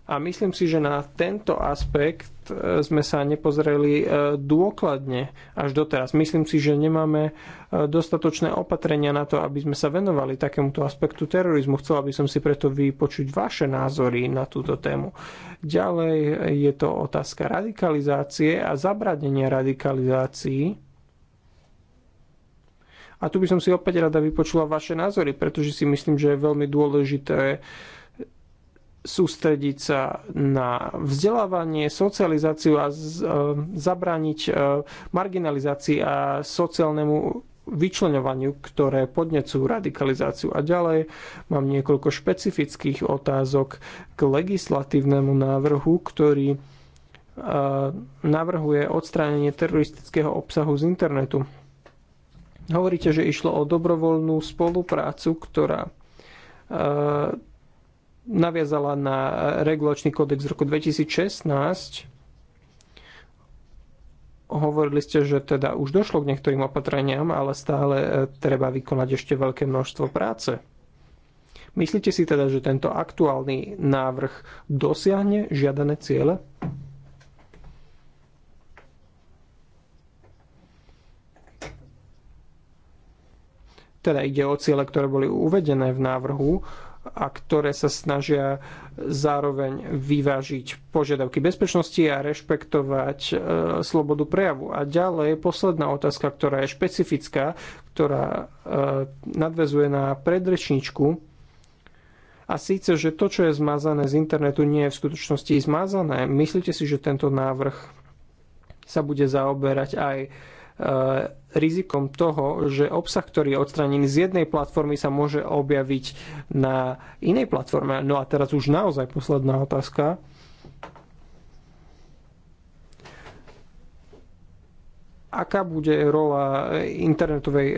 A myslím si, že na tento aspekt e, sme sa nepozreli e, dôkladne až doteraz. Myslím si, že nemáme e, dostatočné opatrenia na to, aby sme sa venovali takémuto aspektu terorizmu. Chcela by som si preto vypočuť vaše názory na túto tému. Ďalej je to otázka radikalizácie a zabradenia radikalizácií a tu by som si opäť rada vypočula vaše názory, pretože si myslím, že je veľmi dôležité sústrediť sa na vzdelávanie, socializáciu a e, zabrániť e, marginalizácii a sociálnemu vyčlenovaniu, ktoré podnecujú radikalizáciu. A ďalej mám niekoľko špecifických otázok k legislatívnemu návrhu, ktorý e, navrhuje odstránenie teroristického obsahu z internetu. Hovoríte, že išlo o dobrovoľnú spoluprácu, ktorá e, naviazala na regulačný kódex z roku 2016. Hovorili ste, že teda už došlo k niektorým opatreniam, ale stále e, treba vykonať ešte veľké množstvo práce. Myslíte si teda, že tento aktuálny návrh dosiahne žiadané ciele? Teda ide o ciele, ktoré boli uvedené v návrhu a ktoré sa snažia zároveň vyvážiť požiadavky bezpečnosti a rešpektovať e, slobodu prejavu. A ďalej posledná otázka, ktorá je špecifická, ktorá e, nadvezuje na predrečničku. A síce, že to, čo je zmazané z internetu, nie je v skutočnosti zmazané. Myslíte si, že tento návrh sa bude zaoberať aj E, rizikom toho, že obsah, ktorý je odstranený z jednej platformy, sa môže objaviť na inej platforme. No a teraz už naozaj posledná otázka. Aká bude rola internetovej e,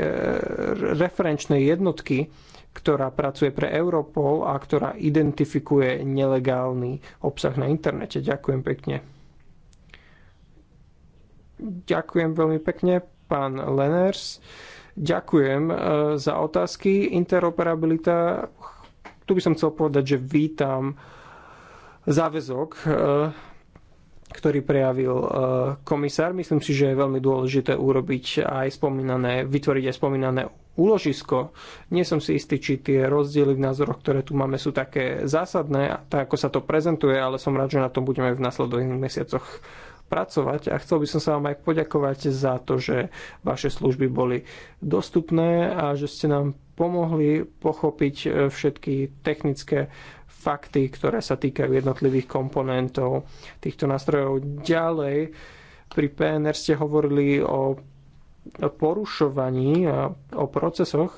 referenčnej jednotky, ktorá pracuje pre Europol a ktorá identifikuje nelegálny obsah na internete? Ďakujem pekne. Ďakujem veľmi pekne, pán Leners. Ďakujem e, za otázky. Interoperabilita, tu by som chcel povedať, že vítam záväzok, e, ktorý prejavil e, komisár. Myslím si, že je veľmi dôležité urobiť aj spomínané, vytvoriť aj spomínané úložisko. Nie som si istý, či tie rozdiely v názoroch, ktoré tu máme, sú také zásadné, tak ako sa to prezentuje, ale som rád, že na tom budeme v následovných mesiacoch pracovať a chcel by som sa vám aj poďakovať za to, že vaše služby boli dostupné a že ste nám pomohli pochopiť e, všetky technické fakty, ktoré sa týkajú jednotlivých komponentov týchto nástrojov. Ďalej, pri PNR ste hovorili o porušovaní a o procesoch.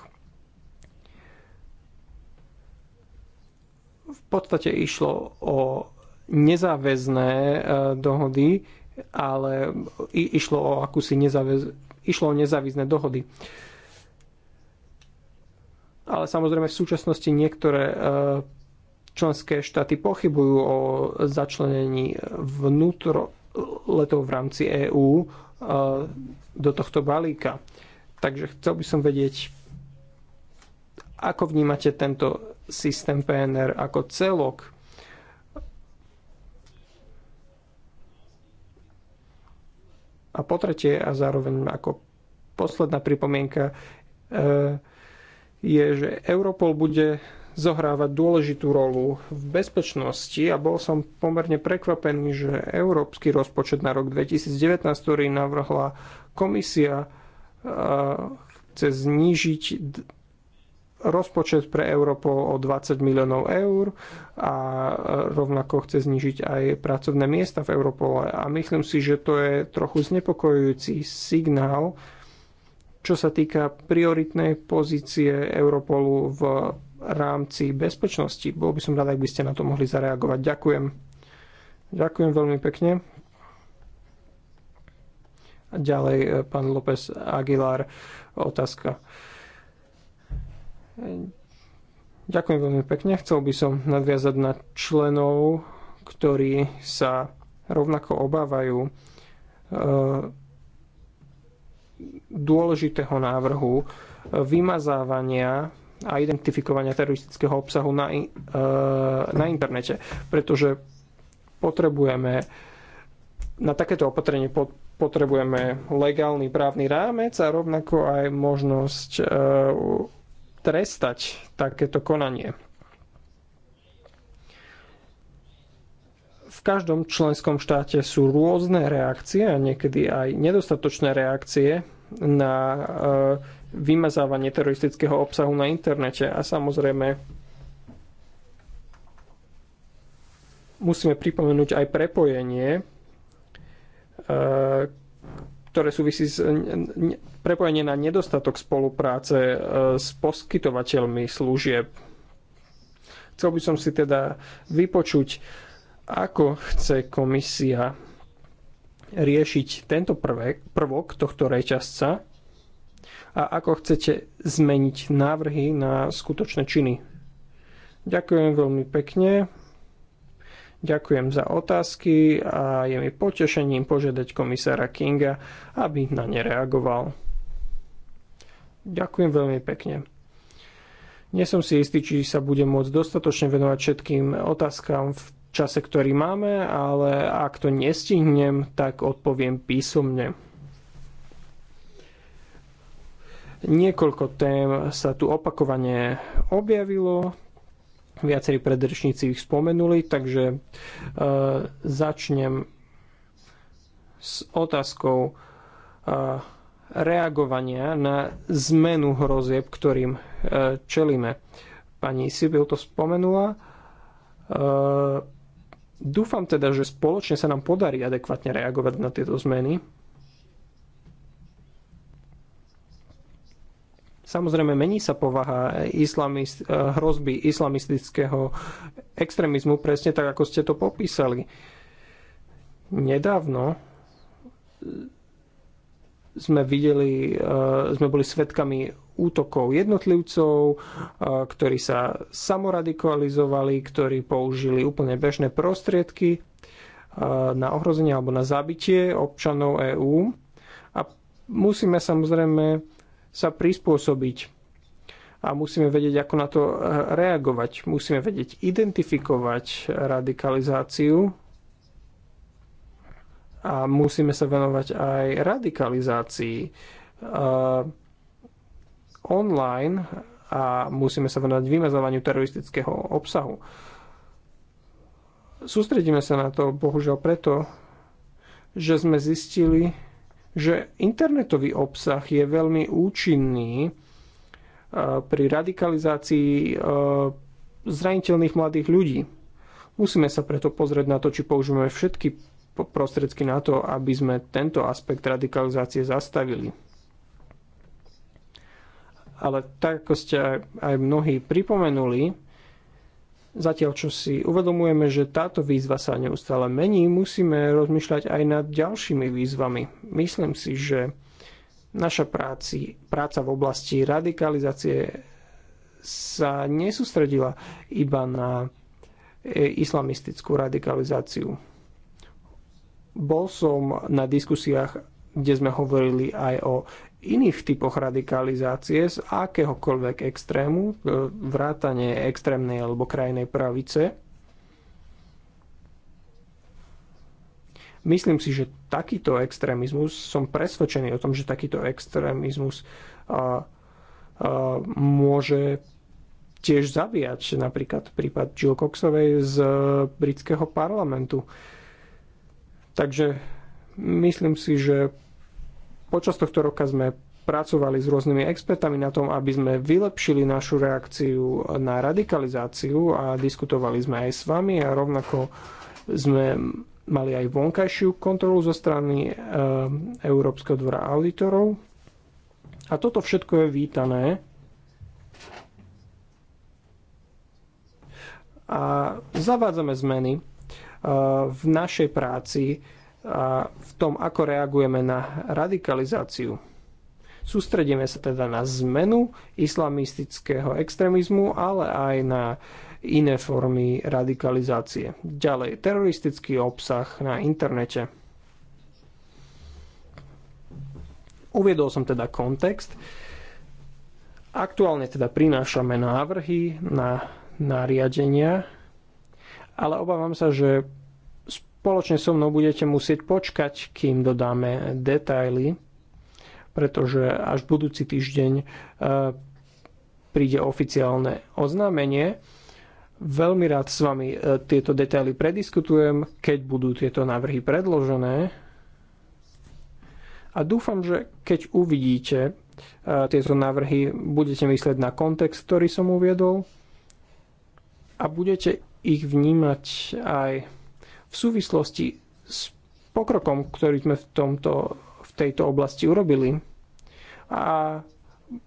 V podstate išlo o nezáväzné e, dohody ale išlo o akúsi nezáväz, išlo o nezávisné dohody. Ale samozrejme v súčasnosti niektoré e, členské štáty pochybujú o začlenení vnútro letov v rámci EÚ e, do tohto balíka. Takže chcel by som vedieť, ako vnímate tento systém PNR ako celok A po tretie, a zároveň ako posledná pripomienka, e, je, že Europol bude zohrávať dôležitú rolu v bezpečnosti a bol som pomerne prekvapený, že európsky rozpočet na rok 2019, ktorý navrhla komisia, e, chce znížiť rozpočet pre Európu o 20 miliónov eur a e, rovnako chce znižiť aj pracovné miesta v Európole. A myslím si, že to je trochu znepokojujúci signál, čo sa týka prioritnej pozície Europolu v rámci bezpečnosti. Bol by som rád, ak by ste na to mohli zareagovať. Ďakujem. Ďakujem veľmi pekne. A ďalej e, pán López Aguilar, otázka. Ďakujem veľmi pekne. Chcel by som nadviazať na členov, ktorí sa rovnako obávajú e, dôležitého návrhu vymazávania a identifikovania teroristického obsahu na, e, na internete, pretože potrebujeme na takéto opatrenie potrebujeme legálny právny rámec a rovnako aj možnosť e, trestať takéto konanie. V každom členskom štáte sú rôzne reakcie a niekedy aj nedostatočné reakcie na e, vymazávanie teroristického obsahu na internete a samozrejme musíme pripomenúť aj prepojenie e, ktoré súvisí s prepojením na nedostatok spolupráce e, s poskytovateľmi služieb. Chcel by som si teda vypočuť, ako chce komisia riešiť tento prvek, prvok tohto reťazca a ako chcete zmeniť návrhy na skutočné činy. Ďakujem veľmi pekne. Ďakujem za otázky a je mi potešením požiadať komisára Kinga, aby na ne reagoval. Ďakujem veľmi pekne. Nie som si istý, či sa budem môcť dostatočne venovať všetkým otázkam v čase, ktorý máme, ale ak to nestihnem, tak odpoviem písomne. Niekoľko tém sa tu opakovane objavilo, Viacerí predrečníci ich spomenuli, takže e, začnem s otázkou e, reagovania na zmenu hrozieb, ktorým e, čelíme. Pani Sibyl to spomenula. Dúfam teda, že spoločne sa nám podarí adekvátne reagovať na tieto zmeny Samozrejme, mení sa povaha islamist, eh, hrozby islamistického extrémizmu, presne tak, ako ste to popísali. Nedávno eh, sme videli, eh, sme boli svetkami útokov jednotlivcov, ktorí sa samoradikalizovali, ktorí použili úplne bežné prostriedky na ohrozenie alebo na zabitie občanov EÚ. A musíme samozrejme sa prispôsobiť a musíme vedieť, ako na to eh, reagovať. Musíme vedieť identifikovať radikalizáciu a musíme sa venovať aj radikalizácii uh, online a musíme sa venovať vymazávaniu teroristického obsahu. Sústredíme sa na to bohužiaľ preto, že sme zistili, že internetový obsah je veľmi účinný e, pri radikalizácii e, zraniteľných mladých ľudí. Musíme sa preto pozrieť na to, či použijeme všetky prostriedky na to, aby sme tento aspekt radikalizácie zastavili. Ale tak, ako ste aj mnohí pripomenuli, Zatiaľ, čo si uvedomujeme, že táto výzva sa neustále mení, musíme rozmýšľať aj nad ďalšími výzvami. Myslím si, že naša práci, práca v oblasti radikalizácie sa nesústredila iba na e, islamistickú radikalizáciu. Bol som na diskusiách, kde sme hovorili aj o iných typoch radikalizácie z akéhokoľvek extrému, e, vrátane extrémnej alebo krajnej pravice. Myslím si, že takýto extrémizmus, som presvedčený o tom, že takýto extrémizmus a, a, môže tiež zabíjať napríklad prípad Jill Coxovej z britského parlamentu. Takže myslím si, že Počas tohto roka sme pracovali s rôznymi expertami na tom, aby sme vylepšili našu reakciu na radikalizáciu a diskutovali sme aj s vami a rovnako sme mali aj vonkajšiu kontrolu zo strany e, Európskeho dvora auditorov. A toto všetko je vítané. A zavádzame zmeny e, v našej práci a v tom, ako reagujeme na radikalizáciu. Sústredíme sa teda na zmenu islamistického extrémizmu, ale aj na iné formy radikalizácie. Ďalej, teroristický obsah na internete. Uviedol som teda kontext. Aktuálne teda prinášame návrhy na nariadenia, ale obávam sa, že spoločne so mnou budete musieť počkať, kým dodáme detaily, pretože až budúci týždeň e, príde oficiálne oznámenie. Veľmi rád s vami e, tieto detaily prediskutujem, keď budú tieto návrhy predložené. A dúfam, že keď uvidíte e, tieto návrhy, budete myslieť na kontext, ktorý som uviedol a budete ich vnímať aj v súvislosti s pokrokom, ktorý sme v, tomto, v tejto oblasti urobili. A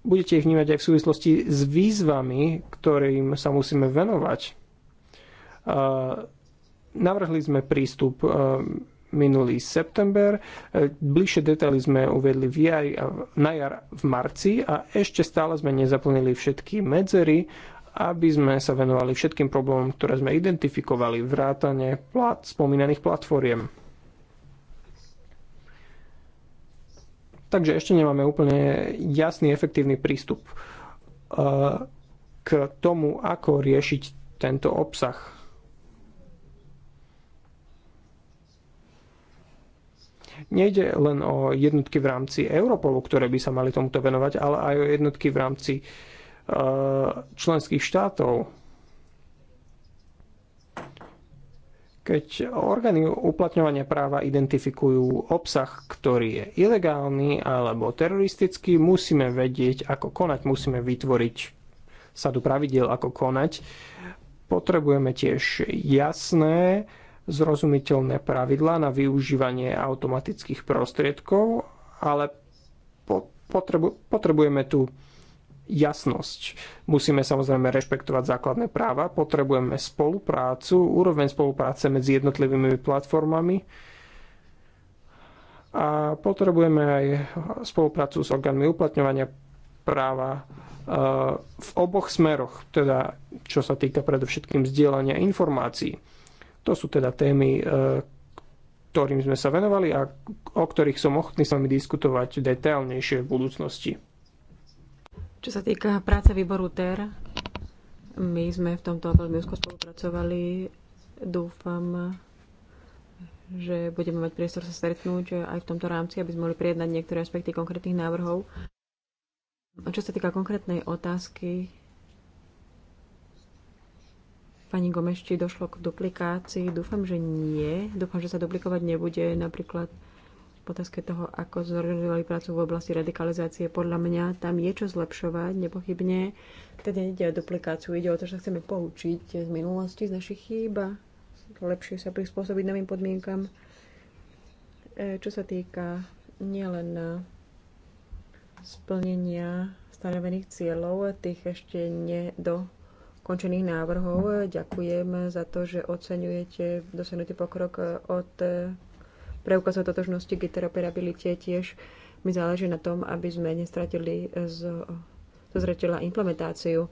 budete ich vnímať aj v súvislosti s výzvami, ktorým sa musíme venovať. Navrhli sme prístup minulý september. Bližšie detaily sme uvedli v jaj, na jar v marci a ešte stále sme nezaplnili všetky medzery aby sme sa venovali všetkým problémom, ktoré sme identifikovali, vrátane plat, spomínaných platformiem. Takže ešte nemáme úplne jasný, efektívny prístup uh, k tomu, ako riešiť tento obsah. Nejde len o jednotky v rámci Europolu, ktoré by sa mali tomuto venovať, ale aj o jednotky v rámci uh, Eh, členských štátov. Keď orgány uplatňovania práva identifikujú obsah, ktorý je ilegálny alebo teroristický, musíme vedieť, ako konať, musíme vytvoriť sadu pravidel, ako konať. Potrebujeme tiež jasné, zrozumiteľné pravidlá na využívanie automatických prostriedkov, ale potrebu- potrebujeme tu jasnosť. Musíme samozrejme rešpektovať základné práva, potrebujeme spoluprácu, úroveň spolupráce medzi jednotlivými platformami a potrebujeme aj spoluprácu s orgánmi uplatňovania práva e, v oboch smeroch, teda čo sa týka predovšetkým vzdielania informácií. To sú teda témy, e, ktorým sme sa venovali a o ktorých som ochotný s vami diskutovať detailnejšie v budúcnosti. Čo sa týka práce výboru TER, my sme v tomto veľmi úzko spolupracovali. Dúfam, že budeme mať priestor sa stretnúť aj v tomto rámci, aby sme mohli prijednať niektoré aspekty konkrétnych návrhov. A čo sa týka konkrétnej otázky, pani Gomešči, došlo k duplikácii. Dúfam, že nie. Dúfam, že sa duplikovať nebude napríklad v otázke toho, ako zorganizovali prácu v oblasti radikalizácie. Podľa mňa tam je čo zlepšovať, nepochybne. Teda nejde o duplikáciu, ide o to, že chceme poučiť z minulosti, z našich chýb a lepšie sa prispôsobiť novým podmienkam. E, čo sa týka nielen splnenia stanovených cieľov, tých ešte nedokončených návrhov. Ďakujem za to, že oceňujete dosiahnutý pokrok od preukazov totožnosti k interoperabilite tiež mi záleží na tom, aby sme nestratili zo zretela implementáciu.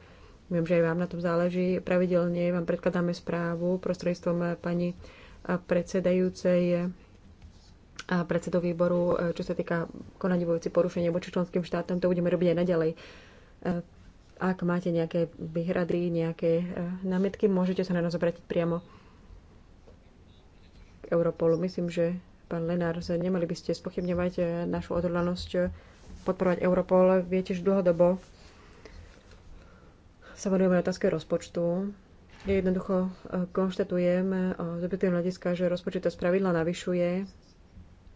Viem, že aj vám na tom záleží. Pravidelne vám predkladáme správu prostredstvom eh, pani eh, predsedajúcej eh, a predsedov výboru, čo sa týka konania vojúci porušenia voči členským štátom. To budeme robiť aj naďalej. Ak máte nejaké vyhrady, nejaké námietky, môžete sa na nás obrátiť priamo k Europolu. Myslím, že Pán že nemali by ste spochybňovať eh, našu odhodlanosť eh, podporovať Europol. Viete, že dlhodobo sa venujeme otázke rozpočtu. Ja jednoducho eh, konštatujem z objektívneho hľadiska, že rozpočet to spravidla navyšuje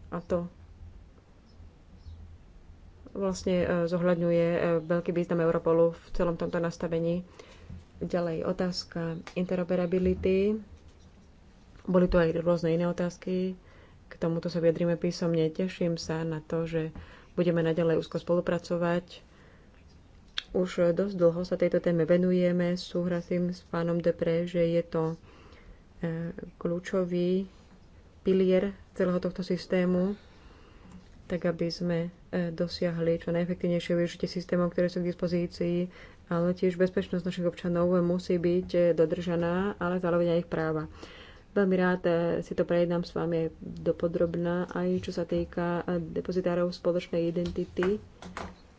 a to vlastne zohľadňuje veľký význam Europolu v celom tomto nastavení. Ďalej otázka interoperability. Boli tu aj rôzne iné otázky tomuto sa vyjadríme písomne. Teším sa na to, že budeme naďalej úzko spolupracovať. Už dosť dlho sa tejto téme venujeme. Súhlasím s pánom Depre, že je to e, kľúčový pilier celého tohto systému, tak aby sme e, dosiahli čo najefektívnejšie využitie systémov, ktoré sú k dispozícii, ale tiež bezpečnosť našich občanov musí byť e, dodržaná, ale zároveň aj ich práva. Veľmi rád eh, si to prejednám s vami dopodrobná, aj čo sa týka eh, depozitárov spoločnej identity.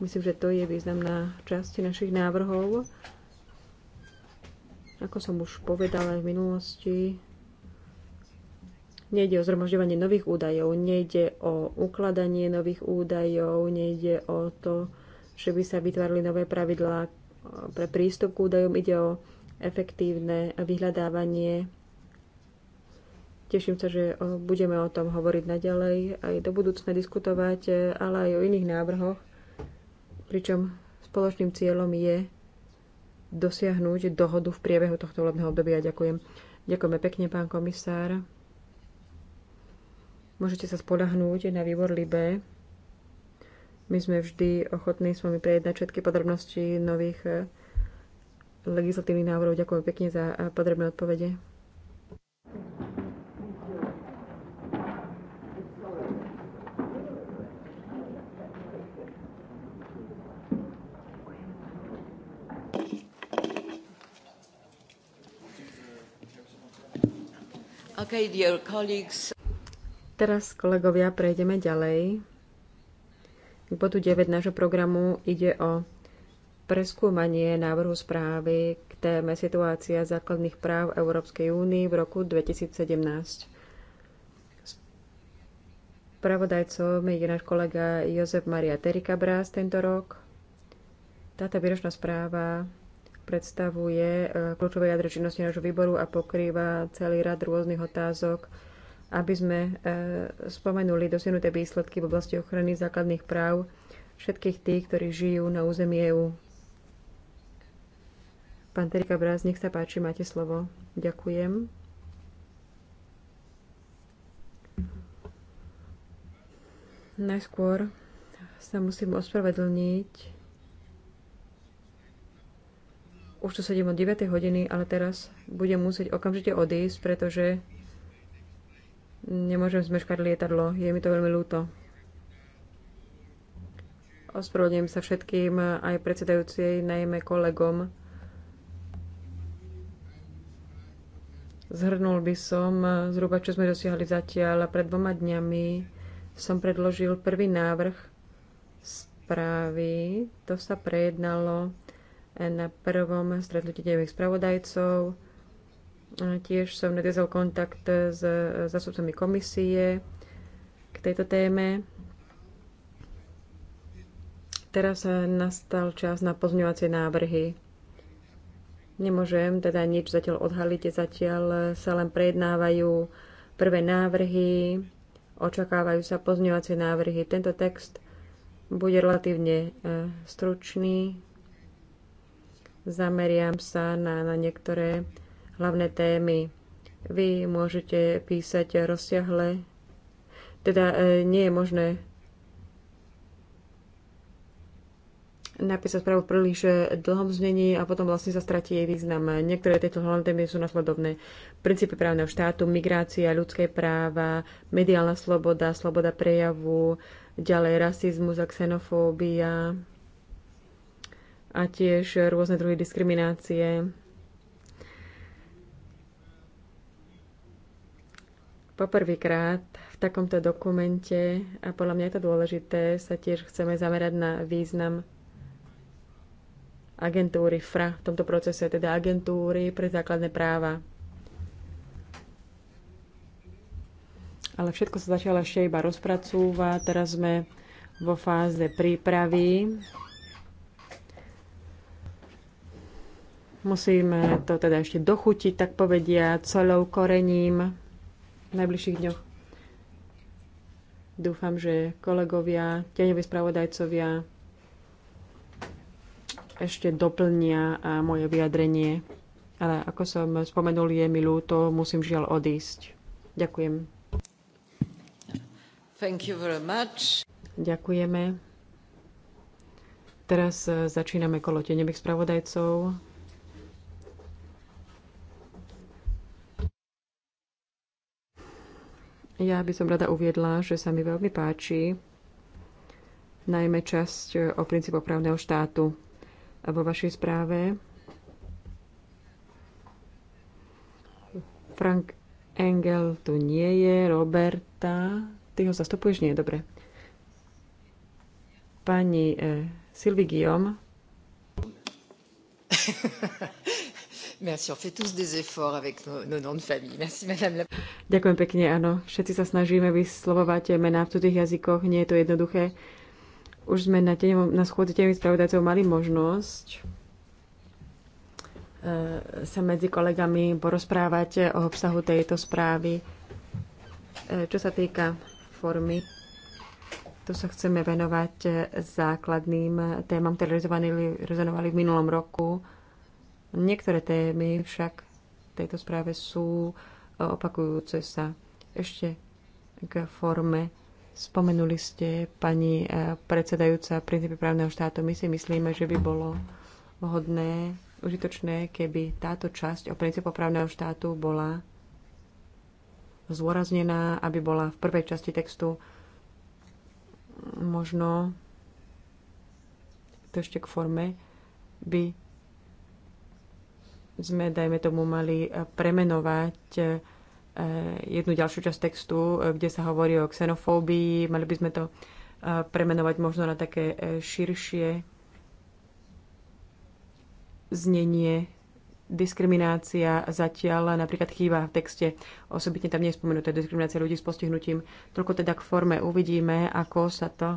Myslím, že to je významná časť našich návrhov. Ako som už povedala aj v minulosti, Nejde o zhromažďovanie nových údajov, nejde o ukladanie nových údajov, nejde o to, že by sa vytvárali nové pravidlá eh, pre prístup k údajom, ide o efektívne vyhľadávanie Teším sa, že budeme o tom hovoriť naďalej, aj do budúcna diskutovať, e, ale aj o iných návrhoch, pričom spoločným cieľom je dosiahnuť dohodu v priebehu tohto volebného obdobia. Ďakujem. Ďakujeme pekne, pán komisár. Môžete sa spodahnúť na výbor Libe. My sme vždy ochotní s vami prejednať všetky podrobnosti nových e, legislatívnych návrhov. Ďakujem pekne za e, podrobné odpovede. Okay, dear colleagues. Teraz, kolegovia, prejdeme ďalej. K bodu 9 nášho programu ide o preskúmanie návrhu správy k téme situácia základných práv Európskej únii v roku 2017. Spravodajcom je náš kolega Jozef Maria Terika Brás tento rok. Táto výročná správa predstavuje e, kľúčové jadro činnosti nášho výboru a pokrýva celý rad rôznych otázok, aby sme e, spomenuli dosiahnuté výsledky v oblasti ochrany základných práv všetkých tých, ktorí žijú na území EÚ. Pán Terika Brás, nech sa páči, máte slovo. Ďakujem. Najskôr sa musím ospravedlniť Už tu sedím od 9. hodiny, ale teraz budem musieť okamžite odísť, pretože nemôžem zmeškať lietadlo. Je mi to veľmi ľúto. Ospravedlňujem sa všetkým, aj predsedajúcej, najmä kolegom. Zhrnul by som zhruba, čo sme dosiahli zatiaľ. Pred dvoma dňami som predložil prvý návrh správy. To sa prejednalo na prvom stretnutí deňových spravodajcov. Tiež som nadviazal kontakt s zastupcami komisie k tejto téme. Teraz nastal čas na pozňovacie návrhy. Nemôžem teda nič zatiaľ odhaliť, zatiaľ sa len prejednávajú prvé návrhy, očakávajú sa pozňovacie návrhy. Tento text bude relatívne e, stručný, Zameriam sa na, na niektoré hlavné témy. Vy môžete písať rozsiahle, teda e, nie je možné napísať správu v príliš dlhom znení a potom vlastne sa stratí jej význam. Niektoré tieto hlavné témy sú nasledovné. Princípy právneho štátu, migrácia, ľudské práva, mediálna sloboda, sloboda prejavu, ďalej rasizmus a xenofóbia, a tiež rôzne druhy diskriminácie. Poprvýkrát v takomto dokumente, a podľa mňa je to dôležité, sa tiež chceme zamerať na význam agentúry FRA v tomto procese, teda agentúry pre základné práva. Ale všetko sa začalo ešte iba rozpracúvať. Teraz sme vo fáze prípravy Musíme to teda ešte dochutiť, tak povedia, celou korením v najbližších dňoch. Dúfam, že kolegovia, tieňoví spravodajcovia ešte doplnia moje vyjadrenie. Ale ako som spomenul, je mi ľúto, musím žiaľ odísť. Ďakujem. Thank you very much. Ďakujeme. Teraz eh, začíname kolo tieňových spravodajcov. Ja by som rada uviedla, že sa mi veľmi páči najmä časť o princípoch právneho štátu vo vašej správe. Frank Engel tu nie je, Roberta, ty ho zastupuješ? Nie, dobre. Pani eh, Sylvie Guillaume. (laughs) Merci, on fait tous des efforts avec nos, nos noms de famille. Merci, madame la... Ďakujem pekne, áno. Všetci sa snažíme vyslovovať mená v cudzích jazykoch, nie je to jednoduché. Už sme na, teňom, na schôdzi tými spravodajcov mali možnosť e, sa medzi kolegami porozprávať o obsahu tejto správy. E, čo sa týka formy, to sa chceme venovať základným témam, ktoré rezonovali v minulom roku Niektoré témy však v tejto správe sú e, opakujúce sa. Ešte k forme. Spomenuli ste, pani e, predsedajúca, princípy právneho štátu. My si myslíme, že by bolo vhodné, užitočné, keby táto časť o princípoch právneho štátu bola zôraznená, aby bola v prvej časti textu možno to ešte k forme by sme, dajme tomu, mali e, premenovať e, jednu ďalšiu časť textu, e, kde sa hovorí o xenofóbii. Mali by sme to premenovať možno na také širšie znenie diskriminácia zatiaľ napríklad chýba v texte. Osobitne tam nespomenuté je diskriminácia ľudí s postihnutím. Toľko teda k forme. Uvidíme, ako sa to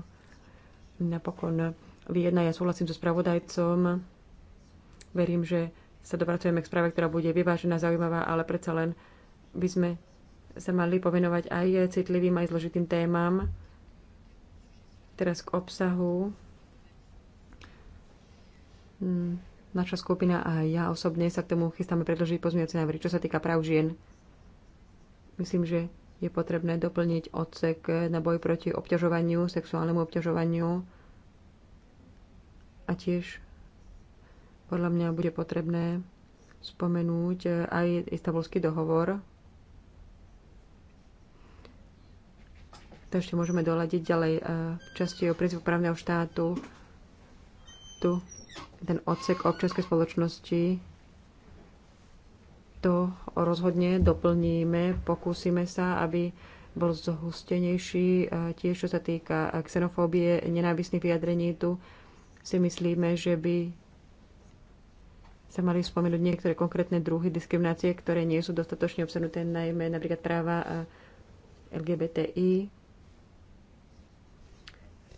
napokon vyjedná. Ja súhlasím so spravodajcom. Verím, že sa dopracujeme k správe, ktorá bude vyvážená, zaujímavá, ale predsa len by sme sa mali povenovať aj citlivým, aj zložitým témam. Teraz k obsahu. Hmm, naša skupina a ja osobne sa k tomu chystáme predložiť pozmeňovacie návrhy, čo sa týka práv žien. Myslím, že je potrebné doplniť odsek na boj proti obťažovaniu, sexuálnemu obťažovaniu a tiež podľa mňa bude potrebné spomenúť eh, aj istavolský dohovor. To ešte môžeme doľadiť ďalej eh, v časti o prízvu právneho štátu. Tu ten odsek občianskej spoločnosti to rozhodne doplníme, pokúsime sa, aby bol zhustenejší. Eh, tiež čo sa týka xenofóbie, nenávisných vyjadrení, tu si myslíme, že by sa mali spomenúť niektoré konkrétne druhy diskriminácie, ktoré nie sú dostatočne obsadnuté, najmä napríklad práva LGBTI.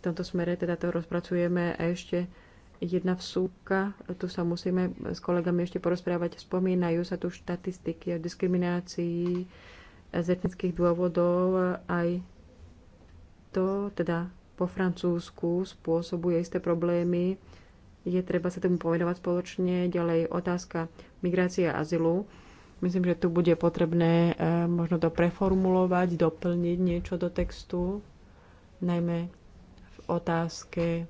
V tomto smere teda to rozpracujeme a ešte jedna vsúka, tu sa musíme s kolegami ešte porozprávať, spomínajú sa tu štatistiky o diskriminácii z etnických dôvodov, aj to teda po Francúzsku spôsobuje isté problémy je treba sa tomu povedovať spoločne. Ďalej otázka migrácie a azylu. Myslím, že tu bude potrebné e, možno to preformulovať, doplniť niečo do textu, najmä v otázke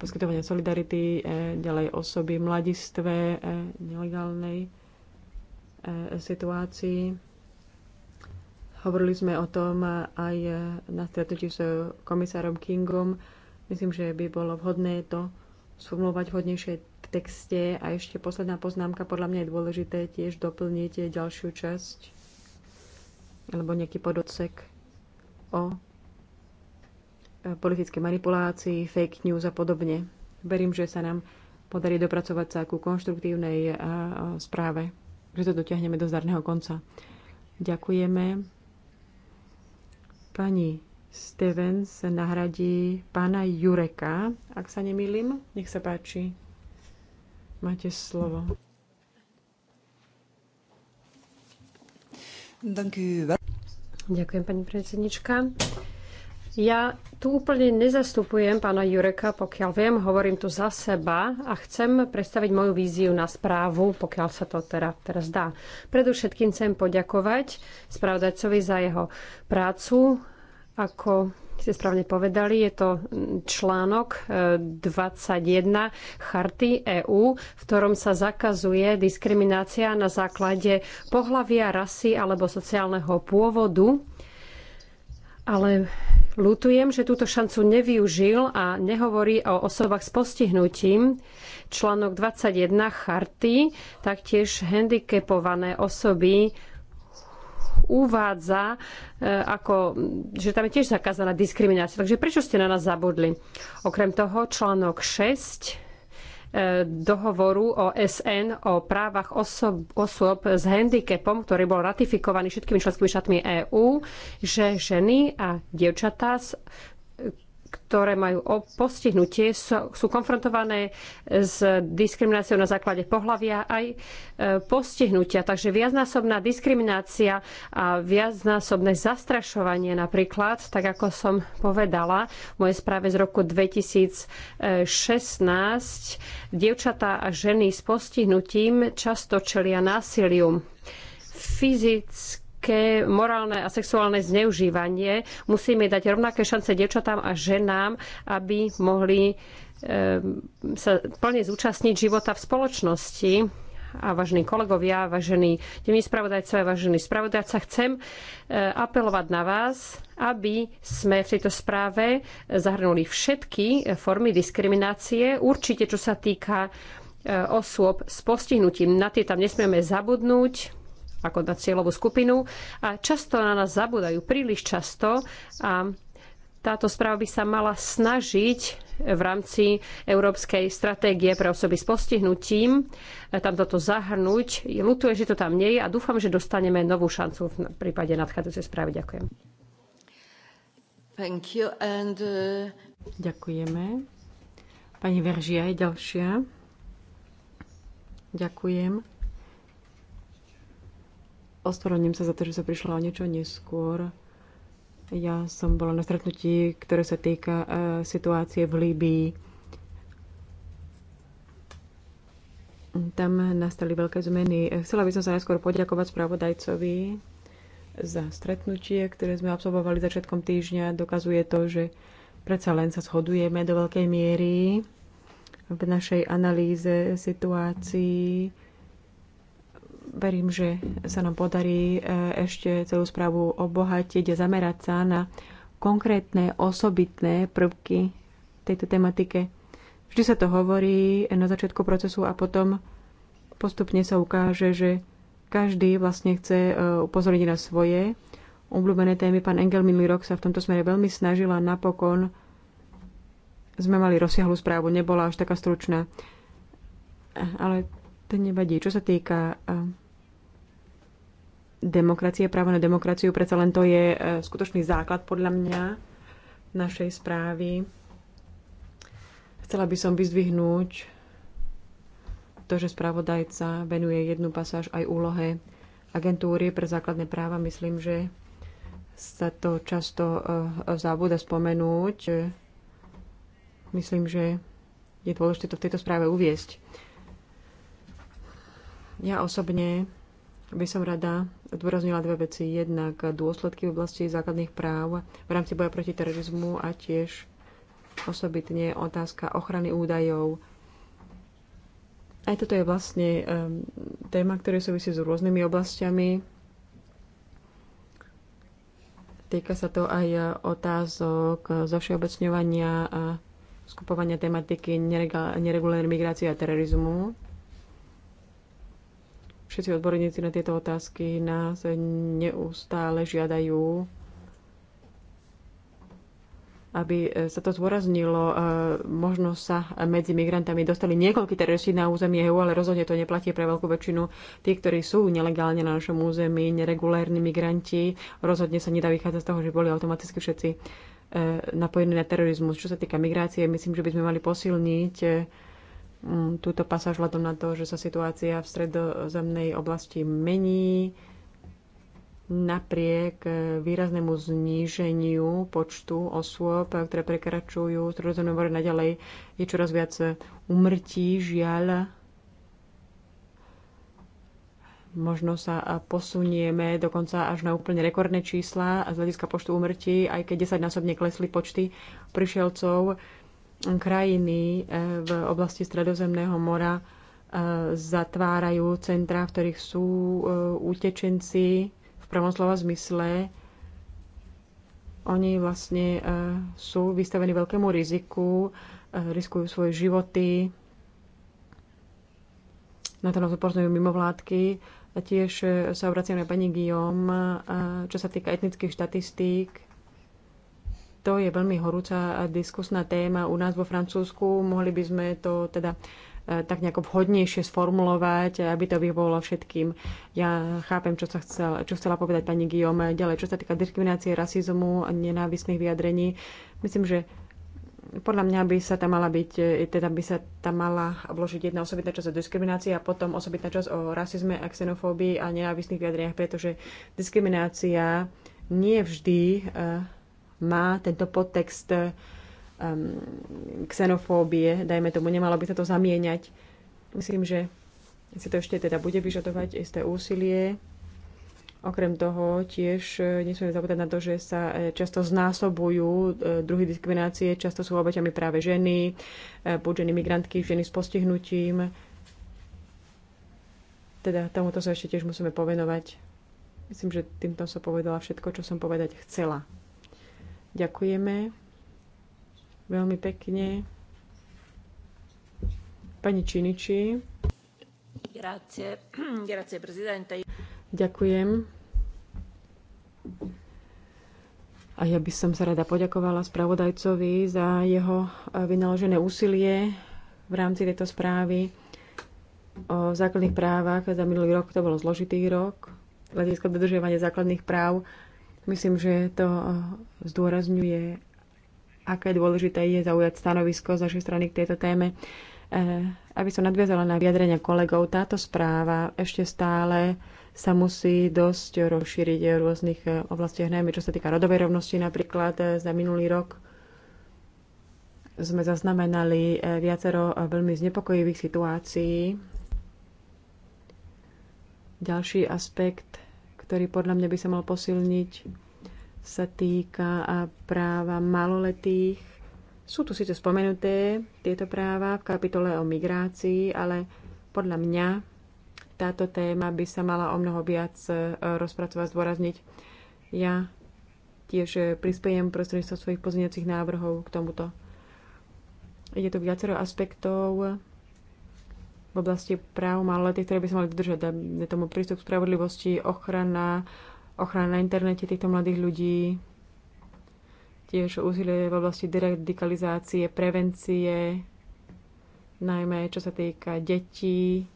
poskytovania solidarity, e, ďalej osoby mladistve, e, nelegálnej situácii. Hovorili sme o tom aj na stretnutí s komisárom Kingom. Myslím, že by bolo vhodné to sformulovať hodnejšie v texte. A ešte posledná poznámka, podľa mňa je dôležité tiež doplniť ďalšiu časť alebo nejaký podocek o e, politické manipulácii, fake news a podobne. Verím, že sa nám podarí dopracovať sa ku konštruktívnej e, e, správe, že to dotiahneme do zdarného konca. Ďakujeme. Pani Stevens nahradí pána Jureka, ak sa nemýlim. Nech sa páči. Máte slovo. Ďakujem, pani predsednička. Ja tu úplne nezastupujem pána Jureka, pokiaľ viem, hovorím tu za seba a chcem predstaviť moju víziu na správu, pokiaľ sa to teda teraz dá. Predovšetkým chcem poďakovať spravodajcovi za jeho prácu ako ste správne povedali, je to článok 21 e, Charty EÚ, v ktorom sa zakazuje diskriminácia na základe pohlavia, rasy alebo sociálneho pôvodu. Ale lutujem, že túto šancu nevyužil a nehovorí o osobách s postihnutím. Článok 21 Charty taktiež handicapované osoby uvádza, e, ako, že tam je tiež zakázaná diskriminácia. Takže prečo ste na nás zabudli? Okrem toho článok 6 e, dohovoru o SN o právach osob, osôb s handicapom, ktorý bol ratifikovaný všetkými členskými štátmi EÚ, že ženy a dievčatá s ktoré majú postihnutie, sú, konfrontované s diskrimináciou na základe pohlavia aj e, postihnutia. Takže viacnásobná diskriminácia a viacnásobné zastrašovanie napríklad, tak ako som povedala v mojej správe z roku 2016, dievčatá a ženy s postihnutím často čelia násiliu fyzicky rovnaké morálne a sexuálne zneužívanie. Musíme dať rovnaké šance dievčatám a ženám, aby mohli ehm, sa plne zúčastniť života v spoločnosti a vážení kolegovia, vážení denní spravodajcovia, vážení spravodajca, chcem e, apelovať na vás, aby sme v tejto správe zahrnuli všetky formy diskriminácie, určite čo sa týka e, osôb s postihnutím. Na tie tam nesmieme zabudnúť, ako na cieľovú skupinu a často na nás zabudajú, príliš často a táto správa by sa mala snažiť v rámci Európskej stratégie pre osoby s postihnutím e, tam toto zahrnúť. Lutuje, že to tam nie je a dúfam, že dostaneme novú šancu v prípade nadchádzajúcej správy. Ďakujem. Thank you and, uh... Ďakujeme. Pani Veržia je ďalšia. Ďakujem. Ospravedlňujem sa za to, že sa prišla o niečo neskôr. Ja som bola na stretnutí, ktoré sa týka e, situácie v Líbii. Tam nastali veľké zmeny. Chcela by som sa najskôr poďakovať spravodajcovi za stretnutie, ktoré sme absolvovali začiatkom týždňa. Dokazuje to, že predsa len sa shodujeme do veľkej miery v našej analýze situácií Verím, že sa nám podarí e, ešte celú správu obohatiť a zamerať sa na konkrétne osobitné prvky tejto tematike. Vždy sa to hovorí na začiatku procesu a potom postupne sa ukáže, že každý vlastne chce e, upozorniť na svoje obľúbené témy. Pán Engel minulý rok sa v tomto smere veľmi snažila napokon sme mali rozsiahlu správu, nebola až taká stručná. Ale to nevadí. Čo sa týka e, demokracie, právo na demokraciu, predsa len to je e, skutočný základ podľa mňa našej správy. Chcela by som vyzdvihnúť to, že spravodajca venuje jednu pasáž aj úlohe agentúry pre základné práva. Myslím, že sa to často e, zabúda spomenúť. Myslím, že je dôležité to v tejto správe uviesť. Ja osobne by som rada zdôraznila dve veci. Jednak dôsledky v oblasti základných práv v rámci boja proti terorizmu a tiež osobitne otázka ochrany údajov. Aj toto je vlastne um, téma, ktorá súvisí s rôznymi oblastiami. Týka sa to aj otázok všeobecňovania a skupovania tematiky neregulárnej migrácie a terorizmu. Všetci odborníci na tieto otázky nás neustále žiadajú, aby sa to zdôraznilo. E, možno sa medzi migrantami dostali niekoľkí teroristi na území EU, ale rozhodne to neplatí pre veľkú väčšinu Tí, ktorí sú nelegálne na našom území, neregulárni migranti. Rozhodne sa nedá vychádzať z toho, že boli automaticky všetci e, napojení na terorizmus. Čo sa týka migrácie, myslím, že by sme mali posilniť e, Mm, túto pasáž vzhľadom na to, že sa situácia v stredozemnej oblasti mení napriek e, výraznému zníženiu počtu osôb, ktoré prekračujú stredozemné more naďalej, je čoraz viac e, umrtí, žiaľ. Možno sa e, posunieme dokonca až na úplne rekordné čísla z hľadiska počtu umrtí, aj keď 10-násobne klesli počty prišielcov krajiny e, v oblasti Stredozemného mora e, zatvárajú centra, v ktorých sú e, utečenci v prvom slova zmysle. Oni vlastne sú vystavení veľkému riziku, riskujú svoje životy. Na to nás upoznajú mimovládky. A tiež sa obraciam na pani Guillaume, čo sa týka etnických štatistík to je veľmi horúca diskusná téma u nás vo Francúzsku. Mohli by sme to teda eh, tak nejako vhodnejšie sformulovať, aby to vyvolalo všetkým. Ja chápem, čo, sa chcel, čo chcela povedať pani Guillaume. Ďalej, čo sa týka diskriminácie, rasizmu a nenávisných vyjadrení, myslím, že podľa mňa by sa tam mala byť, eh, teda by sa tam mala vložiť jedna osobitná časť o diskriminácii a potom osobitná časť o rasizme a xenofóbii a nenávisných vyjadreniach, pretože diskriminácia nie vždy eh, má tento podtext um, xenofóbie, dajme tomu, nemalo by sa to zamieňať. Myslím, že si to ešte teda bude vyžadovať isté úsilie. Okrem toho tiež e, nesmieme zabúdať na to, že sa e, často znásobujú e, druhy diskriminácie, často sú obeťami práve ženy, buď ženy migrantky, ženy s postihnutím. Teda tomuto sa ešte tiež musíme povenovať. Myslím, že týmto som povedala všetko, čo som povedať chcela. Ďakujeme veľmi pekne. Pani Činiči. Grazie. (clears throat) Grazie, prezidente. Ďakujem. A ja by som sa rada poďakovala spravodajcovi za jeho eh, vynaložené úsilie v rámci tejto správy o základných právach. Za minulý rok to bolo zložitý rok. Hľadiska dodržiavania základných práv Myslím, že to eh, zdôrazňuje, aké dôležité je zaujať stanovisko z našej strany k tejto téme. Eh, aby som nadviazala na vyjadrenia kolegov, táto správa ešte stále sa musí dosť rozšíriť v rôznych eh, oblastiach, najmä čo sa týka rodovej rovnosti napríklad za minulý rok sme zaznamenali viacero veľmi znepokojivých situácií. Ďalší aspekt ktorý podľa mňa by sa mal posilniť, sa týka práva maloletých. Sú tu síce spomenuté tieto práva v kapitole o migrácii, ale podľa mňa táto téma by sa mala o mnoho viac e, rozpracovať, zdôrazniť. Ja tiež e, prispiejem prostredníctvom svojich pozmeňujúcich návrhov k tomuto. Je tu viacero aspektov, v oblasti práv maloletých, ktoré by sa mali dodržať. je tomu prístup k spravodlivosti, ochrana, ochrana na internete týchto mladých ľudí, tiež úsilie v oblasti deradikalizácie, prevencie, najmä čo sa týka detí.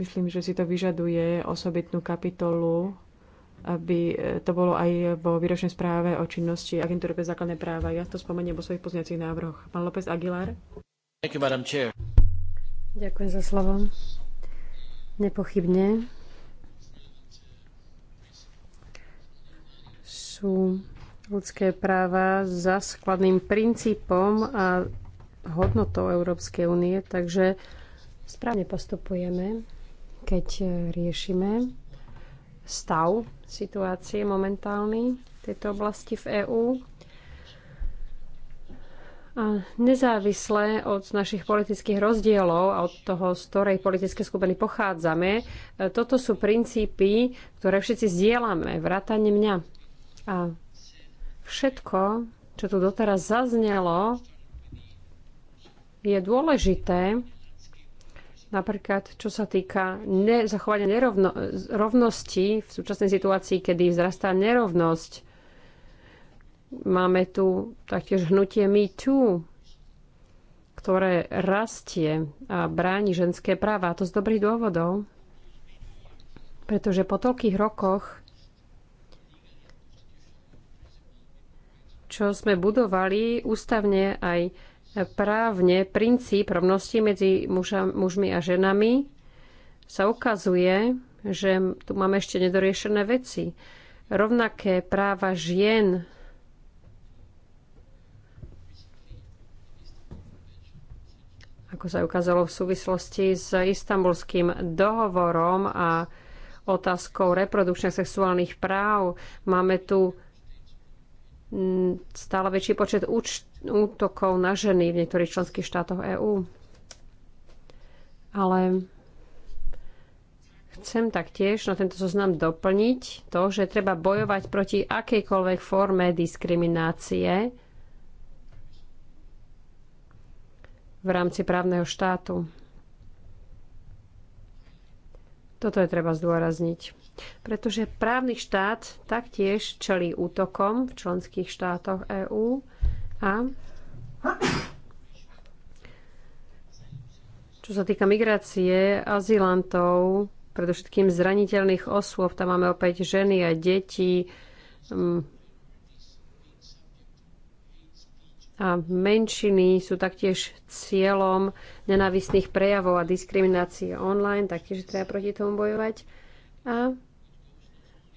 Myslím, že si to vyžaduje osobitnú kapitolu, aby e, to bolo aj vo výročnej správe o činnosti agentúry pre základné práva. Ja to spomeniem vo svojich pozniacích návrhoch. Pán López Aguilar. Thank you, Madam Chair. Ďakujem za slovo. Nepochybne sú ľudské práva za skladným princípom a hodnotou Európskej únie, takže správne postupujeme, keď riešime stav situácie momentálny v tejto oblasti v EÚ. A nezávisle od našich politických rozdielov a od toho, z ktorej politické skupiny pochádzame, e, toto sú princípy, ktoré všetci zdieľame, vrátane mňa. A všetko, čo tu doteraz zaznelo, je dôležité, napríklad čo sa týka ne, zachovania nerovno, rovnosti v súčasnej situácii, kedy vzrastá nerovnosť Máme tu taktiež hnutie Me Too, ktoré rastie a bráni ženské práva. A to z dobrých dôvodov, pretože po toľkých rokoch, čo sme budovali ústavne aj právne princíp rovnosti medzi muža, mužmi a ženami, sa ukazuje, že tu máme ešte nedoriešené veci. Rovnaké práva žien ako sa ukázalo v súvislosti s istambulským dohovorom a otázkou reprodukčných sexuálnych práv. Máme tu mm, stále väčší počet útokov na ženy v niektorých členských štátoch EÚ. Ale chcem taktiež na tento zoznam doplniť to, že treba bojovať proti akejkoľvek forme diskriminácie v rámci právneho štátu. Toto je treba zdôrazniť. Pretože právny štát taktiež čelí útokom v členských štátoch EÚ a čo sa týka migrácie, azylantov, predovšetkým zraniteľných osôb, tam máme opäť ženy a deti, a menšiny sú taktiež cieľom nenávistných prejavov a diskriminácie online, taktiež treba proti tomu bojovať. A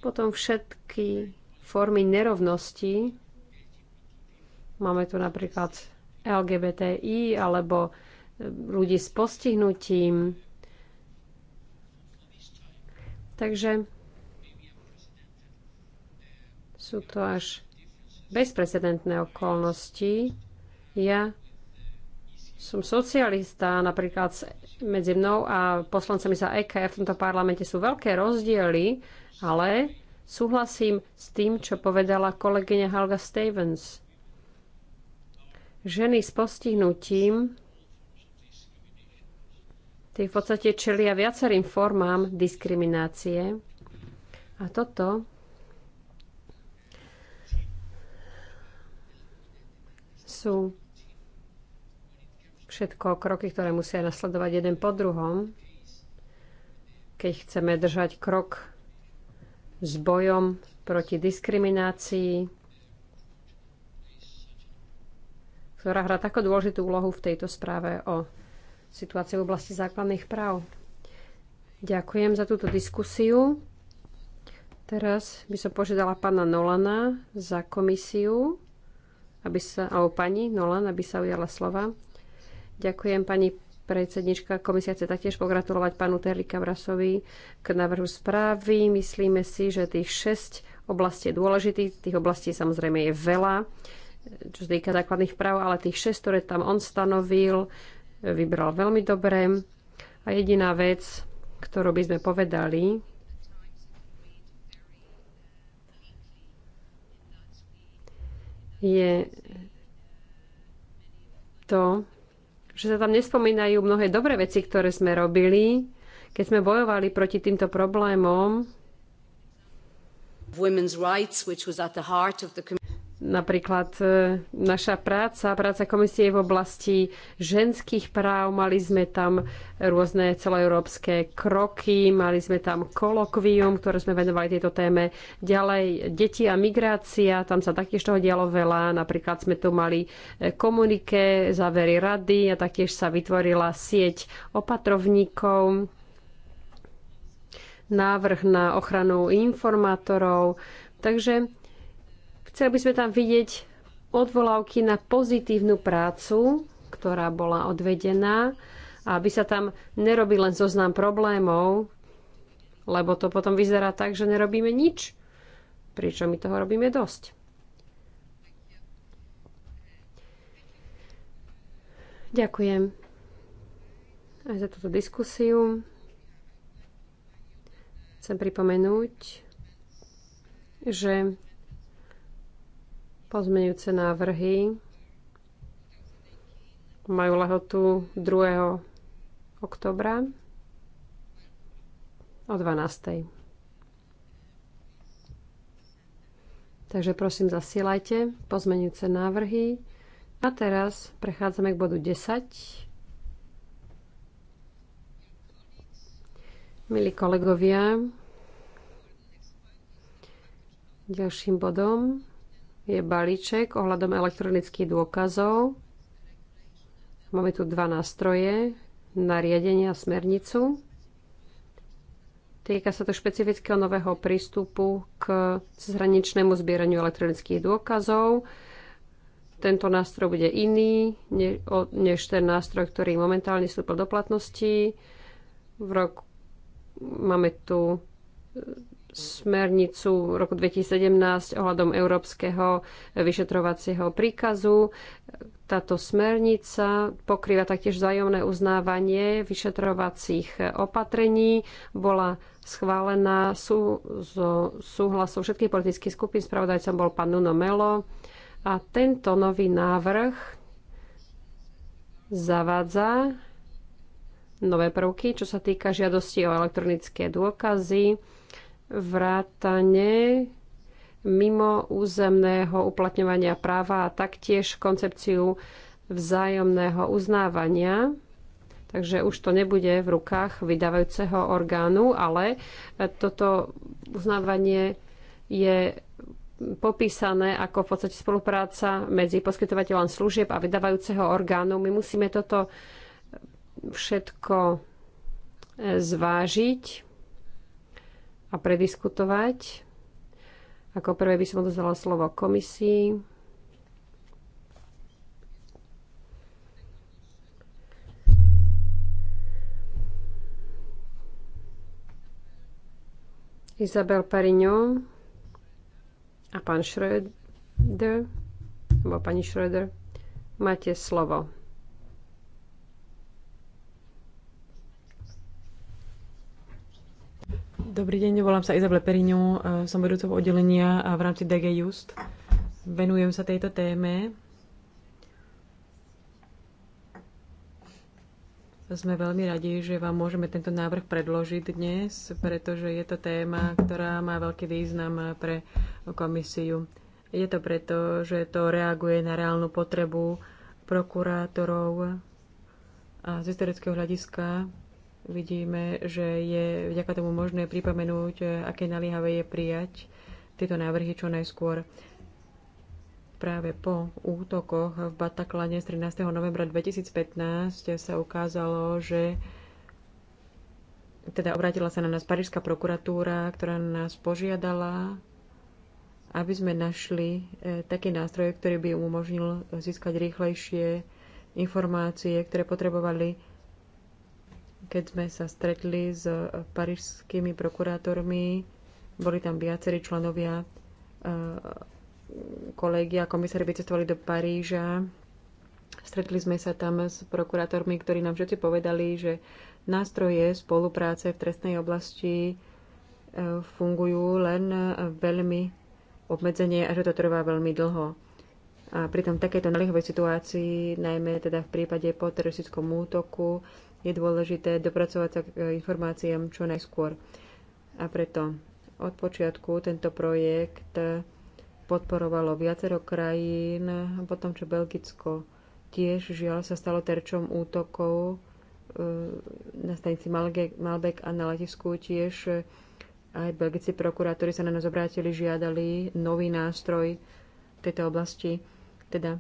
potom všetky formy nerovnosti, máme tu napríklad LGBTI alebo e, ľudí s postihnutím. Takže sú to až bezprecedentné okolnosti. Ja som socialista, napríklad medzi mnou a poslancami za EKF v tomto parlamente sú veľké rozdiely, ale súhlasím s tým, čo povedala kolegyňa Helga Stevens. Ženy s postihnutím tie v podstate čelia viacerým formám diskriminácie. A toto sú všetko kroky, ktoré musia nasledovať jeden po druhom, keď chceme držať krok s bojom proti diskriminácii, ktorá hrá takú dôležitú úlohu v tejto správe o situácii v oblasti základných práv. Ďakujem za túto diskusiu. Teraz by som požiadala pána Nolana za komisiu, aby sa, alebo pani Nolan, aby sa ujala slova. Ďakujem pani predsednička komisia chce taktiež pogratulovať pánu Terry Kavrasovi k návrhu správy. Myslíme si, že tých 6 oblastí je dôležitých, tých oblastí samozrejme je veľa, čo sa týka základných práv, ale tých 6, ktoré tam on stanovil, vybral veľmi dobre. A jediná vec, ktorú by sme povedali, je to, že sa tam nespomínajú mnohé dobré veci, ktoré sme robili, keď sme bojovali proti týmto problémom. Napríklad e, naša práca, práca komisie v oblasti ženských práv, mali sme tam rôzne celoeurópske kroky, mali sme tam kolokvium, ktoré sme venovali tejto téme. Ďalej deti a migrácia, tam sa taktiež toho dialo veľa. Napríklad sme tu mali e, komunike, závery rady a taktiež sa vytvorila sieť opatrovníkov, návrh na ochranu informátorov. Takže Chceli by sme tam vidieť odvolávky na pozitívnu prácu, ktorá bola odvedená, aby sa tam nerobil len zoznam problémov, lebo to potom vyzerá tak, že nerobíme nič, pričom my toho robíme dosť. Ďakujem aj za túto diskusiu. Chcem pripomenúť, že pozmeňujúce návrhy majú lehotu 2. oktobra o 12. Takže prosím, zasielajte pozmeňujúce návrhy. A teraz prechádzame k bodu 10. Milí kolegovia, ďalším bodom je balíček ohľadom elektronických dôkazov. Máme tu dva nástroje, nariadenie a smernicu. Týka sa to špecifického nového prístupu k zhraničnému zbieraniu elektronických dôkazov. Tento nástroj bude iný než ten nástroj, ktorý momentálne vstúpil do platnosti. V roku máme tu smernicu roku 2017 ohľadom európskeho vyšetrovacieho príkazu. Táto smernica pokrýva taktiež vzájomné uznávanie vyšetrovacích opatrení. Bola schválená sú, so súhlasom všetkých politických skupín. Spravodajcom bol pán Nuno Melo. A tento nový návrh zavádza nové prvky, čo sa týka žiadosti o elektronické dôkazy vrátane mimo územného uplatňovania práva a taktiež koncepciu vzájomného uznávania. Takže už to nebude v rukách vydávajúceho orgánu, ale toto uznávanie je popísané ako v podstate spolupráca medzi poskytovateľom služieb a vydávajúceho orgánu. My musíme toto všetko zvážiť a prediskutovať. Ako prvé by som odozdala slovo komisii. Isabel Parignon a pán Schröder, alebo pani Schröder, máte slovo. Dobrý deň, volám sa Izabela Periňu, e, som vedúcov oddelenia e, v rámci DG Just. Venujem sa tejto téme. Sme veľmi radi, že vám môžeme tento návrh predložiť dnes, pretože je to téma, ktorá má veľký význam pre komisiu. Je to preto, že to reaguje na reálnu potrebu prokurátorov a z historického hľadiska Vidíme, že je vďaka tomu možné pripomenúť, aké naliehavé je prijať tieto návrhy čo najskôr. Práve po útokoch v Bataklane z 13. novembra 2015 sa ukázalo, že teda obrátila sa na nás Parížská prokuratúra, ktorá nás požiadala, aby sme našli e, taký nástroj, ktorý by umožnil získať rýchlejšie informácie, ktoré potrebovali keď sme sa stretli s eh, parížskými prokurátormi, boli tam viacerí členovia eh, kolegia, komisári vycestovali do Paríža. Stretli sme sa tam s prokurátormi, ktorí nám všetci povedali, že nástroje spolupráce v trestnej oblasti eh, fungujú len veľmi obmedzenie a že to trvá veľmi dlho. A pritom v takejto naliehovej situácii, najmä teda v prípade po teroristickom útoku, je dôležité dopracovať sa k e, informáciám čo najskôr. A preto od počiatku tento projekt podporovalo viacero krajín, potom čo Belgicko tiež žiaľ sa stalo terčom útokov e, na stanici Malbek a na letisku tiež e, aj belgici prokurátori sa na nás obrátili, žiadali nový nástroj v tejto oblasti. Teda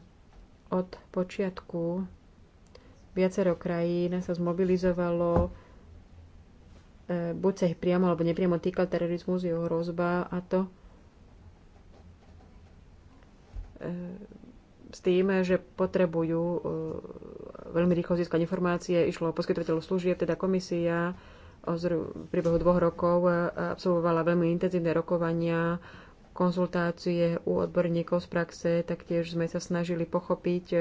od počiatku Viacero krajín sa zmobilizovalo, e, buď sa ich priamo alebo nepriamo týkal terorizmus, jeho hrozba a to e, s tým, že potrebujú e, veľmi rýchlo získať informácie. Išlo o poskytovateľov služieb, teda komisia v priebehu dvoch rokov absolvovala veľmi intenzívne rokovania konzultácie u odborníkov z praxe, taktiež sme sa snažili pochopiť, e,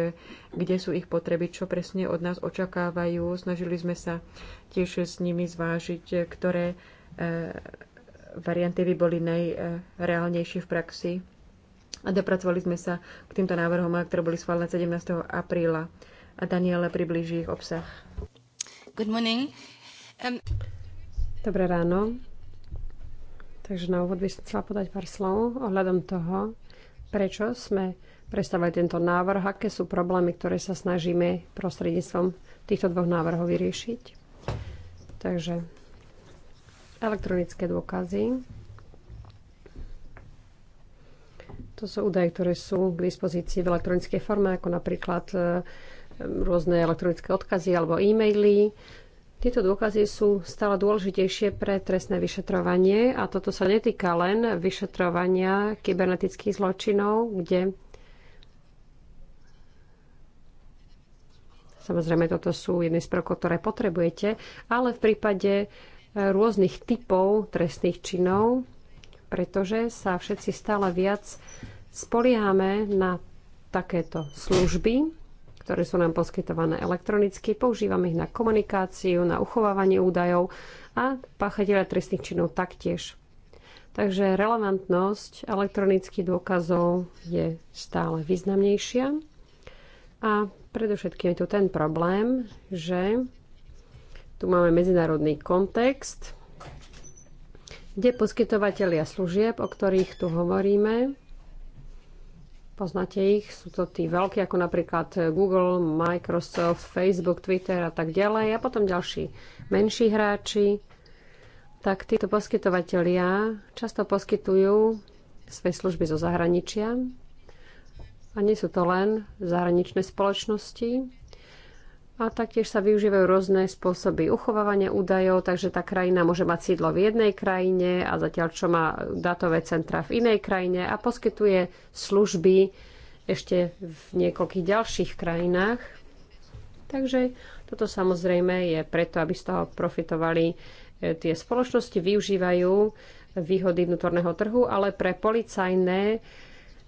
kde sú ich potreby, čo presne od nás očakávajú. Snažili sme sa tiež s nimi zvážiť, e, ktoré e, varianty by boli najreálnejšie v praxi. A dopracovali sme sa k týmto návrhom, ktoré boli schválené 17. apríla. A Daniela približí ich obsah. Good morning. Um... Dobré ráno. Takže na úvod by som chcela podať pár slov ohľadom toho, prečo sme predstavili tento návrh, aké sú problémy, ktoré sa snažíme prostredníctvom týchto dvoch návrhov vyriešiť. Takže elektronické dôkazy. To sú údaje, ktoré sú k dispozícii v elektronickej forme, ako napríklad e, rôzne elektronické odkazy alebo e-maily. Tieto dôkazy sú stále dôležitejšie pre trestné vyšetrovanie a toto sa netýka len vyšetrovania kybernetických zločinov, kde samozrejme toto sú jedny z prvkov, ktoré potrebujete, ale v prípade eh, rôznych typov trestných činov, pretože sa všetci stále viac spoliehame na takéto služby, ktoré sú nám poskytované elektronicky. Používame ich na komunikáciu, na uchovávanie údajov a páchateľa trestných činov taktiež. Takže relevantnosť elektronických dôkazov je stále významnejšia. A predovšetkým je tu ten problém, že tu máme medzinárodný kontext, kde poskytovateľia služieb, o ktorých tu hovoríme, Poznáte ich, sú to tí veľkí, ako napríklad Google, Microsoft, Facebook, Twitter a tak ďalej. A potom ďalší menší hráči. Tak títo poskytovateľia často poskytujú svoje služby zo zahraničia. A nie sú to len zahraničné spoločnosti, a taktiež sa využívajú rôzne spôsoby uchovávania údajov, takže tá krajina môže mať sídlo v jednej krajine a zatiaľ čo má datové centra v inej krajine a poskytuje služby ešte v niekoľkých ďalších krajinách. Takže toto samozrejme je preto, aby z toho profitovali e, tie spoločnosti, využívajú výhody vnútorného trhu, ale pre policajné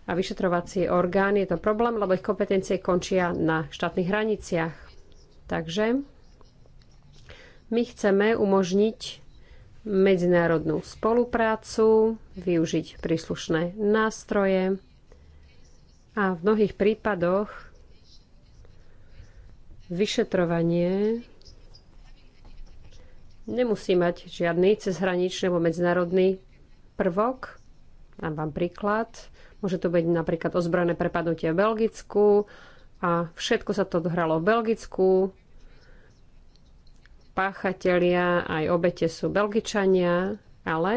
a vyšetrovacie orgány je to problém, lebo ich kompetencie končia na štátnych hraniciach. Takže my chceme umožniť medzinárodnú spoluprácu, využiť príslušné nástroje a v mnohých prípadoch vyšetrovanie nemusí mať žiadny cezhraničný alebo medzinárodný prvok. Dám vám príklad. Môže to byť napríklad ozbrojené prepadnutie v Belgicku a všetko sa to odhralo v Belgicku. Páchatelia aj obete sú Belgičania, ale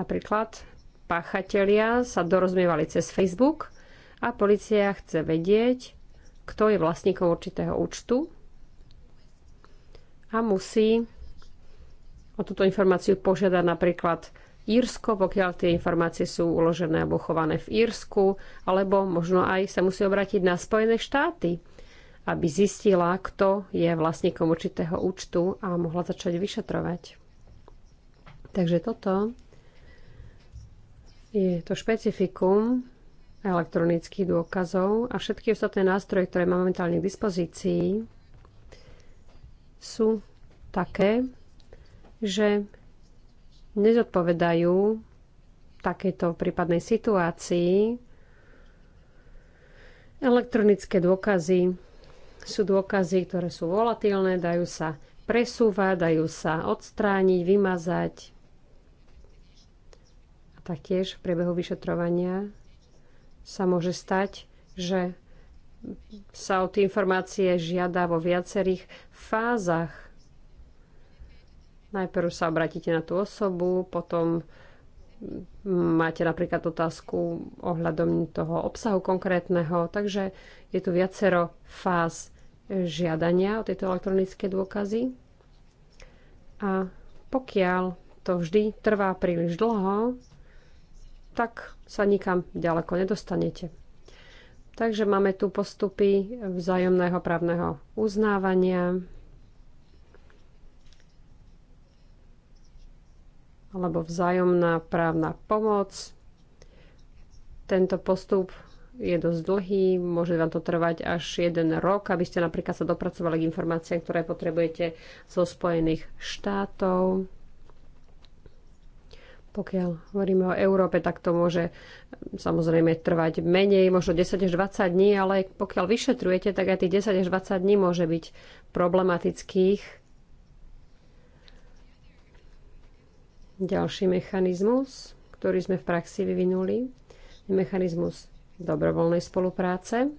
napríklad páchatelia sa dorozmievali cez Facebook a policia chce vedieť, kto je vlastníkom určitého účtu a musí o túto informáciu požiadať napríklad Írsko, pokiaľ tie informácie sú uložené alebo chované v Írsku, alebo možno aj sa musí obrátiť na Spojené štáty, aby zistila, kto je vlastníkom určitého účtu a mohla začať vyšetrovať. Takže toto je to špecifikum elektronických dôkazov a všetky ostatné nástroje, ktoré máme momentálne k dispozícii, sú také, že nezodpovedajú takéto prípadnej situácii. Elektronické dôkazy sú dôkazy, ktoré sú volatilné, dajú sa presúvať, dajú sa odstrániť, vymazať. A taktiež v priebehu vyšetrovania sa môže stať, že sa o tie informácie žiada vo viacerých fázach Najprv sa obratíte na tú osobu, potom máte napríklad otázku ohľadom toho obsahu konkrétneho. Takže je tu viacero fáz žiadania o tieto elektronické dôkazy. A pokiaľ to vždy trvá príliš dlho, tak sa nikam ďaleko nedostanete. Takže máme tu postupy vzájomného právneho uznávania, alebo vzájomná právna pomoc. Tento postup je dosť dlhý, môže vám to trvať až jeden rok, aby ste napríklad sa dopracovali k informáciám, ktoré potrebujete zo Spojených štátov. Pokiaľ hovoríme o Európe, tak to môže mm, samozrejme trvať menej, možno 10 až 20 dní, ale pokiaľ vyšetrujete, tak aj tých 10 až 20 dní môže byť problematických Ďalší mechanizmus, ktorý sme v praxi vyvinuli, je mechanizmus dobrovoľnej spolupráce,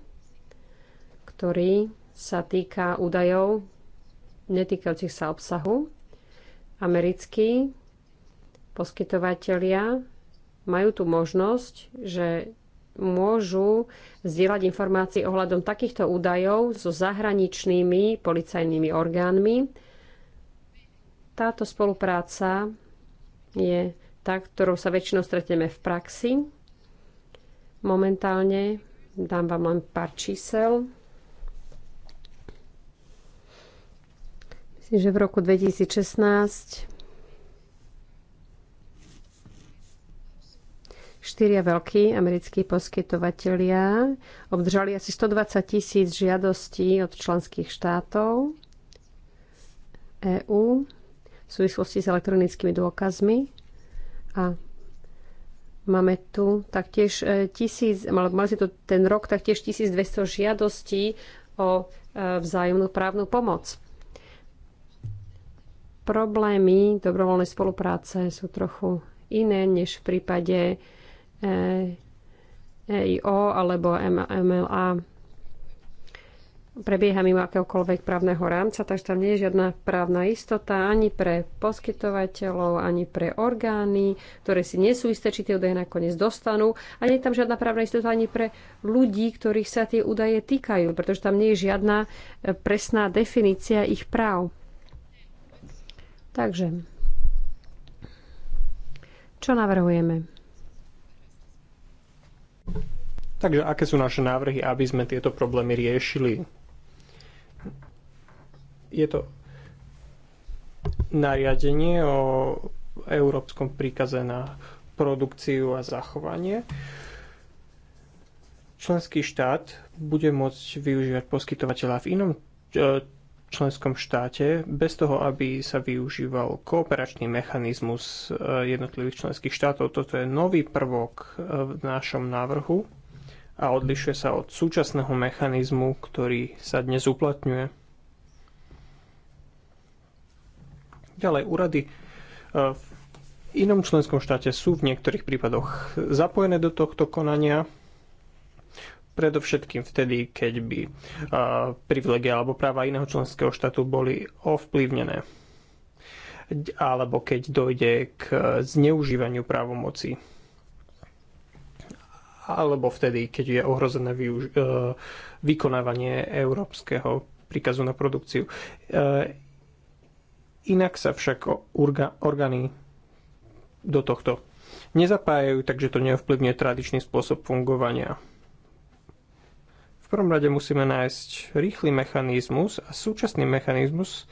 ktorý sa týka údajov netýkajúcich sa obsahu. Americkí poskytovateľia majú tu možnosť, že môžu zdieľať informácie ohľadom takýchto údajov so zahraničnými policajnými orgánmi. Táto spolupráca je tá, ktorou sa väčšinou stretneme v praxi. Momentálne dám vám len pár čísel. Myslím, že v roku 2016 štyria veľkí americkí poskytovatelia obdržali asi 120 tisíc žiadostí od členských štátov EÚ v súvislosti s elektronickými dôkazmi. A máme tu taktiež e, tisíc, mali si tu ten rok taktiež 1200 žiadostí o e, vzájomnú právnu pomoc. Problémy dobrovoľnej spolupráce sú trochu iné než v prípade EIO e alebo MLA prebieha mimo akéhokoľvek právneho rámca, takže tam nie je žiadna právna istota ani pre poskytovateľov, ani pre orgány, ktoré si nie sú isté, či tie údaje nakoniec dostanú. A nie je tam žiadna právna istota ani pre ľudí, ktorých sa tie údaje týkajú, pretože tam nie je žiadna e, presná definícia ich práv. Takže, čo navrhujeme? Takže aké sú naše návrhy, aby sme tieto problémy riešili? je to nariadenie o európskom príkaze na produkciu a zachovanie. Členský štát bude môcť využívať poskytovateľa v inom e, členskom štáte bez toho, aby sa využíval kooperačný mechanizmus e, jednotlivých členských štátov. Toto je nový prvok e, v našom návrhu a odlišuje sa od súčasného mechanizmu, ktorý sa dnes uplatňuje. Ďalej, úrady e, v inom členskom štáte sú v niektorých prípadoch zapojené do tohto konania, predovšetkým vtedy, keď by e, privilegia alebo práva iného členského štátu boli ovplyvnené alebo keď dojde k zneužívaniu právomoci alebo vtedy, keď je ohrozené využ- e, vykonávanie európskeho príkazu na produkciu. Inak sa však orgány do tohto nezapájajú, takže to neovplyvňuje tradičný spôsob fungovania. V prvom rade musíme nájsť rýchly mechanizmus a súčasný mechanizmus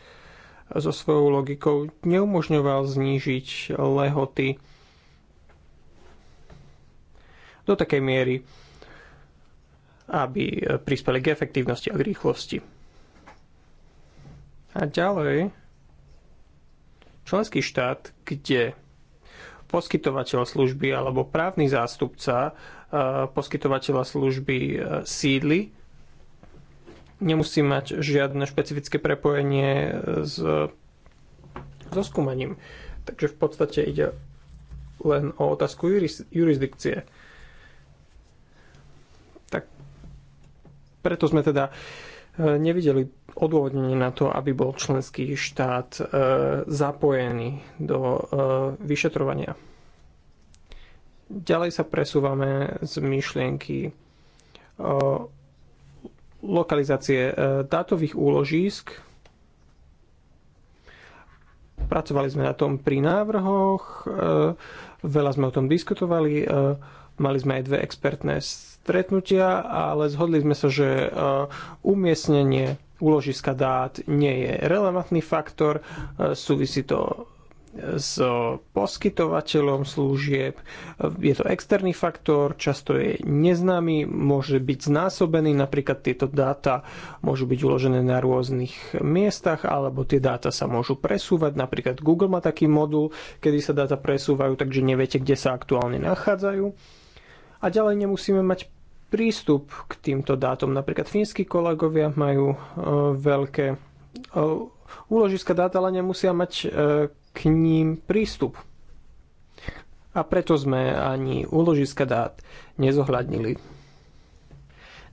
so svojou logikou neumožňoval znížiť lehoty do takej miery, aby prispeli k efektívnosti a k rýchlosti. A ďalej Členský štát, kde poskytovateľ služby alebo právny zástupca e, poskytovateľa služby e, sídli, nemusí mať žiadne špecifické prepojenie e, s, so skúmaním. Takže v podstate ide len o otázku jurisdikcie. Tak preto sme teda uh, nevideli odôvodnenie na to, aby bol členský štát e, zapojený do e, vyšetrovania. Ďalej sa presúvame z myšlienky e, lokalizácie dátových úložísk. Pracovali sme na tom pri návrhoch, veľa sme o tom diskutovali, mali sme aj dve expertné stretnutia, ale zhodli sme sa, že eh, umiestnenie úložiska dát nie je relevantný faktor, eh, súvisí to eh, s poskytovateľom služieb. Je to externý faktor, často je neznámy, môže byť znásobený, napríklad tieto dáta môžu byť uložené na rôznych miestach, alebo tie dáta sa môžu presúvať. Napríklad Google má taký modul, kedy sa dáta presúvajú, takže neviete, kde sa aktuálne nachádzajú. A ďalej nemusíme mať prístup k týmto dátom. Napríklad fínsky kolegovia majú e, veľké e, úložiska dát, ale nemusia mať e, k ním prístup. A preto sme ani úložiska dát nezohľadnili.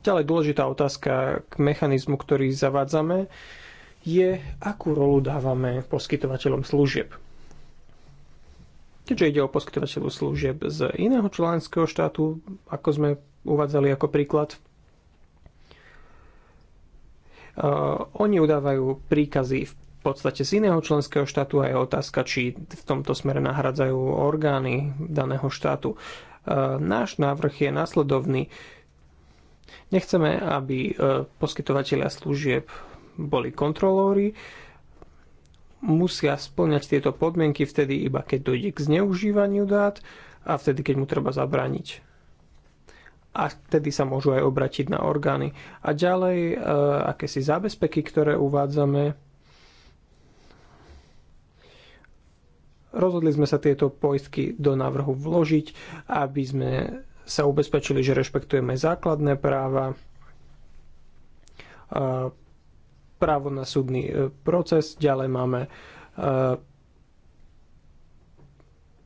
Ďalej dôležitá otázka k mechanizmu, ktorý zavádzame, je, akú rolu dávame poskytovateľom služieb. Keďže ide o poskytovateľov služieb z iného členského štátu, ako sme uvádzali ako príklad. Oni udávajú príkazy v podstate z iného členského štátu a je otázka, či v tomto smere nahradzajú orgány daného štátu. Náš návrh je následovný. Nechceme, aby e, poskytovateľia služieb boli kontrolóri, musia splňať tieto podmienky vtedy iba keď dojde k zneužívaniu dát a vtedy keď mu treba zabrániť a vtedy sa môžu aj obratiť na orgány. A ďalej, e, akési zábezpeky, ktoré uvádzame, rozhodli sme sa tieto poistky do návrhu vložiť, aby sme sa ubezpečili, že rešpektujeme základné práva, e, právo na súdny e, proces, ďalej máme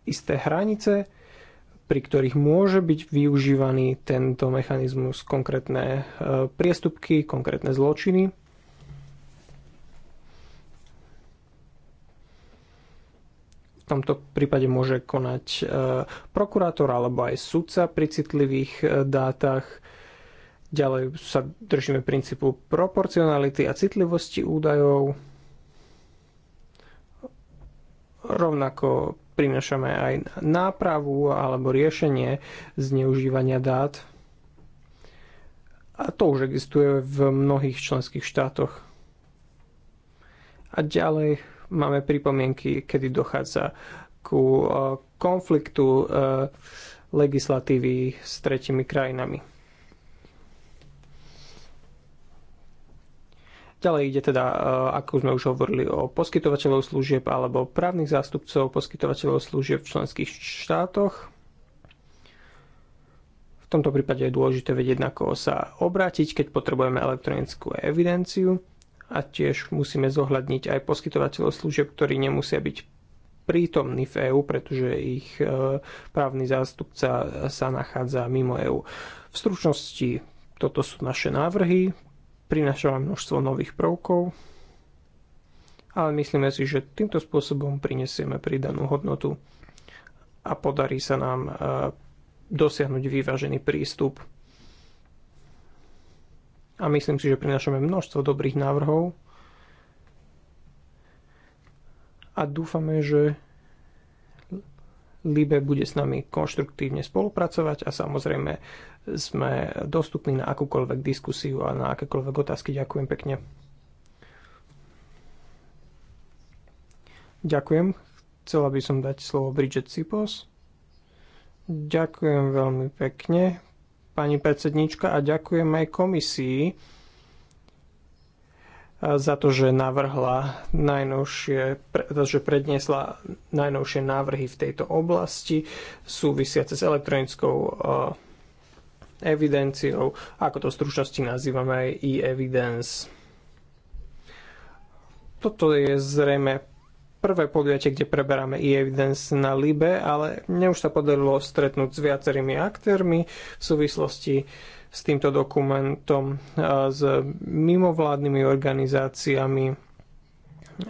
isté hranice, pri ktorých môže byť využívaný tento mechanizmus, konkrétne e, priestupky, konkrétne zločiny. V tomto prípade môže konať e, prokurátor alebo aj sudca pri citlivých e, dátach. Ďalej sa držíme princípu proporcionality a citlivosti údajov. Rovnako prinášame aj nápravu alebo riešenie zneužívania dát. A to už existuje v mnohých členských štátoch. A ďalej máme pripomienky, kedy dochádza ku eh, konfliktu eh, legislatívy s tretimi krajinami. Ďalej ide teda, e, ako sme už hovorili, o poskytovateľov služieb alebo právnych zástupcov poskytovateľov služieb v členských štátoch. V tomto prípade je dôležité vedieť, na koho sa obrátiť, keď potrebujeme elektronickú evidenciu a tiež musíme zohľadniť aj poskytovateľov služieb, ktorí nemusia byť prítomní v EÚ, pretože ich e, právny zástupca sa nachádza mimo EÚ. V stručnosti toto sú naše návrhy prinašala množstvo nových prvkov, ale myslíme si, že týmto spôsobom prinesieme pridanú hodnotu a podarí sa nám e, dosiahnuť vyvážený prístup. A myslím si, že prinašame množstvo dobrých návrhov a dúfame, že Libe bude s nami konštruktívne spolupracovať a samozrejme sme dostupní na akúkoľvek diskusiu a na akékoľvek otázky. Ďakujem pekne. Ďakujem. Chcela by som dať slovo Bridget Cipos. Ďakujem veľmi pekne, pani predsednička, a ďakujem aj komisii za to, že navrhla najnovšie, že predniesla najnovšie návrhy v tejto oblasti súvisiace s elektronickou eh, evidenciou, ako to v stručnosti nazývame aj e-evidence. Toto je zrejme prvé podujatie, kde preberáme e-evidence na Libe, ale mne už sa podarilo stretnúť s viacerými aktérmi v súvislosti uh, s týmto dokumentom, s mimovládnymi organizáciami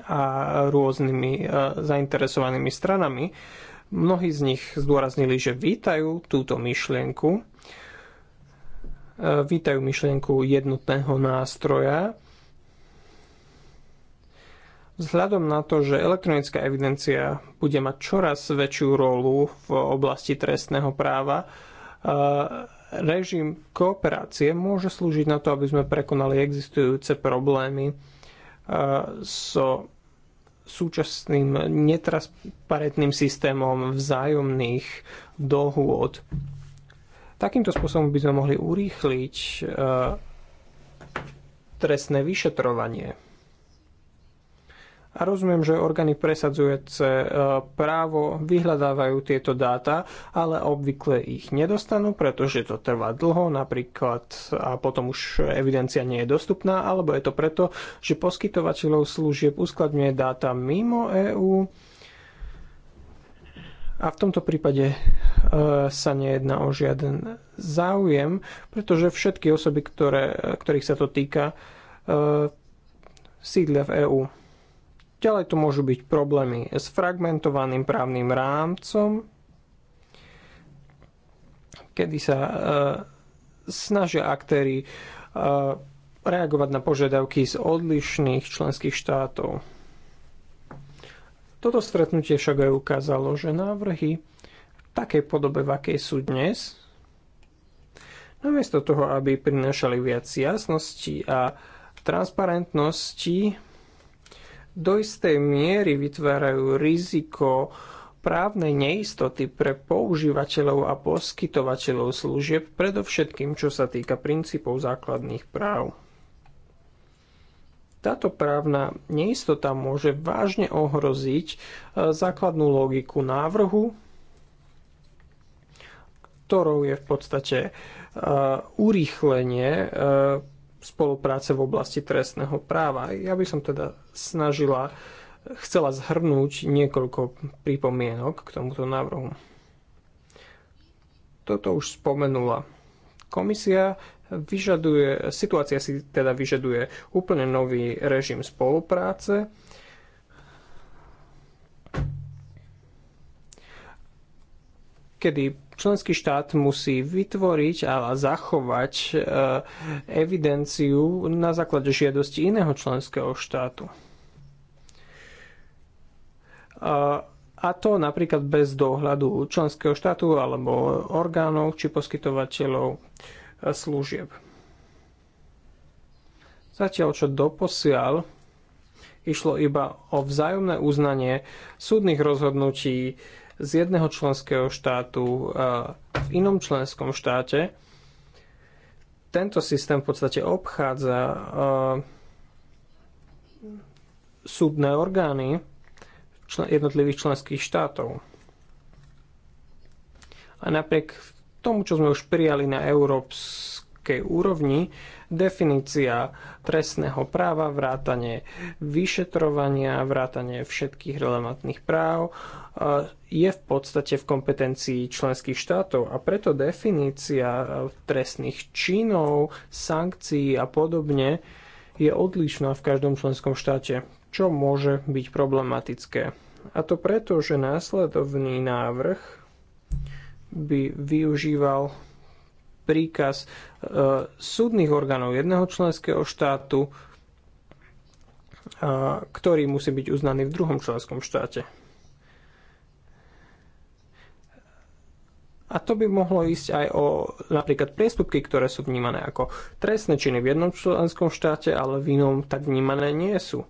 a rôznymi zainteresovanými stranami. Mnohí z nich zdôraznili, že vítajú túto myšlienku, vítajú myšlienku jednotného nástroja. Vzhľadom na to, že elektronická evidencia bude mať čoraz väčšiu rolu v oblasti trestného práva, režim kooperácie môže slúžiť na to, aby sme prekonali existujúce problémy e, so súčasným netransparentným systémom vzájomných dohôd. Takýmto spôsobom by sme mohli urýchliť e, trestné vyšetrovanie a rozumiem, že orgány presadzujúce e, právo vyhľadávajú tieto dáta, ale obvykle ich nedostanú, pretože to trvá dlho, napríklad a potom už evidencia nie je dostupná, alebo je to preto, že poskytovateľov služieb uskladňuje dáta mimo EÚ a v tomto prípade e, sa nejedná o žiaden záujem, pretože všetky osoby, ktoré, ktorých sa to týka, e, sídlia v EÚ. Ďalej tu môžu byť problémy s fragmentovaným právnym rámcom, kedy sa e, snažia aktéry e, reagovať na požiadavky z odlišných členských štátov. Toto stretnutie však aj ukázalo, že návrhy v takej podobe, v akej sú dnes, namiesto toho, aby prinášali viac jasnosti a transparentnosti, do istej miery vytvárajú riziko právnej neistoty pre používateľov a poskytovateľov služieb, predovšetkým čo sa týka princípov základných práv. Táto právna neistota môže vážne ohroziť e, základnú logiku návrhu, ktorou je v podstate e, urýchlenie e, spolupráce v oblasti trestného práva. Ja by som teda snažila, chcela zhrnúť niekoľko pripomienok k tomuto návrhu. Toto už spomenula. Komisia vyžaduje, situácia si teda vyžaduje úplne nový režim spolupráce. kedy členský štát musí vytvoriť a zachovať eh, evidenciu na základe žiadosti iného členského štátu. A to napríklad bez dohľadu členského štátu alebo orgánov či poskytovateľov eh, služieb. Zatiaľ, čo doposiaľ išlo iba o vzájomné uznanie súdnych rozhodnutí z jedného členského štátu e, v inom členskom štáte, tento systém v podstate obchádza e, súdne orgány jednotlivých členských štátov. A napriek tomu, čo sme už prijali na európskej úrovni, definícia trestného práva, vrátanie vyšetrovania, vrátanie všetkých relevantných práv e, je v podstate v kompetencii členských štátov a preto definícia e, trestných činov, sankcií a podobne je odlišná v každom členskom štáte, čo môže byť problematické. A to preto, že následovný návrh by využíval príkaz e, súdnych orgánov jedného členského štátu, e, ktorý musí byť uznaný v druhom členskom štáte. A to by mohlo ísť aj o napríklad priestupky, ktoré sú vnímané ako trestné činy v jednom členskom štáte, ale v inom tak vnímané nie sú.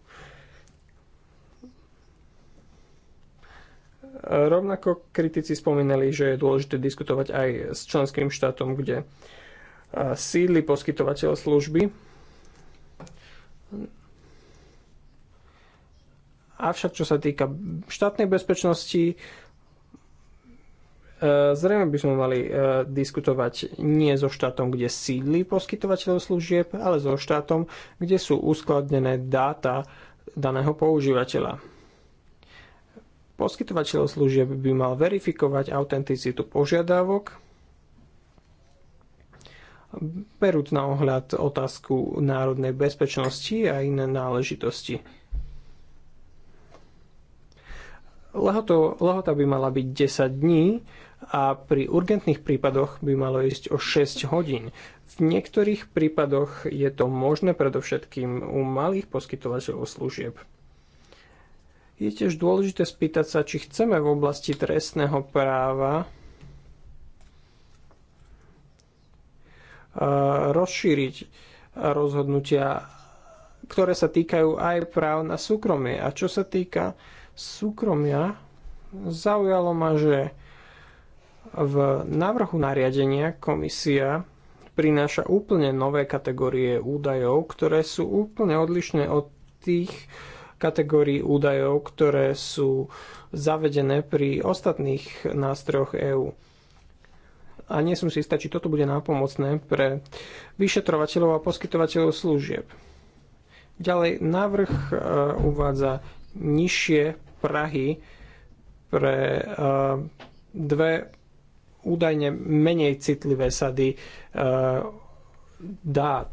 Rovnako kritici spomínali, že je dôležité diskutovať aj s členským štátom, kde sídli poskytovateľ služby. Avšak čo sa týka štátnej bezpečnosti, e, zrejme by sme mali e, diskutovať nie so štátom, kde sídli poskytovateľov služieb, ale so štátom, kde sú uskladnené dáta daného používateľa Poskytovateľ služieb by mal verifikovať autenticitu požiadavok, berúc na ohľad otázku národnej bezpečnosti a iné náležitosti. Lehoto, lehota by mala byť 10 dní a pri urgentných prípadoch by malo ísť o 6 hodín. V niektorých prípadoch je to možné predovšetkým u malých poskytovateľov služieb. Je tiež dôležité spýtať sa, či chceme v oblasti trestného práva eh, rozšíriť rozhodnutia, ktoré sa týkajú aj práv na súkromie. A čo sa týka súkromia, zaujalo ma, že v návrhu nariadenia komisia prináša úplne nové kategórie údajov, ktoré sú úplne odlišné od tých, kategórií údajov, ktoré sú zavedené pri ostatných nástrojoch EÚ. A nie som si istá, či toto bude nápomocné pre vyšetrovateľov a poskytovateľov služieb. Ďalej, návrh e, uvádza nižšie Prahy pre e, dve údajne menej citlivé sady e, dát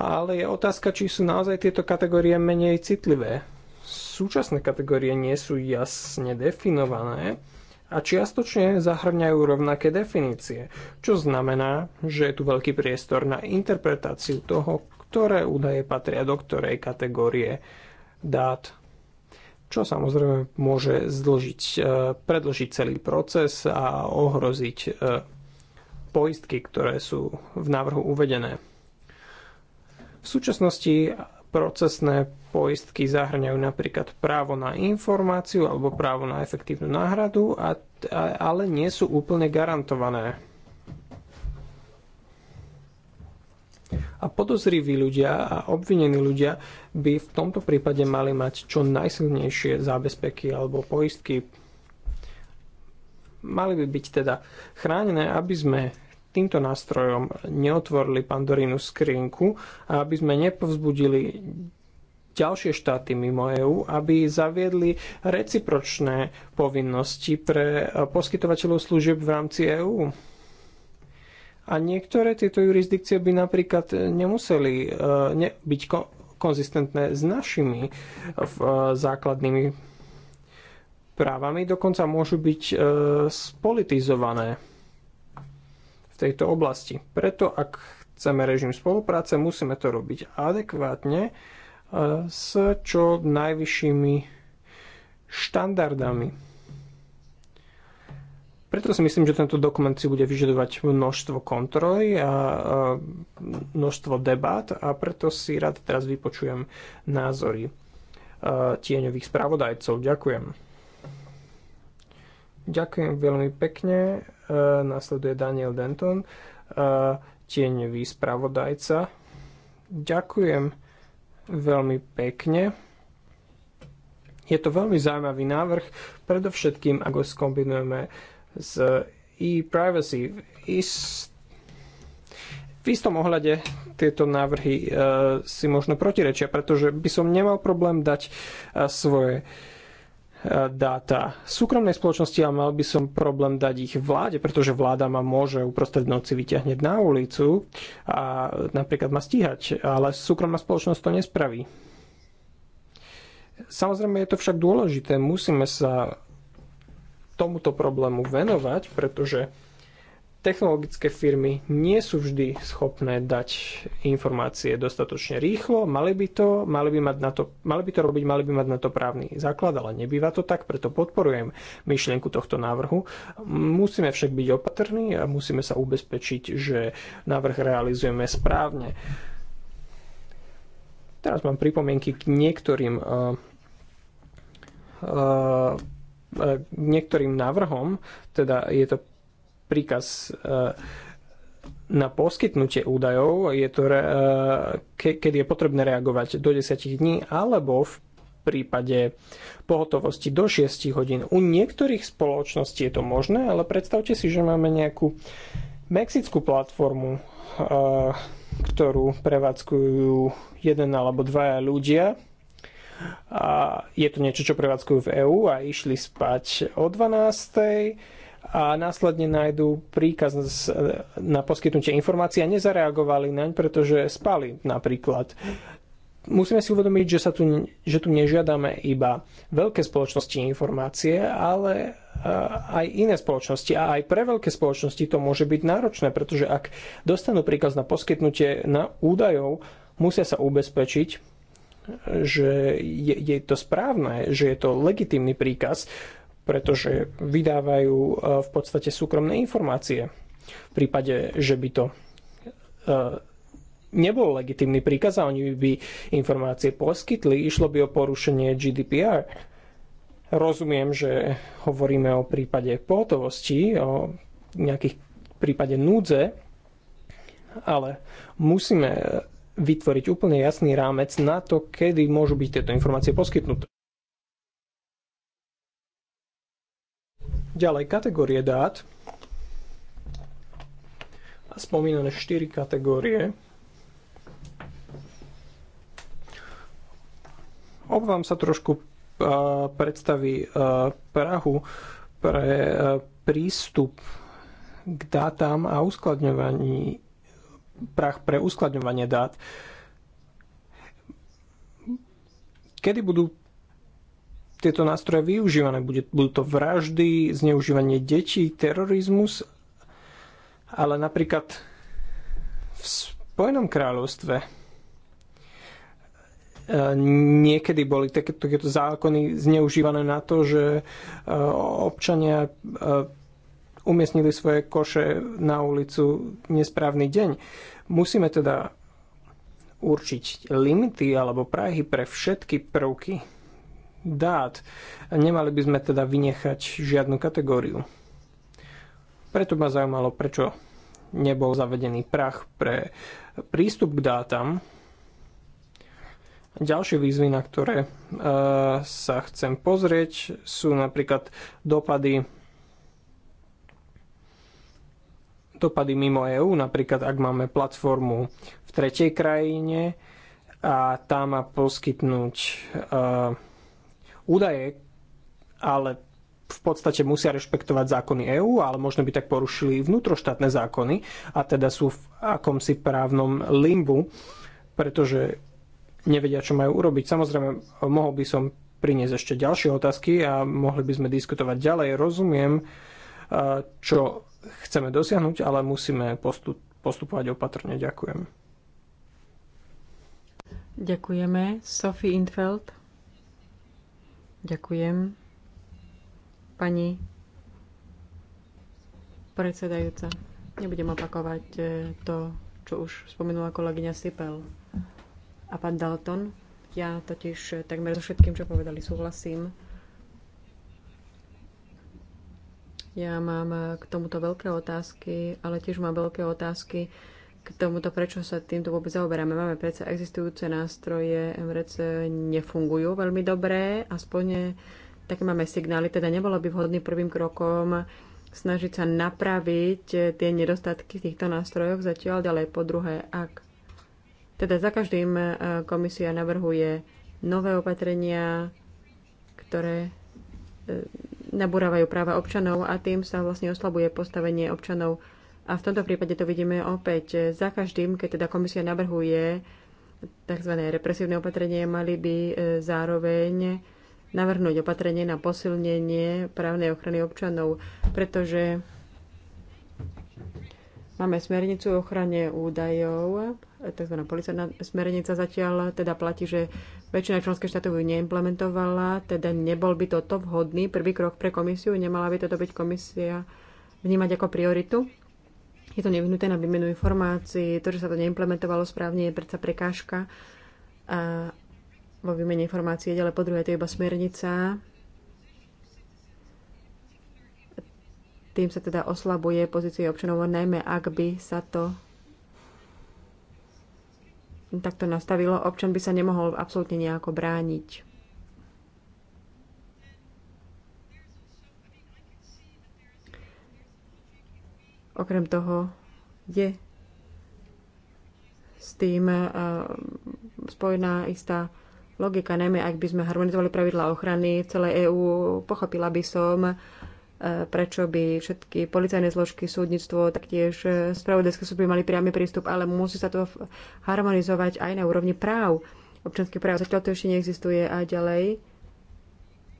ale je otázka, či sú naozaj tieto kategórie menej citlivé. Súčasné kategórie nie sú jasne definované a čiastočne zahrňajú rovnaké definície, čo znamená, že je tu veľký priestor na interpretáciu toho, ktoré údaje patria do ktorej kategórie dát, čo samozrejme môže zdlžiť, e, predlžiť celý proces a ohroziť e, poistky, ktoré sú v návrhu uvedené. V súčasnosti procesné poistky zahrňajú napríklad právo na informáciu alebo právo na efektívnu náhradu, a, a, ale nie sú úplne garantované. A podozriví ľudia a obvinení ľudia by v tomto prípade mali mať čo najsilnejšie zábezpeky alebo poistky. Mali by byť teda chránené, aby sme týmto nástrojom neotvorili Pandorínu skrinku a aby sme nepovzbudili ďalšie štáty mimo EÚ, aby zaviedli recipročné povinnosti pre poskytovateľov služieb v rámci EÚ. A niektoré tieto jurisdikcie by napríklad nemuseli e, byť konzistentné s našimi e, e, základnými právami, dokonca môžu byť spolitizované tejto oblasti. Preto, ak chceme režim spolupráce, musíme to robiť adekvátne e, s čo najvyššími štandardami. Preto si myslím, že tento dokument si bude vyžadovať množstvo kontroly a množstvo debát a preto si rád teraz vypočujem názory e, tieňových spravodajcov. Ďakujem. Ďakujem veľmi pekne. E, nasleduje Daniel Denton, e, tieňový spravodajca. Ďakujem veľmi pekne. Je to veľmi zaujímavý návrh, predovšetkým ako skombinujeme s e-privacy. V istom ohľade tieto návrhy e, si možno protirečia, pretože by som nemal problém dať e, svoje dáta súkromnej spoločnosti a mal by som problém dať ich vláde, pretože vláda ma môže uprostred noci vyťahneť na ulicu a napríklad ma stíhať, ale súkromná spoločnosť to nespraví. Samozrejme je to však dôležité, musíme sa tomuto problému venovať, pretože technologické firmy nie sú vždy schopné dať informácie dostatočne rýchlo, mali by to, mali by, mať na to, mali by to robiť, mali by mať na to právny základ, ale nebýva to tak, preto podporujem myšlienku tohto návrhu. Musíme však byť opatrní a musíme sa ubezpečiť, že návrh realizujeme správne. Teraz mám pripomienky k niektorým uh, uh, niektorým návrhom, teda je to príkaz eh, na poskytnutie údajov, je to, eh, keď je potrebné reagovať do 10 dní, alebo v prípade pohotovosti do 6 hodín. U niektorých spoločností je to možné, ale predstavte si, že máme nejakú mexickú platformu, eh, ktorú prevádzkujú jeden alebo dvaja ľudia. A je to niečo, čo prevádzkujú v EÚ a išli spať o 12 a následne nájdú príkaz na poskytnutie informácií a nezareagovali naň, pretože spali napríklad. Musíme si uvedomiť, že, sa tu, že tu nežiadame iba veľké spoločnosti informácie, ale aj iné spoločnosti. A aj pre veľké spoločnosti to môže byť náročné, pretože ak dostanú príkaz na poskytnutie na údajov, musia sa ubezpečiť, že je, je to správne, že je to legitímny príkaz, pretože vydávajú e, v podstate súkromné informácie. V prípade, že by to e, nebol legitímny príkaz a oni by informácie poskytli, išlo by o porušenie GDPR. Rozumiem, že hovoríme o prípade pohotovosti, o nejakých prípade núdze, ale musíme vytvoriť úplne jasný rámec na to, kedy môžu byť tieto informácie poskytnuté. Ďalej, kategórie dát a spomínané 4 kategórie. vám sa trošku e, predstaví e, Prahu pre e, prístup k dátam a uskladňovaní prach pre uskladňovanie dát. Kedy budú tieto nástroje využívané. Bude, budú to vraždy, zneužívanie detí, terorizmus, ale napríklad v Spojenom kráľovstve e, niekedy boli takéto zákony zneužívané na to, že e, občania e, umiestnili svoje koše na ulicu nesprávny deň. Musíme teda určiť limity alebo prahy pre všetky prvky dát. Nemali by sme teda vynechať žiadnu kategóriu. Preto ma zaujímalo, prečo nebol zavedený prach pre prístup k dátam. Ďalšie výzvy, na ktoré e, sa chcem pozrieť, sú napríklad dopady dopady mimo EÚ, napríklad ak máme platformu v tretej krajine a tá má poskytnúť uh, údaje, ale v podstate musia rešpektovať zákony EÚ, ale možno by tak porušili vnútroštátne zákony a teda sú v akomsi právnom limbu, pretože nevedia, čo majú urobiť. Samozrejme, mohol by som priniesť ešte ďalšie otázky a mohli by sme diskutovať ďalej. Rozumiem, eh, čo chceme dosiahnuť, ale musíme postup, postupovať opatrne. Ďakujem. Ďakujeme. Sophie Infeld. Ďakujem. Pani predsedajúca, nebudem opakovať eh, to, čo už spomenula kolegyňa Sipel a pán Dalton. Ja totiž eh, takmer so všetkým, čo povedali, súhlasím. Ja mám eh, k tomuto veľké otázky, ale tiež mám veľké otázky k tomuto, prečo sa týmto vôbec zaoberáme. Máme predsa existujúce nástroje, MRC nefungujú veľmi dobre, aspoň eh, také máme signály, teda nebolo by vhodný prvým krokom snažiť sa napraviť eh, tie nedostatky v týchto nástrojoch zatiaľ ďalej. Po druhé, ak teda za každým eh, komisia navrhuje nové opatrenia, ktoré nabúravajú práva občanov a tým sa vlastne oslabuje postavenie občanov a v tomto prípade to vidíme opäť. Za každým, keď teda komisia navrhuje tzv. represívne opatrenie, mali by e, zároveň navrhnúť opatrenie na posilnenie právnej ochrany občanov, pretože máme smernicu o ochrane údajov, e, tzv. policajná smernica zatiaľ teda platí, že väčšina členských štátov ju neimplementovala, teda nebol by toto vhodný prvý krok pre komisiu, nemala by toto byť komisia vnímať ako prioritu. Je to nevyhnuté na výmenu informácií. To, že sa to neimplementovalo správne, je predsa prekážka a vo výmene informácií. Ale po druhé, to je iba smernica. Tým sa teda oslabuje pozície občanov, najmä ak by sa to takto nastavilo. Občan by sa nemohol absolútne nejako brániť. Okrem toho je s tým e, spojená istá logika, najmä ak by sme harmonizovali pravidla ochrany v celej EÚ, pochopila by som, e, prečo by všetky policajné zložky, súdnictvo, taktiež e, spravodajské súdy mali priamy prístup, ale musí sa to harmonizovať aj na úrovni práv, občanských práv. Zatiaľ to ešte neexistuje a ďalej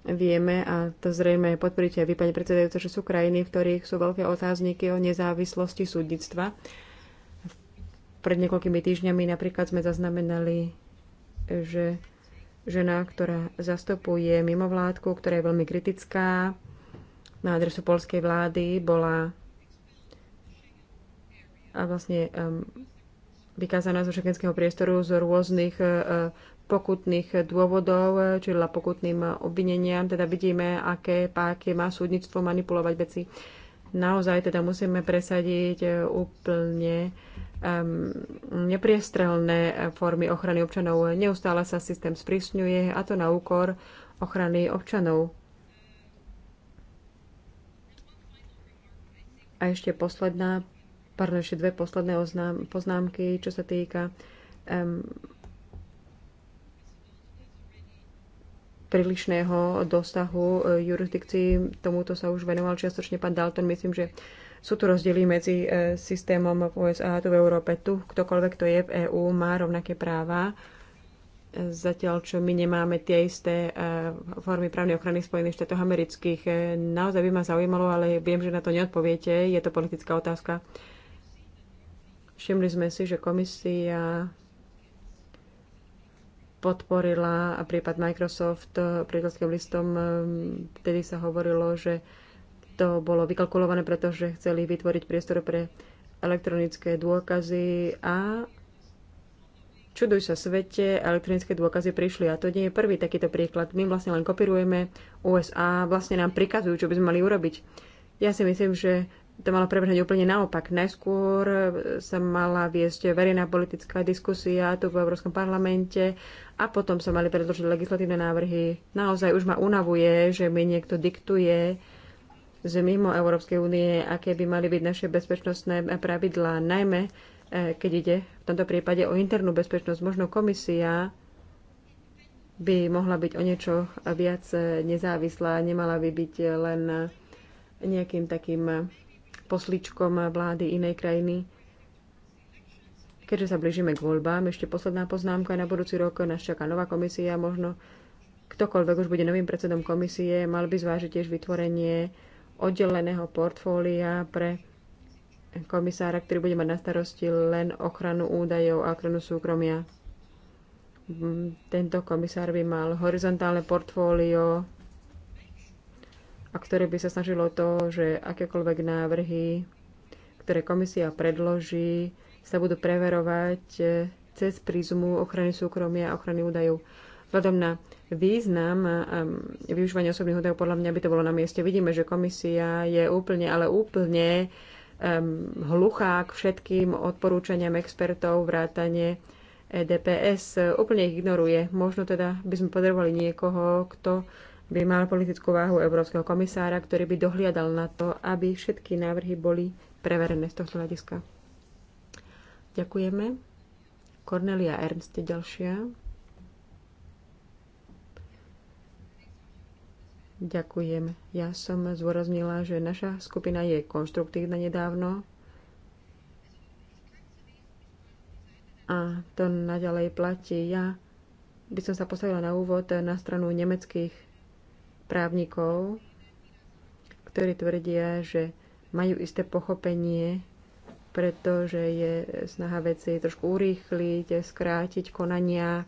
Vieme, a to zrejme podporíte aj vy, pani predsedajúca, že sú krajiny, v ktorých sú veľké otázniky o nezávislosti súdnictva. Pred niekoľkými týždňami napríklad sme zaznamenali, že žena, ktorá zastupuje mimovládku, ktorá je veľmi kritická na adresu polskej vlády, bola a vlastne um, vykázaná zo šekenského priestoru z rôznych uh, pokutných dôvodov, eh, či pokutným eh, obvineniam. Teda vidíme, aké páky má súdnictvo manipulovať veci. Naozaj teda musíme presadiť eh, úplne um, nepriestrelné formy ochrany občanov. Neustále sa systém sprísňuje a to na úkor ochrany občanov. A ešte posledná, pardon, ešte dve posledné oznám, poznámky, čo sa týka um, prílišného dosahu e, jurisdikcií. Tomuto sa už venoval čiastočne pán Dalton. Myslím, že sú tu rozdiely medzi e, systémom v USA a tu v Európe. Tu ktokoľvek to je v EÚ má rovnaké práva, zatiaľ čo my nemáme tie isté e, formy právnej ochrany Spojených štátov amerických. Naozaj by ma zaujímalo, ale viem, že na to neodpoviete. Je to politická otázka. Všimli sme si, že komisia podporila prípad Microsoft e, priateľským listom. Vtedy e, sa hovorilo, že to bolo vykalkulované, pretože chceli vytvoriť priestor pre elektronické dôkazy a čuduj sa svete, elektronické dôkazy prišli a to nie je prvý takýto príklad. My vlastne len kopírujeme USA, vlastne nám prikazujú, čo by sme mali urobiť. Ja si myslím, že to malo prebehnúť úplne naopak. Najskôr eh, sa mala viesť verejná politická diskusia tu v Európskom parlamente a potom sa mali predložiť legislatívne návrhy. Naozaj už ma unavuje, že mi niekto diktuje z mimo Európskej únie, aké by mali byť naše bezpečnostné pravidlá, najmä eh, keď ide v tomto prípade o internú bezpečnosť. Možno komisia by mohla byť o niečo viac eh, nezávislá, nemala by byť len nejakým takým poslíčkom vlády inej krajiny. Keďže sa blížime k voľbám, ešte posledná poznámka. Na budúci rok nás čaká nová komisia. Možno ktokoľvek už bude novým predsedom komisie, mal by zvážiť tiež vytvorenie oddeleného portfólia pre komisára, ktorý bude mať na starosti len ochranu údajov a ochranu súkromia. Tento komisár by mal horizontálne portfólio a ktoré by sa snažilo to, že akékoľvek návrhy, ktoré komisia predloží, sa budú preverovať e, cez prízmu ochrany súkromia a ochrany údajov. Vzhľadom na význam e, e, využívania osobných údajov, podľa mňa by to bolo na mieste. Vidíme, že komisia je úplne, ale úplne um, hluchá k všetkým odporúčaniam expertov vrátane DPS. Úplne ich ignoruje. Možno teda by sme potrebovali niekoho, kto by mal politickú váhu európskeho komisára, ktorý by dohliadal na to, aby všetky návrhy boli preverené z tohto hľadiska. Ďakujeme. Cornelia Ernst je ďalšia. Ďakujem. Ja som zdôraznila, že naša skupina je konštruktívna nedávno a to naďalej platí. Ja by som sa postavila na úvod na stranu nemeckých právnikov, ktorí tvrdia, že majú isté pochopenie, pretože je snaha veci trošku urýchliť, skrátiť konania.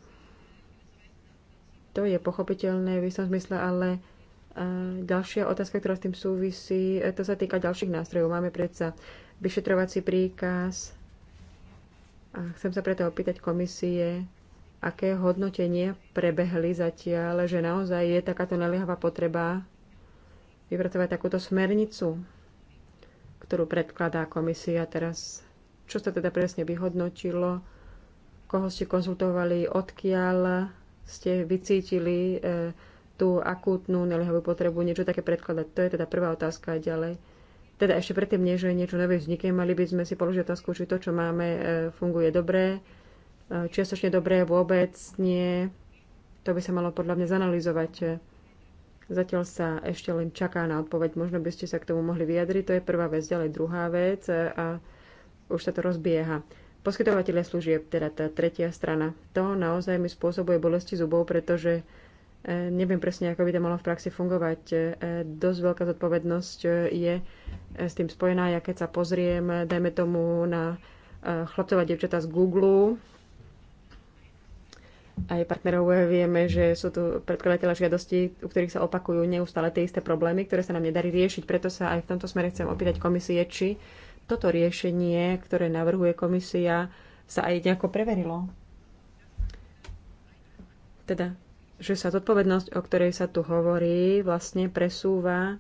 To je pochopiteľné v istom zmysle, ale e, ďalšia otázka, ktorá s tým súvisí, e, to sa týka ďalších nástrojov. Máme predsa vyšetrovací príkaz a chcem sa preto opýtať komisie, aké hodnotenie prebehli zatiaľ, že naozaj je takáto naliehavá potreba vypracovať takúto smernicu, ktorú predkladá komisia teraz. Čo sa teda presne vyhodnotilo, koho ste konzultovali, odkiaľ ste vycítili e, tú akútnu naliehavú potrebu niečo také predkladať. To je teda prvá otázka a ďalej. Teda ešte predtým, než niečo nové vznikne, mali by sme si položiť otázku, či to, čo máme, e, funguje dobre, čiastočne dobré, vôbec nie. To by sa malo podľa mňa zanalizovať. Zatiaľ sa ešte len čaká na odpoveď. Možno by ste sa k tomu mohli vyjadriť. To je prvá vec, ďalej druhá vec a už sa to rozbieha. Poskytovateľe služieb, teda tá tretia strana. To naozaj mi spôsobuje bolesti zubov, pretože e, neviem presne, ako by to malo v praxi fungovať. E, dosť veľká zodpovednosť e, je s tým spojená. Ja keď sa pozriem, dajme tomu na chlapcov a devčatá z Google, aj partnerov vieme, že sú tu predkladateľa žiadosti, u ktorých sa opakujú neustále tie isté problémy, ktoré sa nám nedarí riešiť. Preto sa aj v tomto smere chcem opýtať komisie, či toto riešenie, ktoré navrhuje komisia, sa aj nejako preverilo. Teda, že sa zodpovednosť, o ktorej sa tu hovorí, vlastne presúva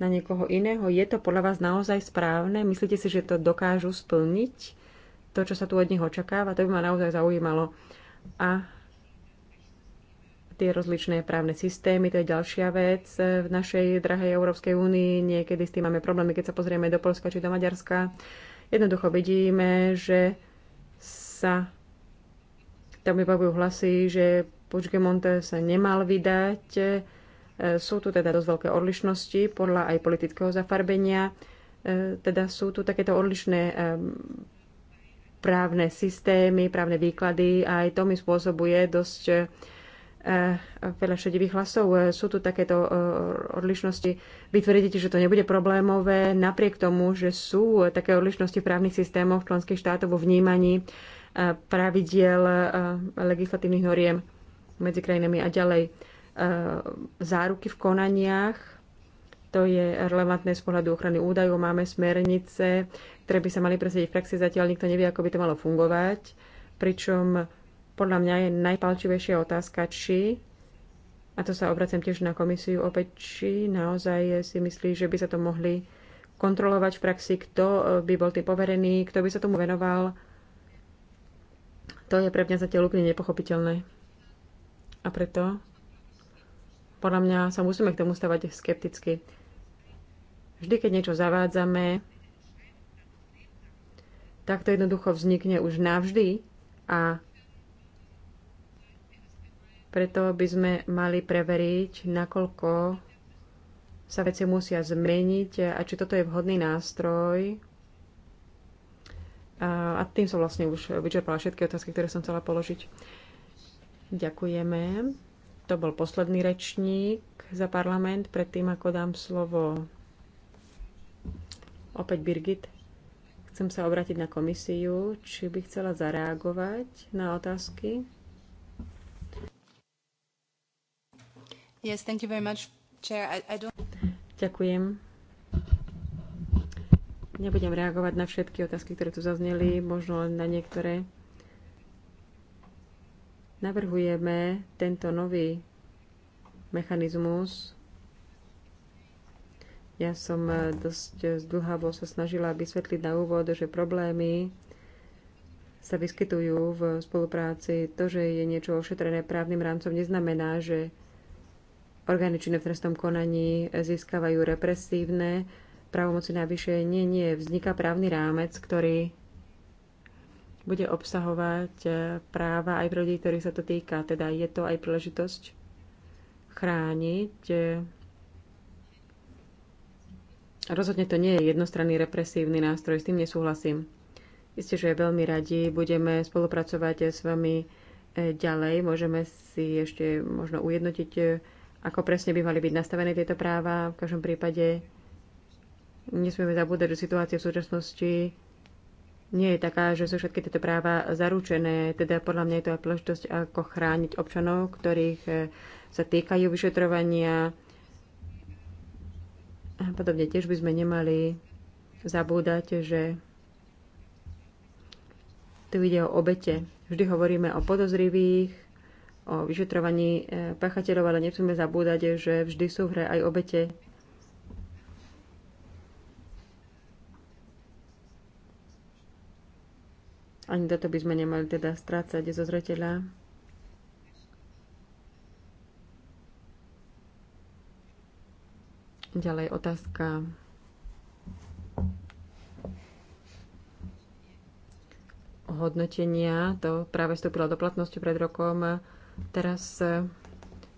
na niekoho iného. Je to podľa vás naozaj správne? Myslíte si, že to dokážu splniť? To, čo sa tu od nich očakáva, to by ma naozaj zaujímalo a tie rozličné právne systémy, to je ďalšia vec. V našej drahej Európskej únii niekedy s tým máme problémy, keď sa pozrieme do Polska či do Maďarska. Jednoducho vidíme, že sa tam vybavujú hlasy, že Puigdemont sa nemal vydať. Sú tu teda dosť veľké odlišnosti podľa aj politického zafarbenia. Teda sú tu takéto odlišné právne systémy, právne výklady a aj to mi spôsobuje dosť eh, veľa šedivých hlasov. Sú tu takéto eh, odlišnosti. Vy tvrdíte, že to nebude problémové, napriek tomu, že sú také odlišnosti v právnych systémoch členských štátov vo vnímaní eh, pravidiel legislatívnych noriem medzi krajinami a ďalej. Záruky v konaniach, to je relevantné z pohľadu ochrany údajov. Máme smernice, ktoré by sa mali presediť v praxi. Zatiaľ nikto nevie, ako by to malo fungovať. Pričom podľa mňa je najpalčivejšia otázka, či, a to sa obracem tiež na komisiu opäť, či naozaj si myslí, že by sa to mohli kontrolovať v praxi, kto e, by bol tým poverený, kto by sa tomu venoval. To je pre mňa zatiaľ úplne nepochopiteľné. A preto podľa mňa sa musíme k tomu stavať skepticky. Vždy, keď niečo zavádzame, takto jednoducho vznikne už navždy a preto by sme mali preveriť, nakoľko sa veci musia zmeniť a či toto je vhodný nástroj. A tým som vlastne už vyčerpala všetky otázky, ktoré som chcela položiť. Ďakujeme. To bol posledný rečník za parlament, predtým ako dám slovo opäť Birgit. Chcem sa obrátiť na komisiu, či by chcela zareagovať na otázky. Yes, thank you very much, Chair. I, I don't... Ďakujem. Nebudem reagovať na všetky otázky, ktoré tu zazneli, možno len na niektoré. Navrhujeme tento nový mechanizmus ja som eh, dosť eh, zdlhavo sa snažila vysvetliť na úvod, že problémy sa vyskytujú v spolupráci. To, že je niečo ošetrené právnym rámcom, neznamená, že orgány činné v trestnom konaní získavajú represívne právomoci najvyššie. Nie, nie. Vzniká právny rámec, ktorý bude obsahovať eh, práva aj pre ľudí, ktorých sa to týka. Teda je to aj príležitosť chrániť Rozhodne to nie je jednostranný represívny nástroj, s tým nesúhlasím. Isté, že veľmi radi budeme spolupracovať s vami e, ďalej. Môžeme si ešte možno ujednotiť, e, ako presne by mali byť nastavené tieto práva. V každom prípade nesmieme zabúdať, že situácia v súčasnosti nie je taká, že sú všetky tieto práva zaručené. Teda podľa mňa je to aj príležitosť, ako chrániť občanov, ktorých e, sa týkajú vyšetrovania, podobne tiež by sme nemali zabúdať, že tu ide o obete. Vždy hovoríme o podozrivých, o vyšetrovaní eh, pachateľov, ale nesmieme zabúdať, že vždy sú v hre aj obete. Ani toto by sme nemali teda strácať zo zreteľa. Ďalej otázka hodnotenia. To práve vstúpilo do platnosti pred rokom. Teraz eh,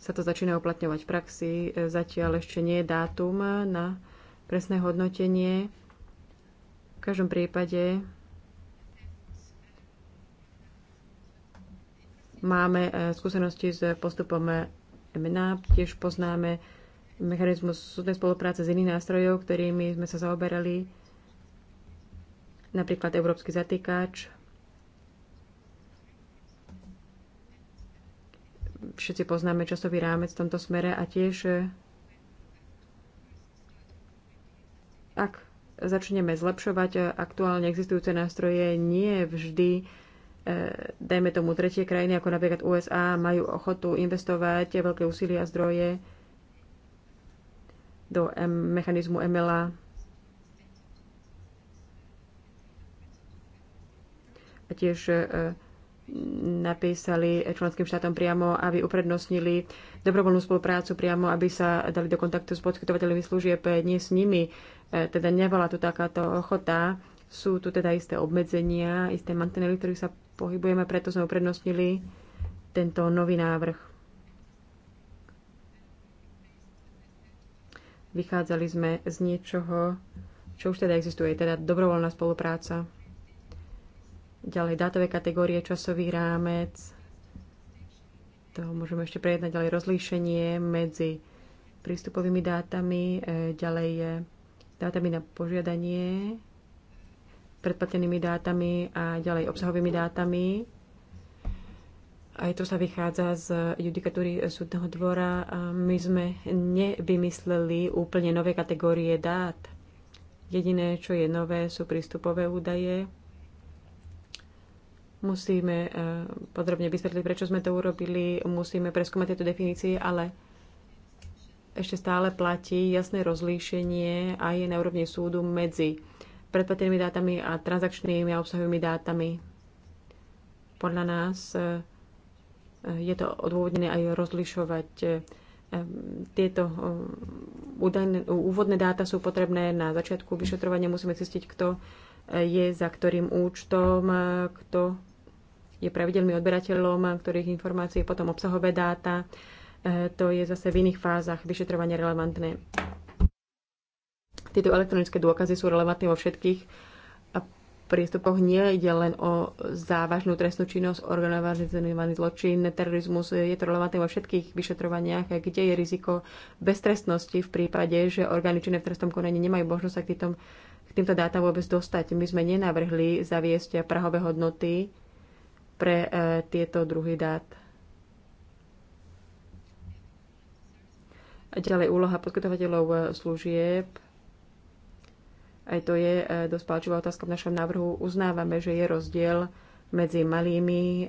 sa to začína uplatňovať v praxi. Eh, zatiaľ ešte nie je dátum na presné hodnotenie. V každom prípade máme eh, skúsenosti s postupom MNA, tiež poznáme mechanizmus súdnej spolupráce s iných nástrojov, ktorými sme sa zaoberali, napríklad Európsky zatýkač. Všetci poznáme časový rámec v tomto smere a tiež eh, ak začneme zlepšovať eh, aktuálne existujúce nástroje, nie vždy eh, dajme tomu tretie krajiny, ako napríklad USA, majú ochotu investovať veľké úsilie a zdroje do mechanizmu MLA. A tiež e, napísali členským štátom priamo, aby uprednostnili dobrovoľnú spoluprácu priamo, aby sa dali do kontaktu s podskytovateľmi služieb, e, nie s nimi. E, teda nebola tu takáto ochota. Sú tu teda isté obmedzenia, isté mantinely, ktorých sa pohybujeme, preto sme uprednostnili tento nový návrh. Vychádzali sme z niečoho, čo už teda existuje, teda dobrovoľná spolupráca. Ďalej dátové kategórie, časový rámec. To môžeme ešte prejednať ďalej rozlíšenie medzi prístupovými dátami, e, ďalej je dátami na požiadanie, predplatenými dátami a ďalej obsahovými dátami. Aj tu sa vychádza z judikatúry súdneho dvora. My sme nevymysleli úplne nové kategórie dát. Jediné, čo je nové, sú prístupové údaje. Musíme e, podrobne vysvetliť, prečo sme to urobili, musíme preskúmať tieto definície, ale ešte stále platí jasné rozlíšenie a je na úrovni súdu medzi predplatenými dátami a transakčnými a obsahovými dátami. Podľa nás e, je to odôvodnené aj rozlišovať. E, tieto e, údajné, úvodné dáta sú potrebné na začiatku vyšetrovania. Musíme zistiť, kto e, je za ktorým účtom, kto je pravidelným odberateľom, ktorých informácií potom obsahové dáta. To je zase v iných fázach vyšetrovania relevantné. Tieto elektronické dôkazy sú relevantné vo všetkých priestupoch nie ide len o závažnú trestnú činnosť, organizovaný zločin, terorizmus. Je to relevantné vo všetkých vyšetrovaniach, kde je riziko beztrestnosti v prípade, že orgány činné v trestnom konaní nemajú možnosť sa k, týmto, k týmto dátam vôbec dostať. My sme nenavrhli zaviesť prahové hodnoty pre e, tieto druhy dát. A ďalej úloha poskytovateľov e, služieb aj to je e, dosť palčivá otázka v našom návrhu. Uznávame, že je rozdiel medzi malými, e,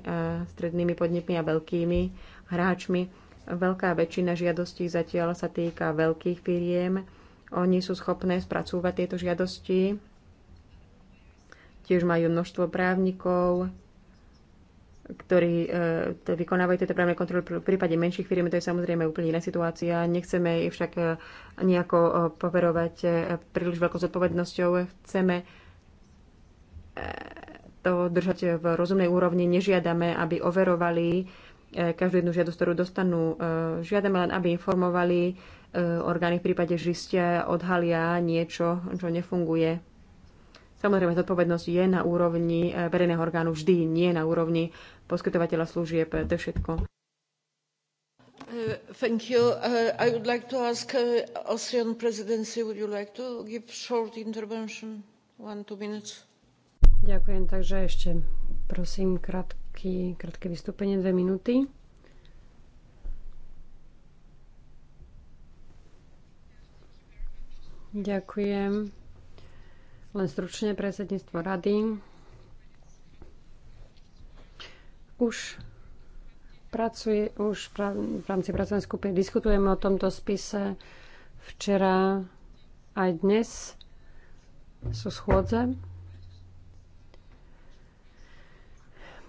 strednými podnikmi a veľkými hráčmi. Veľká väčšina žiadostí zatiaľ sa týka veľkých firiem. Oni sú schopné spracúvať tieto žiadosti. Tiež majú množstvo právnikov, ktorí e, vykonávajú tieto právne kontroly. V prípade menších firiem to je samozrejme úplne iná situácia. Nechceme ich však e, nejako e, poverovať e, príliš veľkou zodpovednosťou. Chceme to držať v rozumnej úrovni. Nežiadame, aby overovali každú jednu žiadosť, ktorú dostanú. Žiadame len, aby informovali orgány v prípade, že ste odhalia niečo, čo nefunguje Samozrejme, zodpovednosť je na úrovni eh, verejného orgánu vždy, nie na úrovni poskytovateľa služieb. Eh, to je všetko. Uh, thank you. Uh, I would like to ask uh, Austrian presidency, would you like to give short intervention? One, two minutes. Ďakujem, takže ešte prosím krátky, krátke vystúpenie, dve minúty. Ďakujem. Len stručne predsedníctvo rady už pracuje, už v rámci pracovnej skupiny diskutujeme o tomto spise. Včera aj dnes sú schôdze.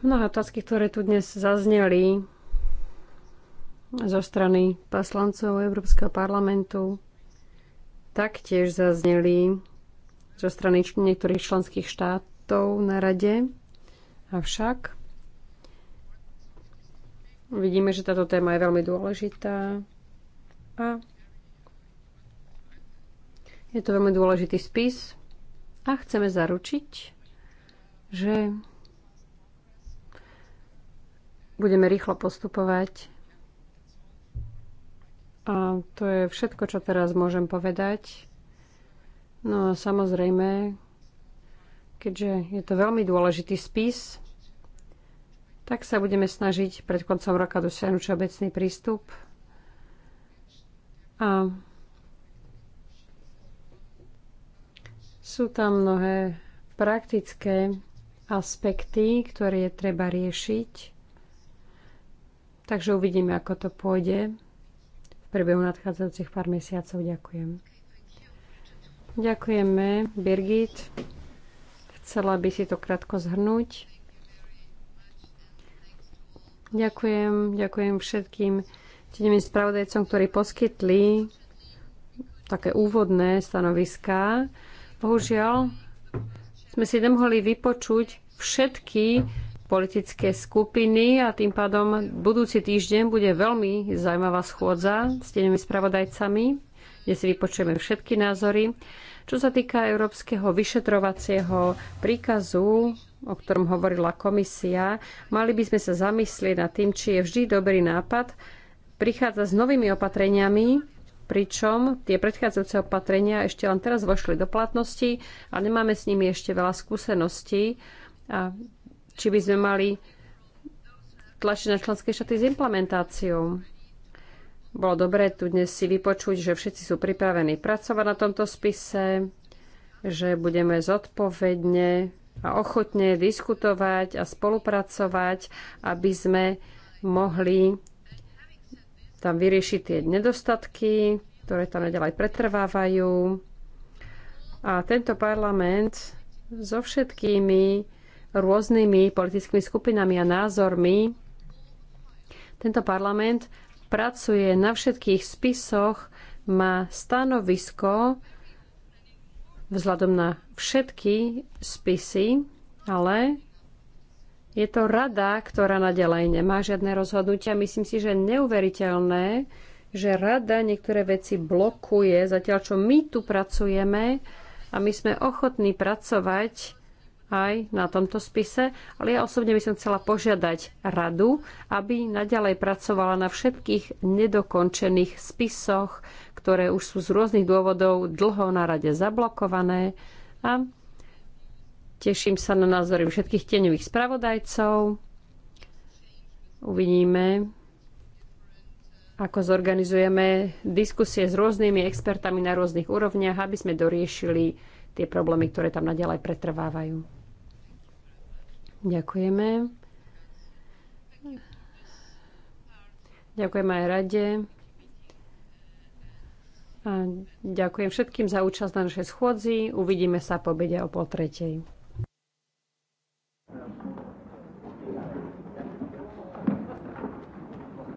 Mnohé otázky, ktoré tu dnes zazneli zo strany poslancov Európskeho parlamentu, taktiež zazneli zo strany niektorých členských štátov na rade. Avšak vidíme, že táto téma je veľmi dôležitá a je to veľmi dôležitý spis a chceme zaručiť, že budeme rýchlo postupovať. A to je všetko, čo teraz môžem povedať. No a samozrejme, keďže je to veľmi dôležitý spis, tak sa budeme snažiť pred koncom roka dosiahnuť všeobecný prístup. A sú tam mnohé praktické aspekty, ktoré je treba riešiť. Takže uvidíme, ako to pôjde v priebehu nadchádzajúcich pár mesiacov. Ďakujem. Ďakujeme, Birgit. Chcela by si to krátko zhrnúť. Ďakujem, ďakujem všetkým tým spravodajcom, ktorí poskytli také úvodné stanoviská. Bohužiaľ, sme si nemohli vypočuť všetky politické skupiny a tým pádom budúci týždeň bude veľmi zaujímavá schôdza s tenými spravodajcami kde si vypočujeme všetky názory. Čo sa týka Európskeho vyšetrovacieho príkazu, o ktorom hovorila komisia, mali by sme sa zamyslieť nad tým, či je vždy dobrý nápad prichádza s novými opatreniami, pričom tie predchádzajúce opatrenia ešte len teraz vošli do platnosti a nemáme s nimi ešte veľa skúseností. A či by sme mali tlačiť na členské štáty s implementáciou. Bolo dobré tu dnes si vypočuť, že všetci sú pripravení pracovať na tomto spise, že budeme zodpovedne a ochotne diskutovať a spolupracovať, aby sme mohli tam vyriešiť tie nedostatky, ktoré tam naďalej pretrvávajú. A tento parlament so všetkými rôznymi politickými skupinami a názormi tento parlament pracuje na všetkých spisoch, má stanovisko vzhľadom na všetky spisy, ale je to rada, ktorá nadalej nemá žiadne rozhodnutia. Myslím si, že neuveriteľné, že rada niektoré veci blokuje, zatiaľ čo my tu pracujeme a my sme ochotní pracovať aj na tomto spise, ale ja osobne by som chcela požiadať radu, aby naďalej pracovala na všetkých nedokončených spisoch, ktoré už sú z rôznych dôvodov dlho na rade zablokované a teším sa na názory všetkých tieňových spravodajcov. Uvidíme, ako zorganizujeme diskusie s rôznymi expertami na rôznych úrovniach, aby sme doriešili tie problémy, ktoré tam naďalej pretrvávajú. Ďakujeme. Ďakujem aj rade. A ďakujem všetkým za účasť na našej schôdzi. Uvidíme sa po obede o pol tretej.